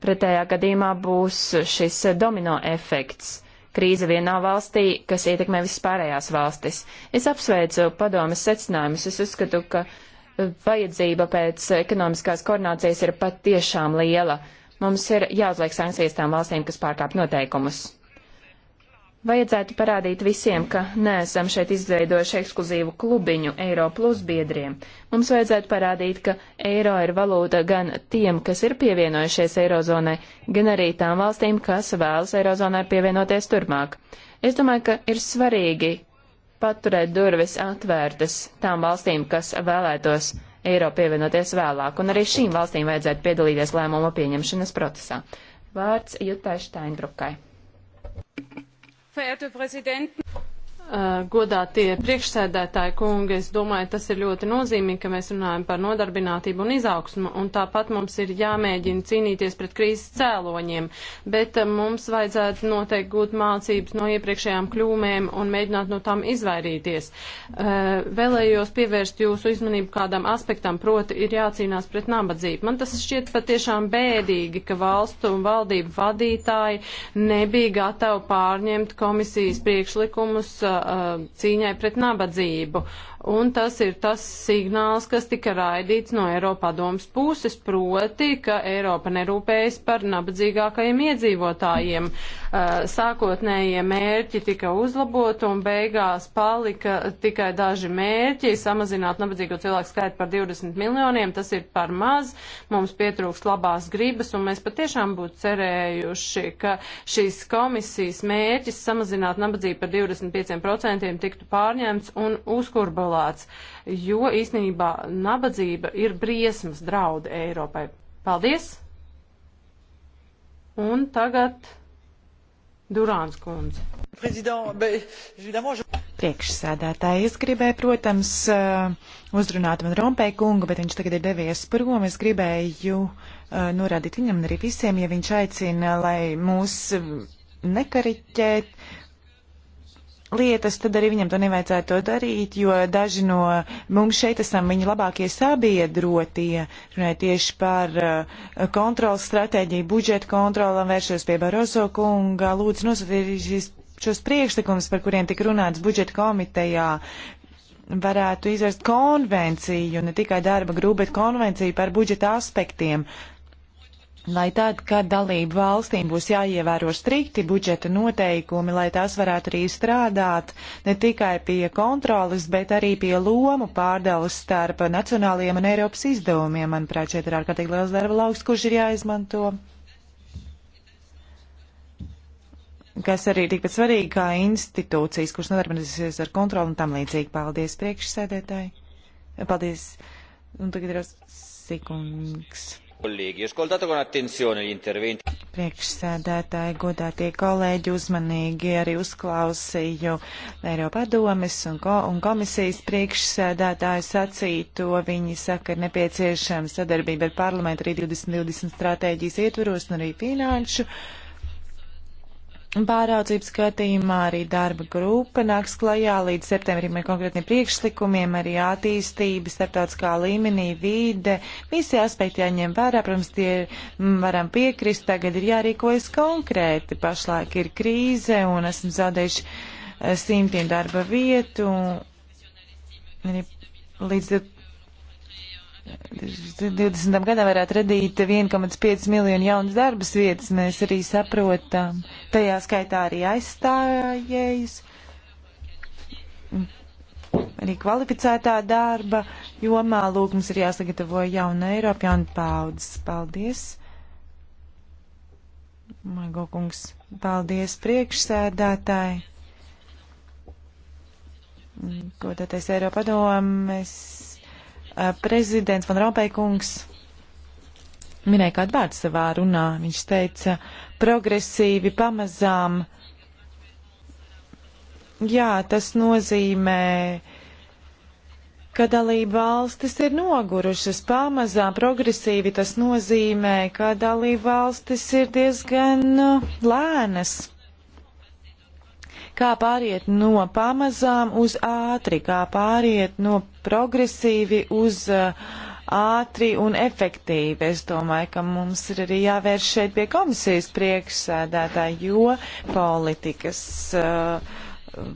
Pretējā gadījumā būs šis domino efekts krīze vienā valstī, kas ietekmē visas pārējās valstis. Es apsveicu padomas secinājumus. Es uzskatu, ka vajadzība pēc ekonomiskās koordinācijas ir patiešām liela. Mums ir jāuzliek sankcijas tām valstīm, kas pārkāp noteikumus. Vajadzētu parādīt visiem, ka neesam šeit izveidojuši ekskluzīvu klubiņu Eiro plus biedriem. Mums vajadzētu parādīt, ka eiro ir valūta gan tiem, kas ir pievienojušies Eirozonai, gan arī tām valstīm, kas vēlas Eirozonai pievienoties turpmāk. Es domāju, ka ir svarīgi paturēt durvis atvērtas tām valstīm, kas vēlētos Eiropu pievienoties vēlāk, un arī šīm valstīm vajadzētu piedalīties lēmumu pieņemšanas procesā. Vārds Jutai Steinbrukai. Verehrte Präsidenten! Eh, Godātie priekšsēdētāji kungi, es domāju, tas ir ļoti nozīmīgi, ka mēs runājam par nodarbinātību un izaugsmu, un tāpat mums ir jāmēģina cīnīties pret krīzes cēloņiem, bet eh, mums vajadzētu noteikti gūt mācības no iepriekšējām kļūmēm un mēģināt no tām izvairīties. Eh, vēlējos pievērst jūsu uzmanību kādam aspektam, proti ir jācīnās pret nabadzību. Man tas šķiet patiešām bēdīgi, ka valstu un valdību vadītāji nebija gatavi pārņemt komisijas priekšlikumus, veltīta uh, cīņai pret nabadzību. Un tas ir tas signāls, kas tika raidīts no Eiropā domas puses, proti, ka Eiropa nerūpējas par nabadzīgākajiem iedzīvotājiem. Uh, Eh, sākotnējie mērķi tika uzlaboti un beigās palika tikai daži mērķi - samazināt nabadzīgo cilvēku skaitu par 20 miljoniem. Tas ir par maz, mums pietrūkst labās gribas un mēs patiešām būtu cerējuši, ka šīs komisijas mērķis samazināt nabadzību par 25% tiktu pārņemts un uzkurbalāts, jo īstenībā nabadzība ir briesmas draudi Eiropai. Paldies! Un tagad Durāns kundze. Priekšsēdētāji, es gribēju, protams, uh, uzrunāt man Rompēju kungu, bet viņš tagad ir devies prom. Es gribēju uh, norādīt viņam un arī visiem, ja viņš aicina, lai mūs nekariķēt, lietas, tad arī viņam to nevajadzētu to darīt, jo daži no mums šeit esam viņa labākie sabiedrotie, runāja tieši par uh, eh, kontrolas stratēģiju, budžeta kontrolam, vēršos pie Barozo kunga, lūdzu nosatīt šos priekšlikumus, par kuriem tik runāts budžeta komitejā, varētu izvērst konvenciju, ne tikai darba grupu, bet konvenciju par budžeta aspektiem. Uh, lai tad, kad dalību valstīm būs jāievēro strikti budžeta noteikumi, lai tās varētu arī strādāt ne tikai pie kontrolas, bet arī pie lomu pārdales starp nacionālajiem un Eiropas izdevumiem. Manuprāt, šeit ir ārkārtīgi liels darba lauks, kurš ir jāizmanto. Kas arī ir tikpat svarīgi kā institūcijas, kuras nodarbināsies ar kontroli un tam līdzīgi. Paldies priekšsēdētāji. Paldies. Un tagad ir sekundes. Kolēģi, ascoltato con attenzione gli interventi. Priekšsēdētāji, godātie kolēģi, uzmanīgi arī uzklausīju Eiropadomes un, ko, un komisijas priekšsēdētāju sacīto. Viņi saka, ir nepieciešama sadarbība ar parlamentu arī 2020 stratēģijas ietvaros un arī finanšu Pāraudzības skatījumā arī darba grupa nāks klajā līdz septembrim ar konkrētiem priekšlikumiem, arī attīstība, starptautiskā līmenī, vīde. Visi aspekti jāņem vērā, protams, tie m, mm, varam piekrist, tagad ir jārīkojas konkrēti. Pašlaik ir krīze un esam zaudējuši eh, simtiem darba vietu. Arī līdz 20. gadam varētu radīt 1,5 miljonu jaunas darbas vietas. Mēs arī saprotam, tajā skaitā arī aizstājējus, arī kvalificētā darba jomā. Lūk, mums ir jāsagatavo jauna Eiropa, jauna paudzes. Paldies! Mago kungs, paldies priekšsēdētāji! Ko tātais Eiropa domas? Eh, prezidents Van Rompēkungs minēja kādu vārdu savā runā. Viņš teica, progresīvi pamazām. Jā, tas nozīmē, ka dalība valstis ir nogurušas pamazām progresīvi. Tas nozīmē, ka dalība valstis ir diezgan eh, lēnas kā pāriet no pamazām uz ātri, kā pāriet no progresīvi uz uh, ātri un efektīvi. Es domāju, ka mums ir arī jāvērš šeit pie komisijas priekšsēdētā, jo politikas uh,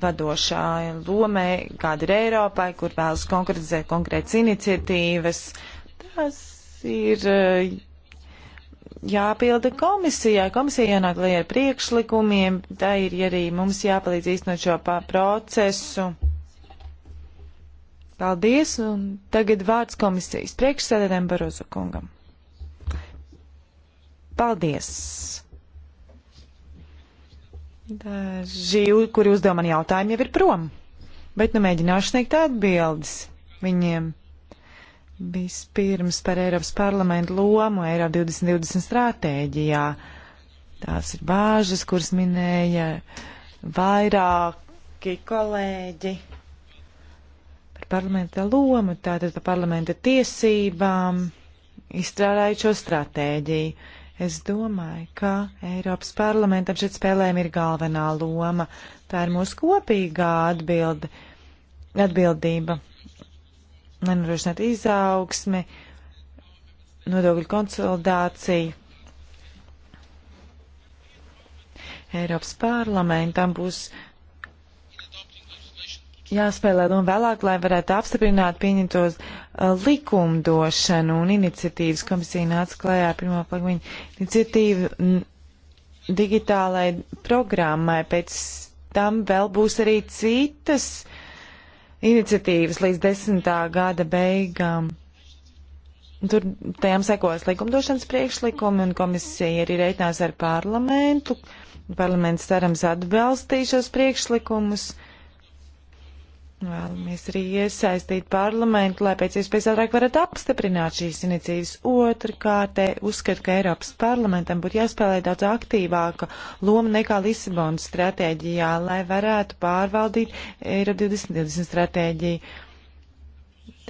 vadošā lomē, kāda ir Eiropai, kur vēlas konkretizēt konkrētas iniciatīvas, tas ir uh, jāpilda komisijai. Komisija jānāk lai ar priekšlikumiem, tā ir arī mums jāpalīdz īstenot šo procesu. Paldies, un tagad vārds komisijas priekšsēdētājiem Barozu kungam. Paldies! Daži, kuri uzdev man jautājumu, jau ir prom, bet nu mēģināšu sniegt atbildes viņiem. Vispirms par Eiropas parlamentu lomu Eiropa 2020 stratēģijā. Tās ir bāžas, kuras minēja vairāki kolēģi par parlamenta lomu, tātad par parlamenta tiesībām, izstrādājot šo stratēģiju. Es domāju, ka Eiropas parlamentam šeit spēlēm ir galvenā loma. Tā ir mūsu kopīgā atbildi, atbildība nenorošināt izaugsmi, nodokļu konsolidāciju. Eiropas parlamentam būs jāspēlē loma vēlāk, lai varētu apstiprināt pieņemtos uh, likumdošanu un iniciatīvas. Komisija nāca klajā ar pirmā plakviņa iniciatīvu digitālai programmai. Pēc tam vēl būs arī citas iniciatīvas līdz desmitā gada beigām. Tur tajām sekos likumdošanas priekšlikumi, un komisija arī reiķinās ar parlamentu. Parlaments cerams atbalstīs šos priekšlikumus. Vēlamies arī iesaistīt parlamentu, lai pēc iespējas ātrāk varētu apstiprināt šīs inicijas. Otrkārt, eh, uzskatu, ka Eiropas parlamentam būtu jāspēlē daudz aktīvāka loma nekā Lisabonas stratēģijā, lai varētu pārvaldīt Eiropa 2020 stratēģiju.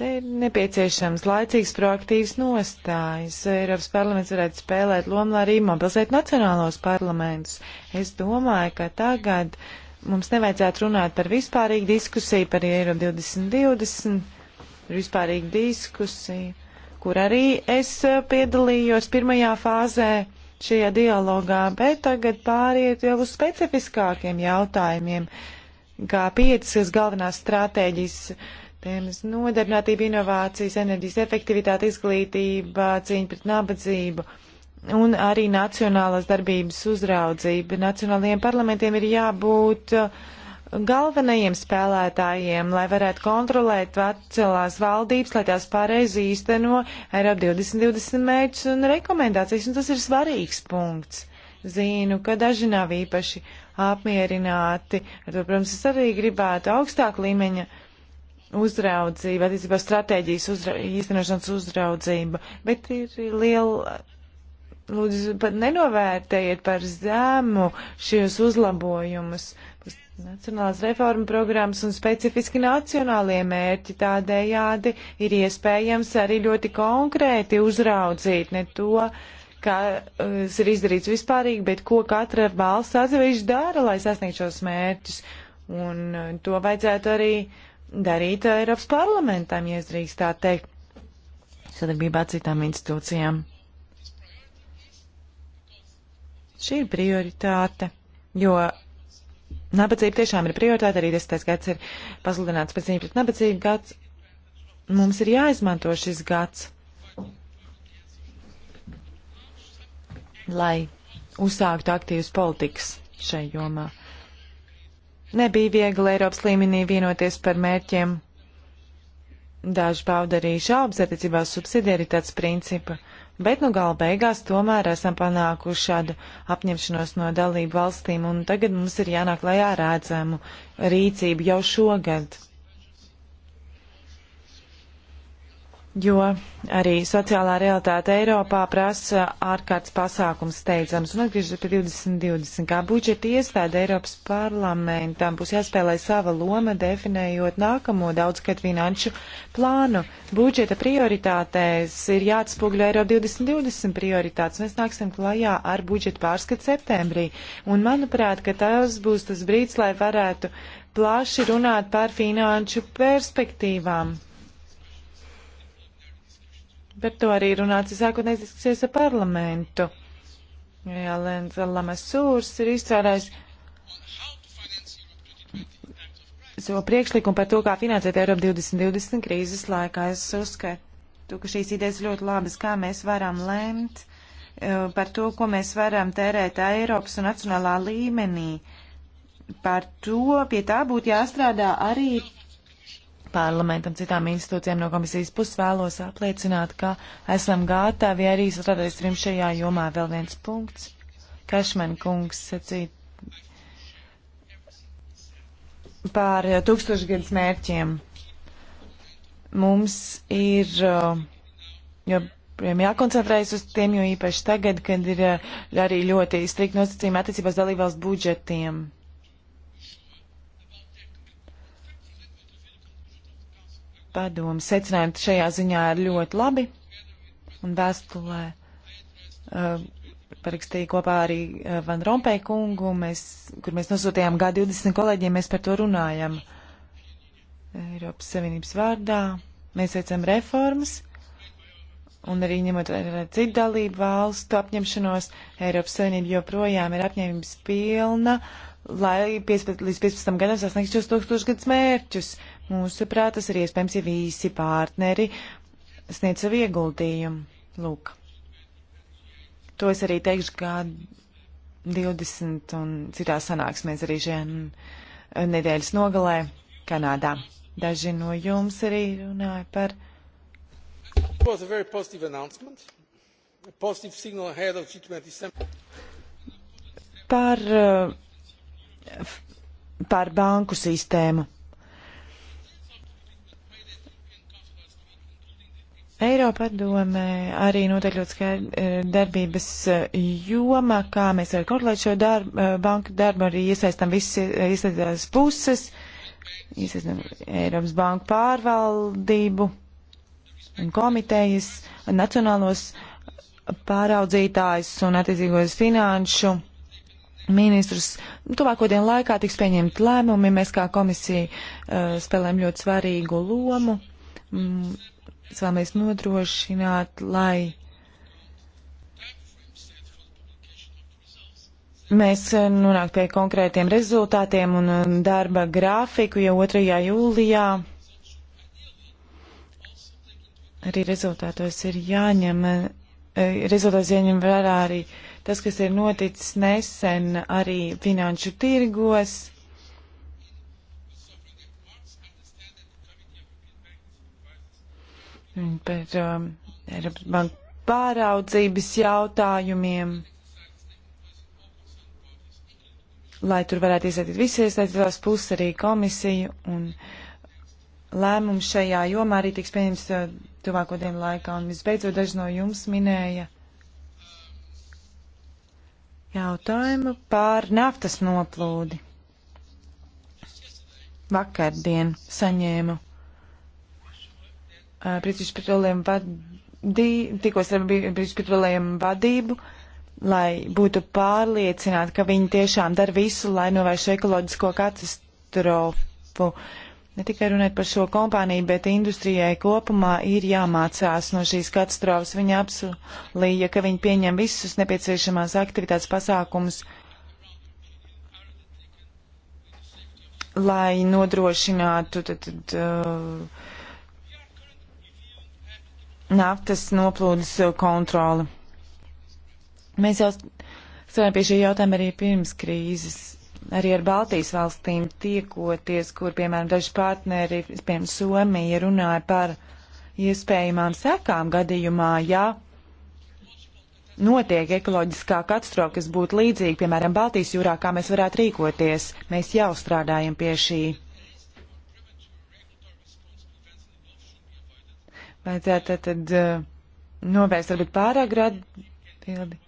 Te ir nepieciešams laicīgs proaktīvs nostājs. Eiropas parlaments varētu spēlēt lomu, lai arī mobilizētu nacionālos parlamentus. Es domāju, ka tagad. Uh, mums nevajadzētu runāt par vispārīgu diskusiju, par Eiro 2020, vispārīgu diskusiju, kur arī es piedalījos pirmajā fāzē šajā dialogā, bet tagad pāriet jau uz specifiskākiem jautājumiem, kā piecas galvenās stratēģijas tēmas - nodarbinātība, inovācijas, enerģijas efektivitāte, izglītība, cīņa pret nabadzību. Uh, un arī nacionālās darbības uzraudzība. Nacionālajiem parlamentiem ir jābūt uh, galvenajiem spēlētājiem, lai varētu kontrolēt atcelās valdības, lai tās pareizi īsteno Eiropa 2020 mērķus un rekomendācijas, un tas ir svarīgs punkts. Zinu, ka daži nav īpaši apmierināti. Ar to, protams, es arī gribētu augstāk līmeņa uzraudzību, attiecībā stratēģijas uzra īstenošanas uzraudzību, bet ir liela Lūdzu, pat nenovērtējiet par zemu šos uzlabojumus. Nacionālās reforma programmas un specifiski nacionālie mērķi tādējādi ir iespējams arī ļoti konkrēti uzraudzīt ne to, kas ir izdarīts vispārīgi, bet ko katra valsts atsevišķi dara, lai sasniegtu šos mērķus. Un eh, to vajadzētu arī darīt eh, Eiropas parlamentam, ja es drīkst tā teikt, sadarbībā ar citām institūcijām. Šī ir prioritāte, jo nabadzība tiešām ir prioritāte, arī 10. gads ir pasludināts pēc cīņas pret nabadzību gads. Mums ir jāizmanto šis gads, lai uzsāktu aktīvas politikas šai jomā. Nebija viegli Eiropas līmenī vienoties par mērķiem. Daži pauda arī šaubas attiecībā uz subsidiaritātes principu bet nu gala beigās tomēr esam panākuši šādu apņemšanos no dalību valstīm, un tagad mums ir jānāk lajā rēdzamu rīcību jau šogad. jo arī sociālā realitāte Eiropā prasa ārkārtas pasākums steidzams. Un atgriežoties pie 2020, kā budžeta iestāde Eiropas parlamentam būs jāspēlē sava loma, definējot nākamo daudzgad finanšu plānu. Budžeta prioritātēs ir jāatspūgļo Eiropa 2020 prioritātes. Mēs nāksim klajā ar budžeta pārskatu septembrī. Un manuprāt, ka tas būs tas brīdis, lai varētu plaši runāt par finanšu perspektīvām Par to arī runāts sākotnēji diskusijas ar parlamentu. Jā, Lenza Lamasūrs ir izstrādājis savu priekšlikumu par to, kā finansēt Eiropu 2020 krīzes laikā. Es uzskatu, ka šīs idejas ļoti labas, kā mēs varam lemt e, par to, ko mēs varam tērēt Eiropas un nacionālā līmenī. Par to pie tā būtu jāstrādā arī parlamentam, citām institūcijām no komisijas puses vēlos apliecināt, ka esam gatavi arī sadarboties trim šajā jomā. Vēl viens punkts. Kašmen kungs sacīt par tūkstošgadus mērķiem. Mums ir uh, jo, jākoncentrējas uz tiem, jo īpaši tagad, kad ir uh, arī ļoti strikt nosacījumi attiecībās dalībvalsts budžetiem padomu secinājumi šajā ziņā ir ļoti labi. Un vēstulē uh, parakstīja kopā arī uh, Van Rompēja kungu, mēs, kur mēs nosūtījām G20 kolēģiem, mēs par to runājam Eiropas Savienības vārdā. Mēs veicam reformas un arī ņemot vērā citu dalību valstu apņemšanos, Eiropas Savienība joprojām ir apņēmības pilna, lai 15, līdz 15 gadam sasniegts 2000 gadus mērķus. Mūsuprāt, tas ir iespējams, ja visi partneri sniedz savu ieguldījumu. Lūk. To es arī teikšu, kā 20 un citās sanāksmēs arī šajā nedēļas nogalē Kanādā. Daži no jums arī runāja par. Par, eh, par banku sistēmu. Eiropa domē arī noteikti ļoti skaidra e, darbības e, joma, kā mēs varam kontrolēt šo darbu, e, banku darbu, arī iesaistam visas iesaistītās puses, iesaistam Eiropas banku pārvaldību un komitejas, nacionālos pāraudzītājus un attiecīgos finanšu ministrus. Tuvāko dienu laikā tiks pieņemt lēmumi, mēs kā komisija uh, spēlējam ļoti svarīgu lomu. Mm Mēs vēlamies nodrošināt, lai mēs eh, nonāktu pie konkrētiem rezultātiem un eh, darba grafiku jau 2. jūlijā. Arī rezultātos ir jāņem, eh, rezultātos jāņem vērā arī tas, kas ir noticis nesen arī finanšu tirgos. par um, Eiropas banku pāraudzības jautājumiem, lai tur varētu iesaistīt visi iesaistītās puses, arī komisiju, un lēmums šajā jomā arī tiks pieņems uh, tuvāko dienu laikā. Un visbeidzot, daži no jums minēja jautājumu par naftas noplūdi. Vakardien saņēmu Eh, British Petroleum vadību, tikos ar British Petroleum vadību, lai būtu pārliecināti, ka viņi tiešām dara visu, lai novērš ekoloģisko katastrofu. Ne tikai runāt par šo kompāniju, bet industrijai kopumā ir jāmācās no šīs katastrofas. Viņa apsolīja, ka viņi pieņem visus nepieciešamās aktivitātes pasākumus, lai nodrošinātu tad, tad, uh, naftas noplūdes kontroli. Mēs jau strādājām pie šī jautājuma arī pirms krīzes. Arī ar Baltijas valstīm tiekoties, kur, piemēram, daži partneri, piemēram, Somija runāja par iespējamām sekām gadījumā, ja notiek ekoloģiskā katastrofa, kas būtu līdzīga, piemēram, Baltijas jūrā, kā mēs varētu rīkoties. Mēs jau strādājam pie šī lai tā tad, tad eh, novērst varbūt pārāk grādu pildi.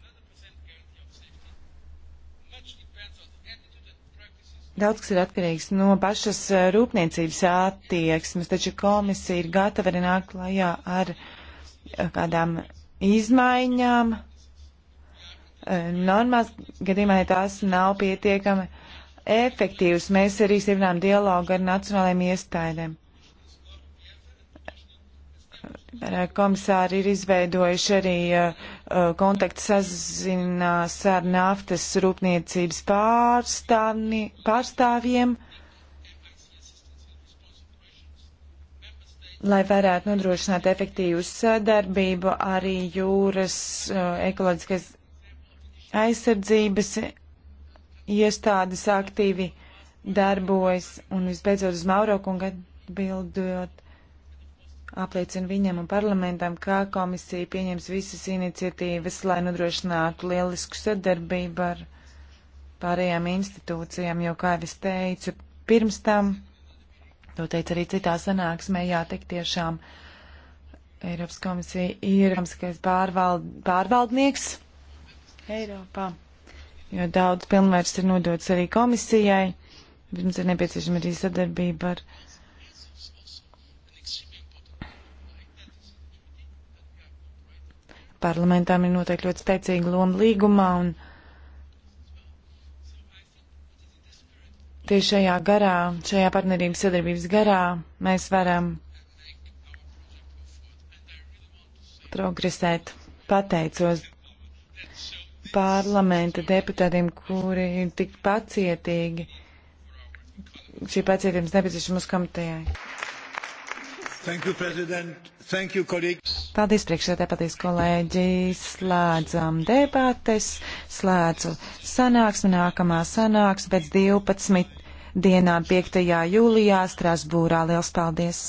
Daudz kas ir atkarīgs no pašas eh, rūpniecības attieksmes, taču komisija ir gatava arī nākt klajā ar eh, kādām izmaiņām. Normās gadījumā, ja tās nav pietiekami efektīvas, mēs arī stiprinām dialogu ar nacionālajiem iestādēm. Eh, komisāri ir izveidojuši arī uh, kontaktu sazinās ar naftas rūpniecības pārstāvjiem, lai varētu nodrošināt efektīvu sadarbību arī jūras uh, ekoloģiskas aizsardzības iestādes aktīvi darbojas. Un visbeidzot uz Maurokunga atbildot apliecina viņam un parlamentam, kā komisija pieņems visas iniciatīvas, lai nodrošinātu lielisku sadarbību ar pārējām institūcijām, jo, kā jau es teicu, pirms tam, to teicu arī citā sanāksmē, jā, tik tiešām Eiropas komisija ir komisijas pārvald, pārvaldnieks Eiropā, jo daudz pilnvērs ir nodots arī komisijai, pirms ir nepieciešama arī sadarbība ar parlamentām ir noteikti ļoti steicīga loma līgumā. Tieši šajā garā, šajā partnerības sadarbības garā mēs varam progresēt. Pateicos parlamenta deputātiem, kuri ir tik pacietīgi. Šī pacietības nepieciešama uz komitejai. Thank you, President. Thank you, colleagues. Paldies, priekšsēdē, paldies, kolēģi. Slēdzam debates, slēdzu sanāksmi, nākamā sanāks pēc 12 dienām 5. jūlijā Strasbūrā. Liels paldies!